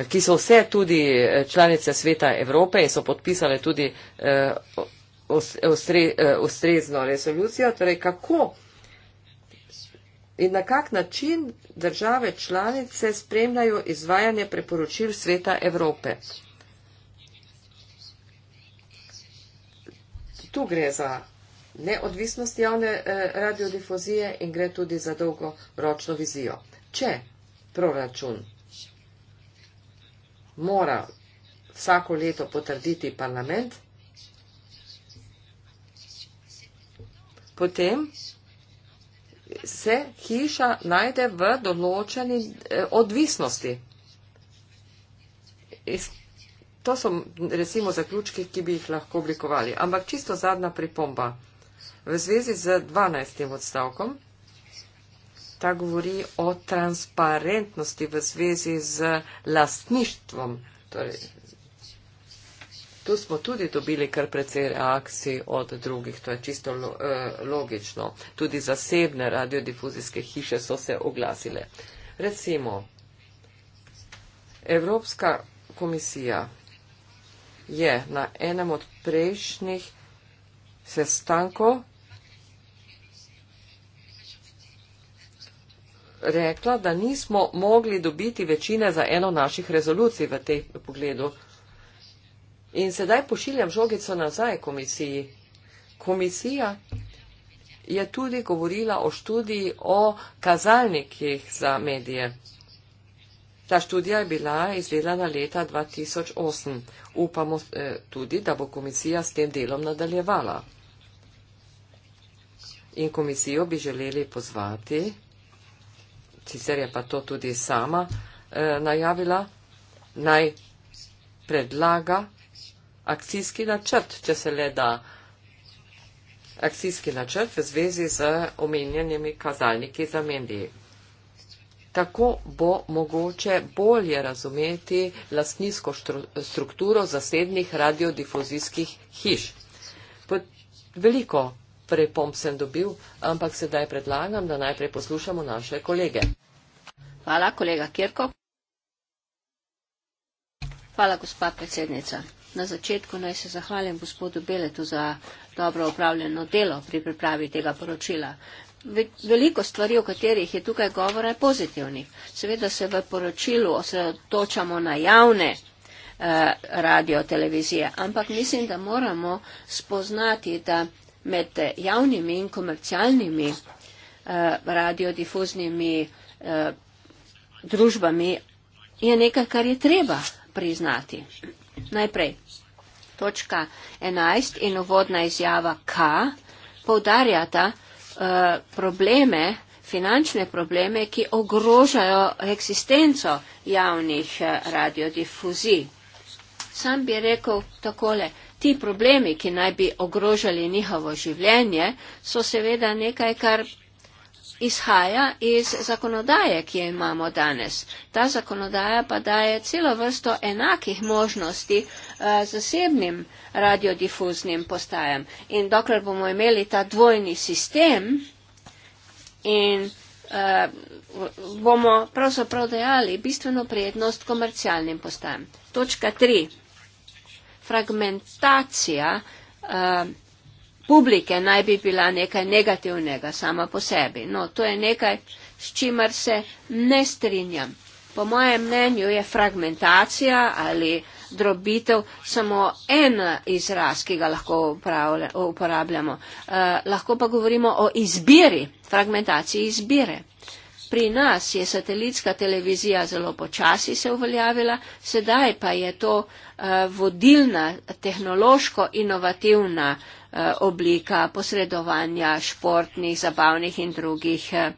ki so vse tudi eh, članice sveta Evrope in so podpisale tudi eh, eh, ustrezno resolucijo, torej kako in na kak način države članice spremljajo izvajanje preporočil sveta Evrope. Tu gre za neodvisnost javne eh, radiodifuzije in gre tudi za dolgoročno vizijo. Če proračun mora vsako leto potrditi parlament, potem se hiša najde v določeni eh, odvisnosti. To so recimo zaključki, ki bi jih lahko oblikovali. Ampak čisto zadnja pripomba. V zvezi z 12. odstavkom, ta govori o transparentnosti v zvezi z lastništvom. Torej, tu smo tudi dobili kar precej reakcij od drugih, to je čisto eh, logično. Tudi zasebne radiodifuzijske hiše so se oglasile. Recimo, Evropska komisija je na enem od prejšnjih sestankov rekla, da nismo mogli dobiti večine za eno naših rezolucij v tej pogledu. In sedaj pošiljam žogico nazaj komisiji. Komisija je tudi govorila o študiji o kazalnikih za medije. Ta študija je bila izdelana leta 2008. Upamo eh, tudi, da bo komisija s tem delom nadaljevala. In komisijo bi želeli pozvati, sicer je pa to tudi sama eh, najavila, naj predlaga akcijski načrt, če se le da akcijski načrt v zvezi z omenjenimi kazalniki za mediji. Tako bo mogoče bolje razumeti lastnisko strukturo zasebnih radiodifuzijskih hiš. Pod veliko prepom sem dobil, ampak sedaj predlagam, da najprej poslušamo naše kolege. Hvala, kolega Kirko. Hvala, gospa predsednica. Na začetku naj se zahvalim gospodu Beletu za dobro upravljeno delo pri pripravi tega poročila. Veliko stvari, o katerih je tukaj govora, je pozitivnih. Seveda se v poročilu osredotočamo na javne eh, radiotelevizije, ampak mislim, da moramo spoznati, da med javnimi in komercialnimi eh, radiodifuznimi eh, družbami, je nekaj, kar je treba priznati. Najprej, točka 11 in uvodna izjava K povdarjata uh, eh, probleme, finančne probleme, ki ogrožajo eksistenco javnih eh, radiodifuzij. Sam bi rekel takole, ti problemi, ki naj bi ogrožali njihovo življenje, so seveda nekaj, kar izhaja iz zakonodaje, ki jo imamo danes. Ta zakonodaja pa daje celo vrsto enakih možnosti eh, zasebnim radiodifuznim postajam. In dokler bomo imeli ta dvojni sistem in uh, bomo pravzaprav dejali bistveno prednost komercialnim postajam. Točka tri. Fragmentacija uh, publike naj bi bila nekaj negativnega sama po sebi. No, to je nekaj, s čimer se ne strinjam. Po mojem mnenju je fragmentacija ali drobitev samo en izraz, ki ga lahko uporabljamo. Eh, lahko pa govorimo o izbiri, fragmentaciji izbire. Pri nas je satelitska televizija zelo počasi se uveljavila, sedaj pa je to eh, vodilna, tehnološko inovativna eh, Eh, oblika posredovanja športnih, zabavnih in drugih eh,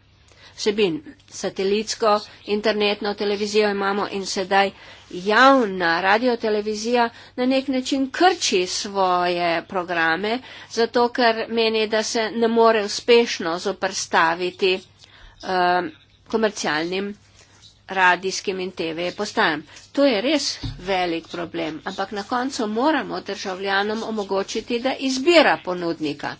vsebin. Satelitsko, internetno televizijo imamo in sedaj javna radiotelevizija na nek način krči svoje programe, zato ker meni, da se ne more uspešno zoprstaviti uh, komercialnim radijskim in TV postajam. To je res velik problem, ampak na koncu moramo državljanom omogočiti, da izbira ponudnika.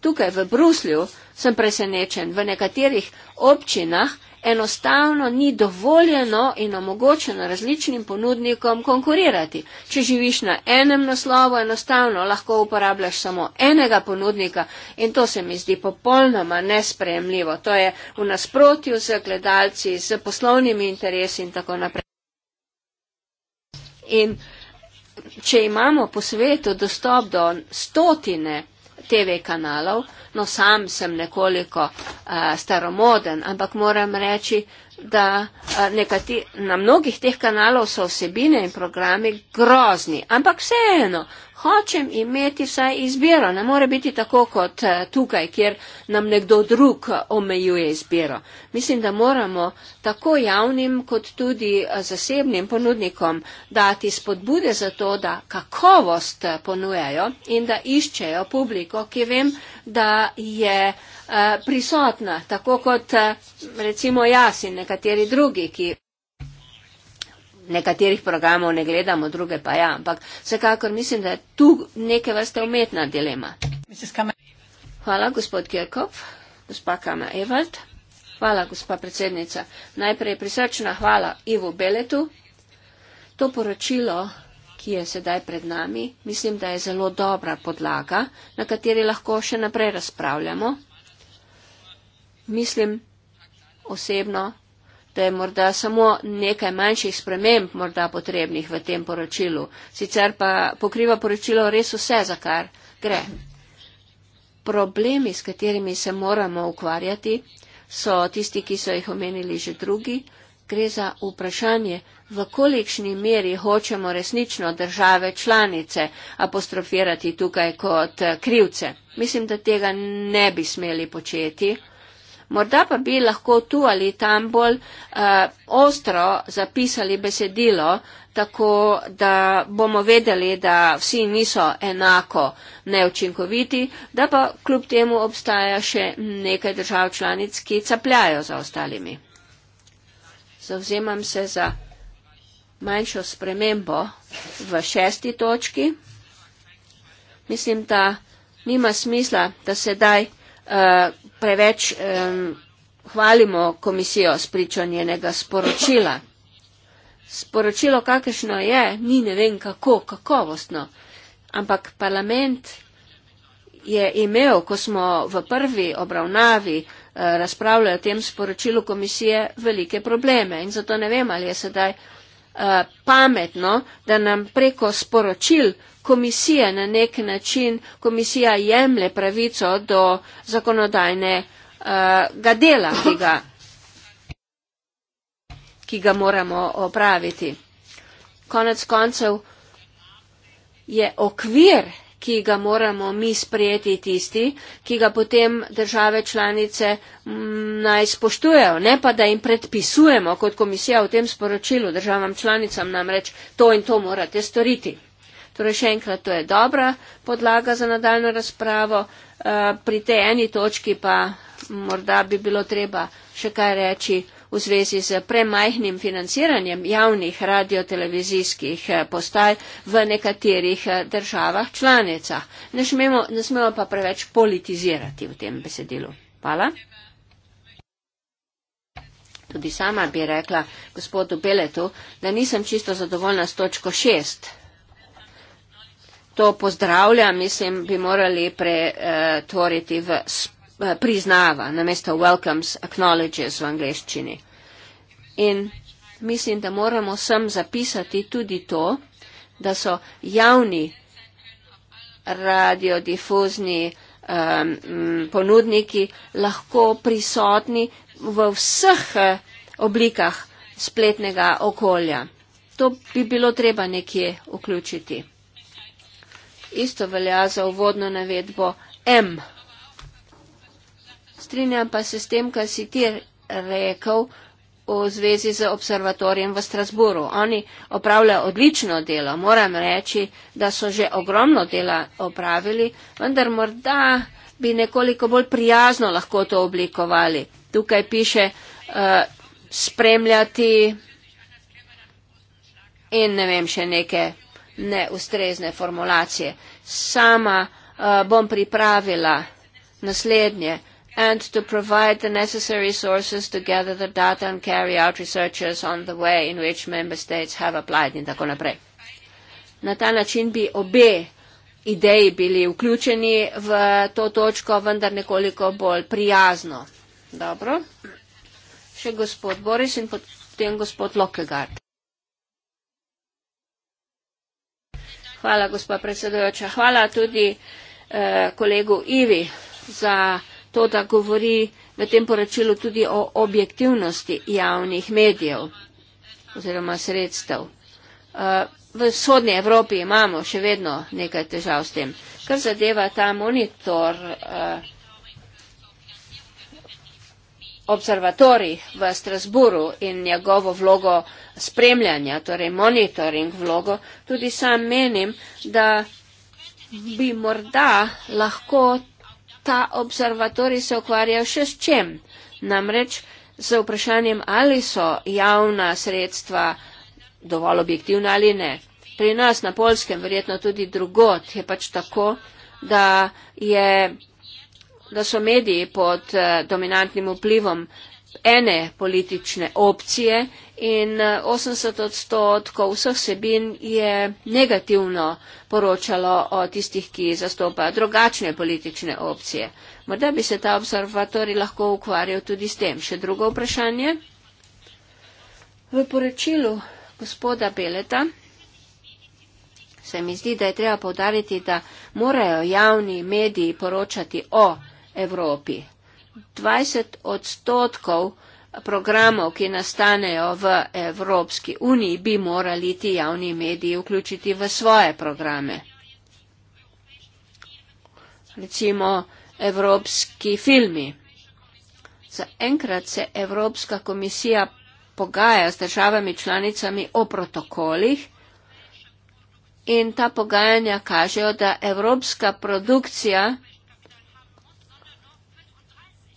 Tukaj v Bruslju sem presenečen, v nekaterih občinah enostavno ni dovoljeno in omogočeno različnim ponudnikom konkurirati. Če živiš na enem naslovu, enostavno lahko uporabljaš samo enega ponudnika in to se mi zdi popolnoma nespremljivo. To je v nasprotju z gledalci, z poslovnimi interesi in tako naprej. In če imamo po svetu dostop do stotine TV kanalov. No, sam sem nekoliko a, eh, staromoden, ampak moram reči, da a, eh, nekati, na mnogih teh kanalov so vsebine in programi grozni. Ampak vseeno, hočem imeti vsaj izbiro, ne more biti tako kot eh, tukaj, kjer nam nekdo drug eh, omejuje izbiro. Mislim, da moramo tako javnim kot tudi eh, zasebnim ponudnikom dati spodbude za to, da kakovost ponujajo in da iščejo publiko, ki vem, da je prisotna, tako kot recimo jaz in nekateri drugi, ki nekaterih programov ne gledamo, druge pa ja, ampak vsekakor mislim, da je tu neke vrste umetna dilema. Hvala, gospod Kirkov, gospa Kama Evald, hvala, gospa predsednica. Najprej prisrčna hvala Ivo Beletu. To poročilo, ki je sedaj pred nami, mislim, da je zelo dobra podlaga, na kateri lahko še naprej razpravljamo. Mislim osebno, da je morda samo nekaj manjših sprememb morda potrebnih v tem poročilu. Sicer pa pokriva poročilo res vse, za kar gre. Problemi, s katerimi se moramo ukvarjati, so tisti, ki so jih omenili že drugi. Gre za vprašanje, v kolikšni meri hočemo resnično države članice apostrofirati tukaj kot krivce. Mislim, da tega ne bi smeli početi. Morda pa bi lahko tu ali tam bolj uh, ostro zapisali besedilo, tako da bomo vedeli, da vsi niso enako neučinkoviti, da pa kljub temu obstaja še nekaj držav članic, ki capljajo za ostalimi. Zavzemam se za manjšo spremembo v šesti točki. Mislim, da nima smisla, da sedaj uh, preveč um, hvalimo komisijo spričo njenega sporočila. Sporočilo, kakršno je, ni ne vem kako kakovostno, ampak parlament je imel, ko smo v prvi obravnavi uh, razpravljali o tem sporočilu komisije, velike probleme in zato ne vem, ali je sedaj Eh, pametno, da nam preko sporočil komisije na nek način komisija jemlje pravico do zakonodajnega uh, dela, ki ga, ki ga moramo opraviti. Konec koncev je okvir ki ga moramo mi sprejeti tisti, ki ga potem države članice mm, naj spoštujejo, ne pa da jim predpisujemo kot komisija v tem sporočilu državam članicam namreč to in to morate storiti. Torej še enkrat, to je dobra podlaga za nadaljno razpravo, eh, pri tej eni točki pa morda bi bilo treba še kaj reči v zvezi z premajhnim financiranjem javnih radiotelevizijskih eh, postaj v nekaterih eh, državah članicah. Ne, šmemo, ne smemo pa preveč politizirati v tem besedilu. Hvala. Tudi sama bi rekla gospodu Beletu, da nisem čisto zadovoljna s točko šest. To pozdravljam, mislim, bi morali pretvoriti v spolnost. Eh, priznava, namesto welcomes, acknowledges v angleščini. In mislim, da moramo sem zapisati tudi to, da so javni radiodifuzni um, ponudniki lahko prisotni v vseh eh, oblikah spletnega okolja. To bi bilo treba nekje vključiti. Isto velja za uvodno navedbo M. Strinjam pa se s tem, kar si ti rekel v zvezi z observatorijem v Strasburu. Oni opravljajo odlično delo. Moram reči, da so že ogromno dela opravili, vendar morda bi nekoliko bolj prijazno lahko to oblikovali. Tukaj piše uh, spremljati in ne vem še neke neustrezne formulacije. Sama uh, bom pripravila naslednje and to provide the necessary resources to gather the data and carry out researches on the way in which member states have applied in tako naprej. Na ta način bi obe ideji bili vključeni v to točko, vendar nekoliko bolj prijazno. Dobro. Še gospod Boris in potem gospod Lokegard. Hvala, gospod predsedujoča. Hvala tudi eh, kolegu Ivi za to, da govori v tem poročilu tudi o objektivnosti javnih medijev oziroma sredstev. Uh, v vzhodnji Evropi imamo še vedno nekaj težav s tem. Kar zadeva ta monitor uh, observatorij v Strasburu in njegovo vlogo spremljanja, torej monitoring vlogo, tudi sam menim, da bi morda lahko ta observatorij se ukvarjal še s čem? Namreč z vprašanjem, ali so javna sredstva dovolj objektivna ali ne. Pri nas na polskem, verjetno tudi drugot, je pač tako, da, je, da so mediji pod eh, dominantnim vplivom ene politične opcije in 80 eh, odstotkov vseh sebin je negativno poročalo o tistih, ki zastopajo drugačne politične opcije. Morda bi se ta observatorij lahko ukvarjal tudi s tem. Še drugo vprašanje. V poročilu gospoda Beleta se mi zdi, da je treba povdariti, da morajo javni mediji poročati o Evropi, 20 odstotkov programov, ki nastanejo v Evropski uniji, bi morali ti javni mediji vključiti v svoje programe. Recimo evropski filmi. Zaenkrat se Evropska komisija pogaja z državami članicami o protokolih in ta pogajanja kažejo, da evropska produkcija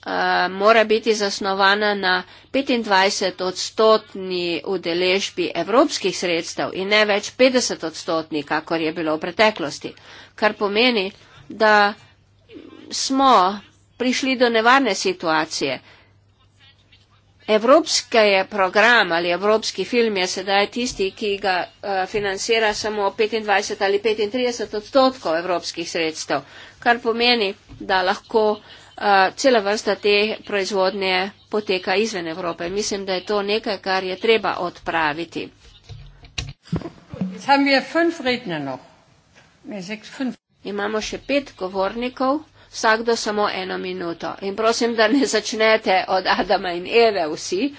Eh, mora biti zasnovana na 25 odstotni udeležbi evropskih sredstev in ne več 50 odstotni, kakor je bilo v preteklosti. Kar pomeni, da smo prišli do nevarne situacije. Evropski program ali evropski film je sedaj tisti, ki ga uh, financira samo 25 ali 35 odstotkov evropskih sredstev, kar pomeni, da lahko uh, Eh, cela vrsta te proizvodnje poteka izven Evrope. Mislim, da je to nekaj, kar je treba odpraviti. Imamo še pet govornikov, vsakdo samo eno minuto. In prosim, da ne začnete od Adama in Eve vsi,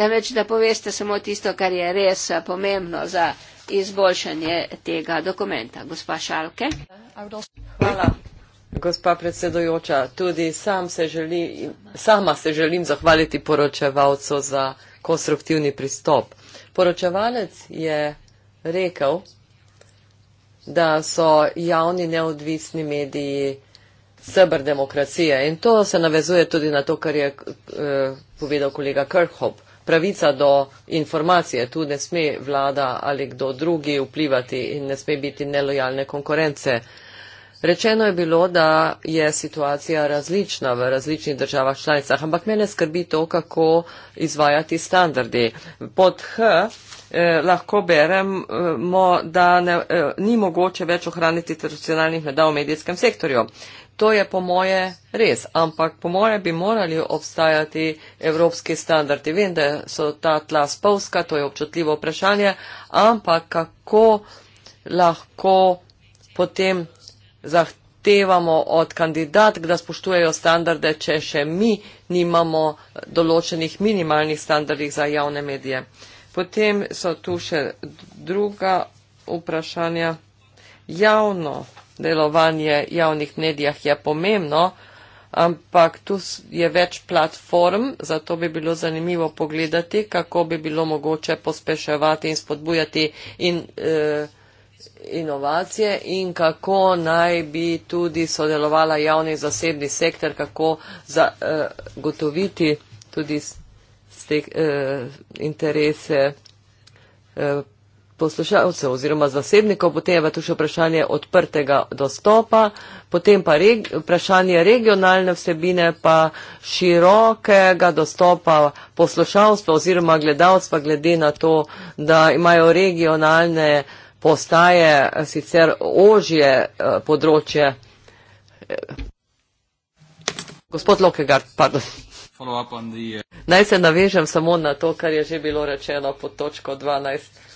temveč da poveste samo tisto, kar je res pomembno za izboljšanje tega dokumenta. Gospa Šalke. Hvala. Gospa predsedojoča, tudi sam se želi, sama se želim zahvaliti poročevalcu za konstruktivni pristop. Poročevalec je rekel, da so javni neodvisni mediji sebr demokracije in to se navezuje tudi na to, kar je eh, povedal kolega Kirchhoff. Pravica do informacije, tu ne sme vlada ali kdo drugi vplivati in ne sme biti nelojalne konkurence. Eh, Rečeno je bilo, da je situacija različna v različnih državah članicah, ampak mene skrbi to, kako izvajati standardi. Pod H eh, lahko beremo, eh, da ne, eh, ni mogoče več ohraniti tradicionalnih meda v medijskem sektorju. To je po moje res, ampak po moje bi morali obstajati evropski standardi. Vem, da so ta tla spolska, to je občutljivo vprašanje, ampak kako lahko potem zahtevamo od kandidatk, da spoštujejo standarde, če še mi nimamo določenih minimalnih standardih za javne medije. Potem so tu še druga vprašanja. Javno delovanje javnih medijah je pomembno, ampak tu je več platform, zato bi bilo zanimivo pogledati, kako bi bilo mogoče pospeševati in spodbujati in eh, inovacije in kako naj bi tudi sodelovala javni zasebni sektor, kako za, uh, gotoviti tudi ste, uh, eh, interese uh, poslušalcev oziroma zasebnikov. Potem je pa tu še vprašanje odprtega dostopa, potem pa reg vprašanje regionalne vsebine, pa širokega dostopa poslušalstva oziroma gledalstva glede na to, da imajo regionalne uh, postaje sicer ožje eh, področje. Gospod Lokegard, pardon. Eh, Naj se navežem samo na to, kar je že bilo rečeno pod točko 12.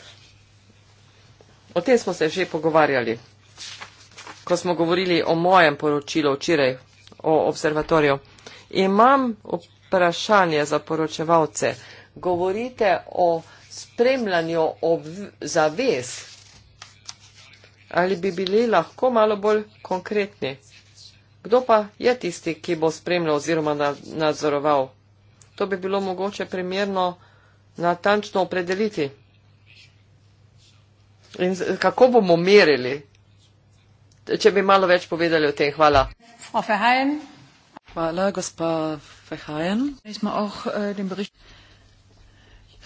O tem smo se že pogovarjali, ko smo govorili o mojem poročilu včeraj o observatoriju. Imam vprašanje za poročevalce. Govorite o spremljanju obv- zavez ali bi bili lahko malo bolj konkretni? Kdo pa je tisti, ki bo spremljal oziroma nadzoroval? To bi bilo mogoče primerno natančno opredeliti. In kako bomo merili? Če bi malo več povedali o tem, hvala. Hvala, gospa Fehajen.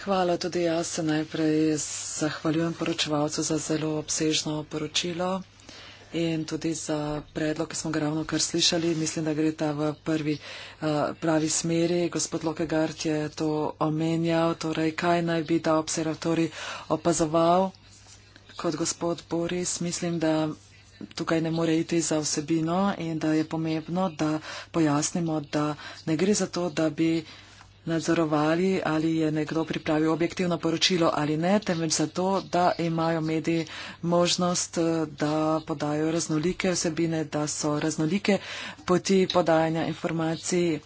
Hvala tudi jaz se najprej zahvaljujem poročevalcu za zelo obsežno poročilo in tudi za predlog, ki smo ga ravno kar slišali. Mislim, da gre ta v prvi eh, pravi smeri. Gospod Lokegard je to omenjal, torej kaj naj bi ta observatori opazoval. Kot gospod Boris, mislim, da tukaj ne more iti za vsebino in da je pomembno, da pojasnimo, da ne gre za to, da bi nadzorovali, ali je nekdo pripravil objektivno poročilo ali ne, temveč zato, da imajo mediji možnost, eh, da podajo raznolike vsebine, da so raznolike poti podajanja informacij,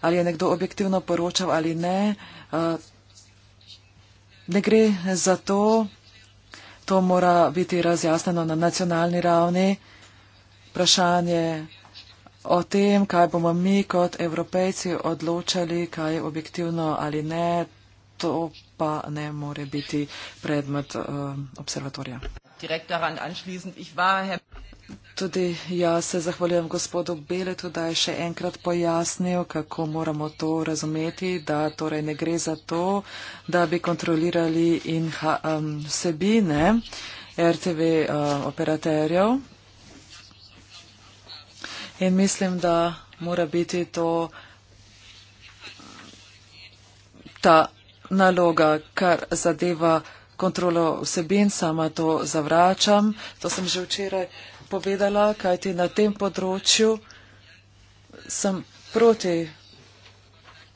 ali je nekdo objektivno poročal ali ne. Eh, ne gre za to, to mora biti razjasneno na nacionalni ravni. Vprašanje o tem, kaj bomo mi kot evropejci odločali, kaj je objektivno ali ne, to pa ne more biti predmet uh, observatorija. Tudi jaz se zahvaljujem gospodu Beletu, da je še enkrat pojasnil, kako moramo to razumeti, da torej ne gre za to, da bi kontrolirali in ha, um, sebi, ne, RTV uh, operaterjev. In mislim, da mora biti to ta naloga, kar zadeva kontrolo vsebin, sama to zavračam. To sem že včeraj povedala, kajti na tem področju sem proti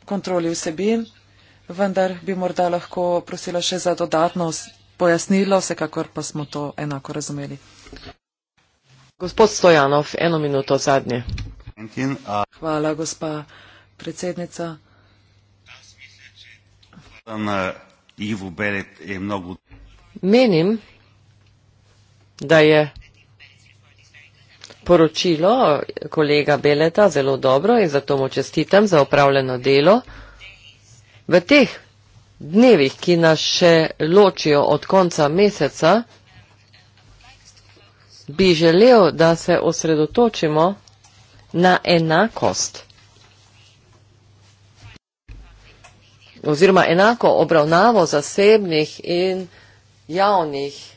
kontroli vsebin, vendar bi morda lahko prosila še za dodatno pojasnilo, vsekakor pa smo to enako razumeli. Gospod Stojanov, eno minuto zadnje. Hvala, gospa predsednica. Menim, da je poročilo kolega Beleta zelo dobro in zato mu čestitam za opravljeno delo. V teh dnevih, ki nas še ločijo od konca meseca, bi želel, da se osredotočimo na enakost oziroma enako obravnavo zasebnih in javnih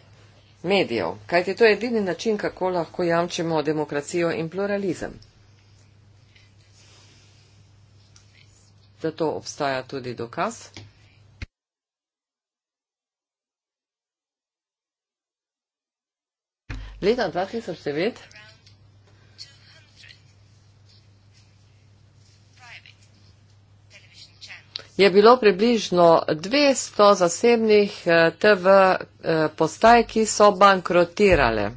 medijev. Kajti to je edini način, kako lahko jamčimo demokracijo in pluralizem. Zato obstaja tudi dokaz. Leta 2009 je bilo približno 200 zasebnih eh, TV eh, postaj, ki so bankrotirale,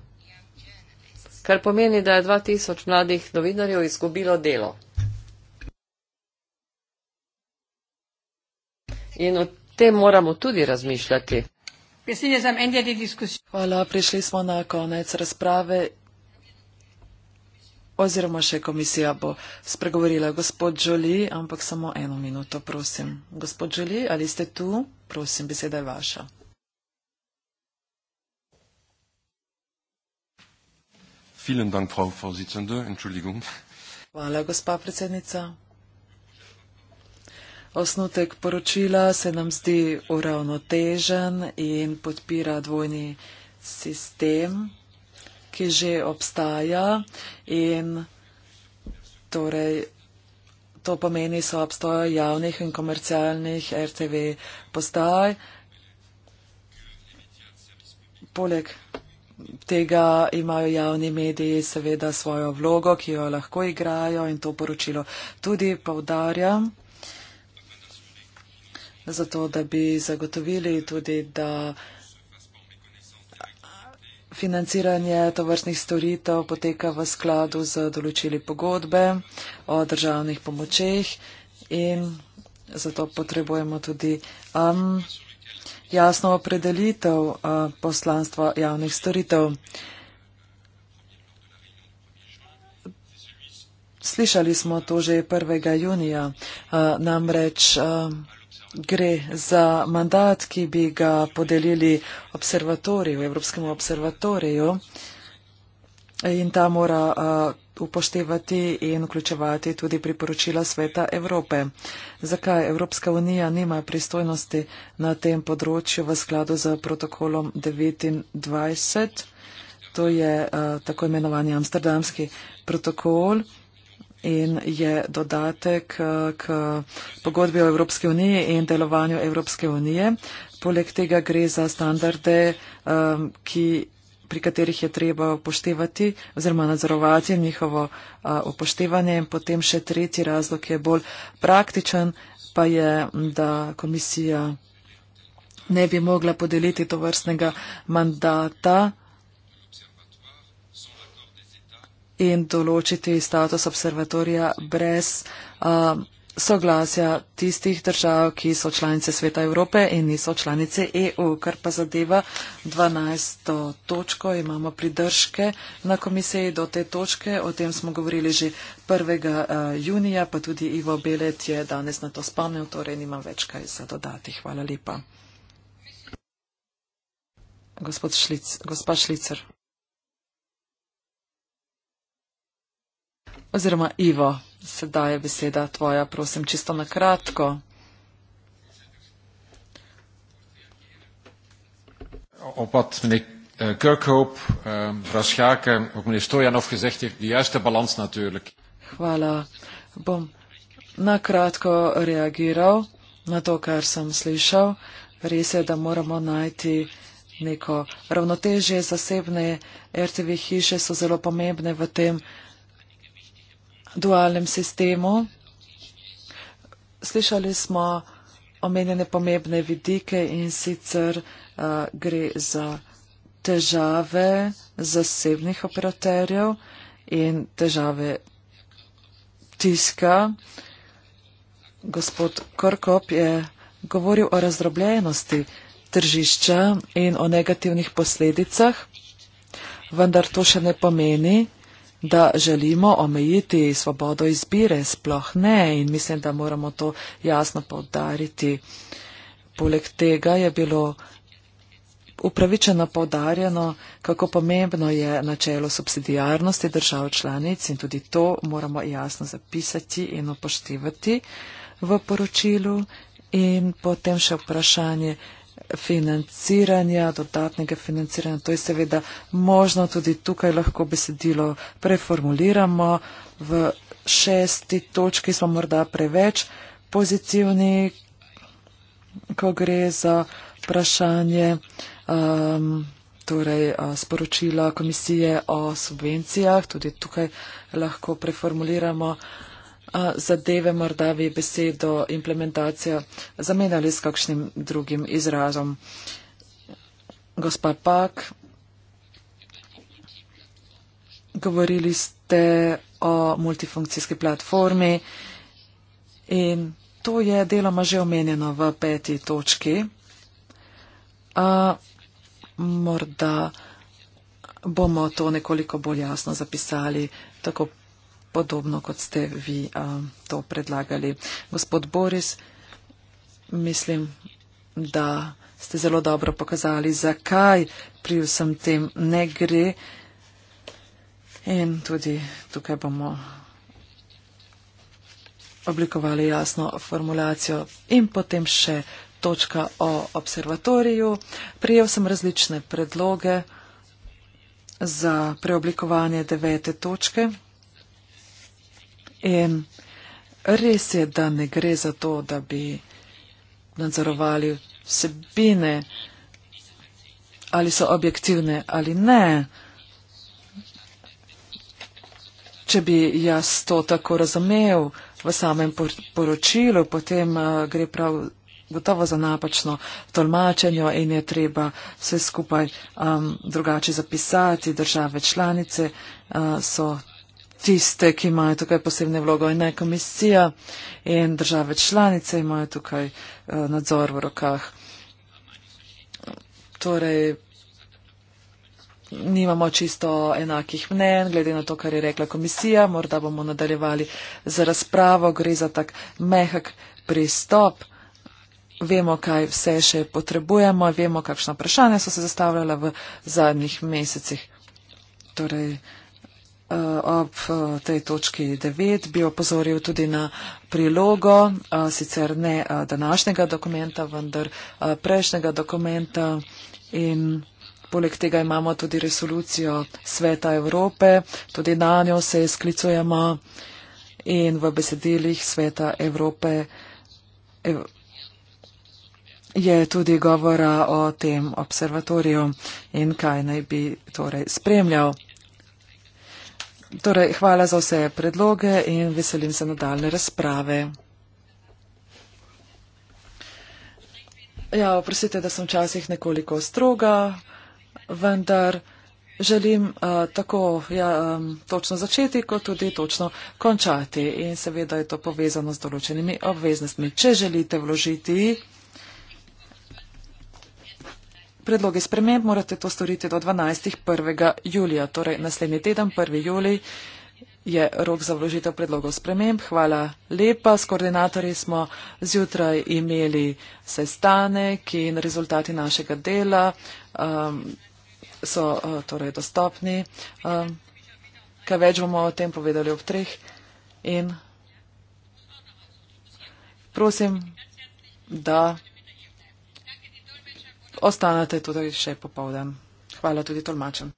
kar pomeni, da je 2000 mladih novinarjev izgubilo delo. In o tem moramo tudi razmišljati. Hvala, prišli smo na konec razprave. Oziroma še komisija bo spregovorila. Gospod Žoli, ampak samo eno minuto, prosim. Gospod Žoli, ali ste tu? Prosim, beseda je vaša. Hvala, gospa predsednica. Osnutek poročila se nam zdi uravnotežen in podpira dvojni sistem, ki že obstaja in torej to pomeni so obstoja javnih in komercialnih RTV postaj. Poleg tega imajo javni mediji seveda svojo vlogo, ki jo lahko igrajo in to poročilo tudi povdarjam zato da bi zagotovili tudi, da financiranje tovrstnih storitev poteka v skladu z določili pogodbe o državnih pomočeh in zato potrebujemo tudi um, jasno opredelitev uh, poslanstva javnih storitev. Slišali smo to že 1. junija, uh, namreč uh, gre za mandat, ki bi ga podelili observatoriju, Evropskemu observatoriju in ta mora uh, upoštevati in vključevati tudi priporočila sveta Evrope. Zakaj Evropska unija nima pristojnosti na tem področju v skladu z protokolom 29? To je uh, tako imenovani amsterdamski protokol in je dodatek eh, k pogodbi o Evropske unije in delovanju Evropske unije. Poleg tega gre za standarde, eh, ki, pri katerih je treba upoštevati oziroma nadzorovati njihovo eh, upoštevanje. In potem še tretji razlog je bolj praktičen, pa je, da komisija ne bi mogla podeliti to vrstnega mandata in določiti status observatorija brez um, soglasja tistih držav, ki so članice Sveta Evrope in niso članice EU. Kar pa zadeva 12. točko, imamo pridržke na komisiji do te točke. O tem smo govorili že 1. junija, pa tudi Ivo Belet je danes na to spomnil, torej nimam več kaj za dodati. Hvala lepa. Gospod Šlic, gospa Šlicer. Oziroma, Ivo, sedaj je beseda tvoja, prosim, čisto na kratko. Op wat meneer eh, Kirkhoop uh, eh, Raschaken, ook meneer Stojanov gezegd heeft, de juiste balans natuurlijk. Voilà. Bom. Na kratko reagiral na to, kar sem slišal. Res je, da moramo najti neko ravnotežje zasebne RTV hiše, so zelo pomembne v tem, uh, dualnem sistemu. Slišali smo omenjene pomembne vidike in sicer uh, gre za težave zasebnih operaterjev in težave tiska. Gospod Korkop je govoril o razdrobljenosti tržišča in o negativnih posledicah, vendar to še ne pomeni, da želimo omejiti svobodo izbire. Sploh ne in mislim, da moramo to jasno povdariti. Poleg tega je bilo upravičeno povdarjeno, kako pomembno je načelo subsidijarnosti držav članic in tudi to moramo jasno zapisati in upoštevati v poročilu. In potem še vprašanje, financiranja, dodatnega financiranja. To je seveda možno, tudi tukaj lahko besedilo preformuliramo. V šesti točki smo morda preveč pozitivni, ko gre za vprašanje um, torej, sporočila komisije o subvencijah. Tudi tukaj lahko preformuliramo zadeve morda vi besedo implementacija zamenjali s kakšnim drugim izrazom. Gospa Pak, govorili ste o multifunkcijski platformi in to je deloma že omenjeno v peti točki. A morda bomo to nekoliko bolj jasno zapisali, tako podobno, kot ste vi a, to predlagali. Gospod Boris, mislim, da ste zelo dobro pokazali, zakaj pri vsem tem ne gre. In tudi tukaj bomo oblikovali jasno formulacijo in potem še točka o observatoriju. Prijel sem različne predloge za preoblikovanje devete točke. In res je, da ne gre za to, da bi nadzorovali vsebine, ali so objektivne ali ne. Če bi jaz to tako razumel v samem poročilu, potem eh, gre prav gotovo za napačno tolmačenje in je treba vse skupaj um, drugače zapisati. Države članice uh, so tiste, ki imajo tukaj posebne vlogo in ne komisija in države članice imajo tukaj eh, nadzor v rokah. Torej, nimamo čisto enakih mnen, glede na to, kar je rekla komisija, morda bomo nadaljevali z razpravo, gre za tak mehak pristop. Vemo, kaj vse še potrebujemo, vemo, kakšna vprašanja so se zastavljala v zadnjih mesecih. Torej, Eh, ob eh, tej točki 9 bi opozoril tudi na prilogo, eh, sicer ne današnjega dokumenta, vendar prejšnjega dokumenta in poleg tega imamo tudi resolucijo Sveta Evrope, tudi na njo se sklicujemo in v besedilih Sveta Evrope je tudi govora o tem observatoriju in kaj naj bi torej spremljal. Torej, hvala za vse predloge in veselim se nadaljne razprave. Ja, oprostite, da sem včasih nekoliko stroga, vendar želim uh, tako ja, um, točno začeti, kot tudi točno končati. In seveda je to povezano z določenimi obveznostmi. Če želite vložiti Predloge sprememb morate to storiti do 12. 1. julija, torej naslednji teden, 1. julij, je rok za vložitev predlogov sprememb. Hvala lepa. S koordinatorji smo zjutraj imeli sestanek in rezultati našega dela um, so uh, torej dostopni. Um, kaj več bomo o tem povedali ob treh in prosim, da ostanete tudi še popovdan. Hvala tudi tolmačem.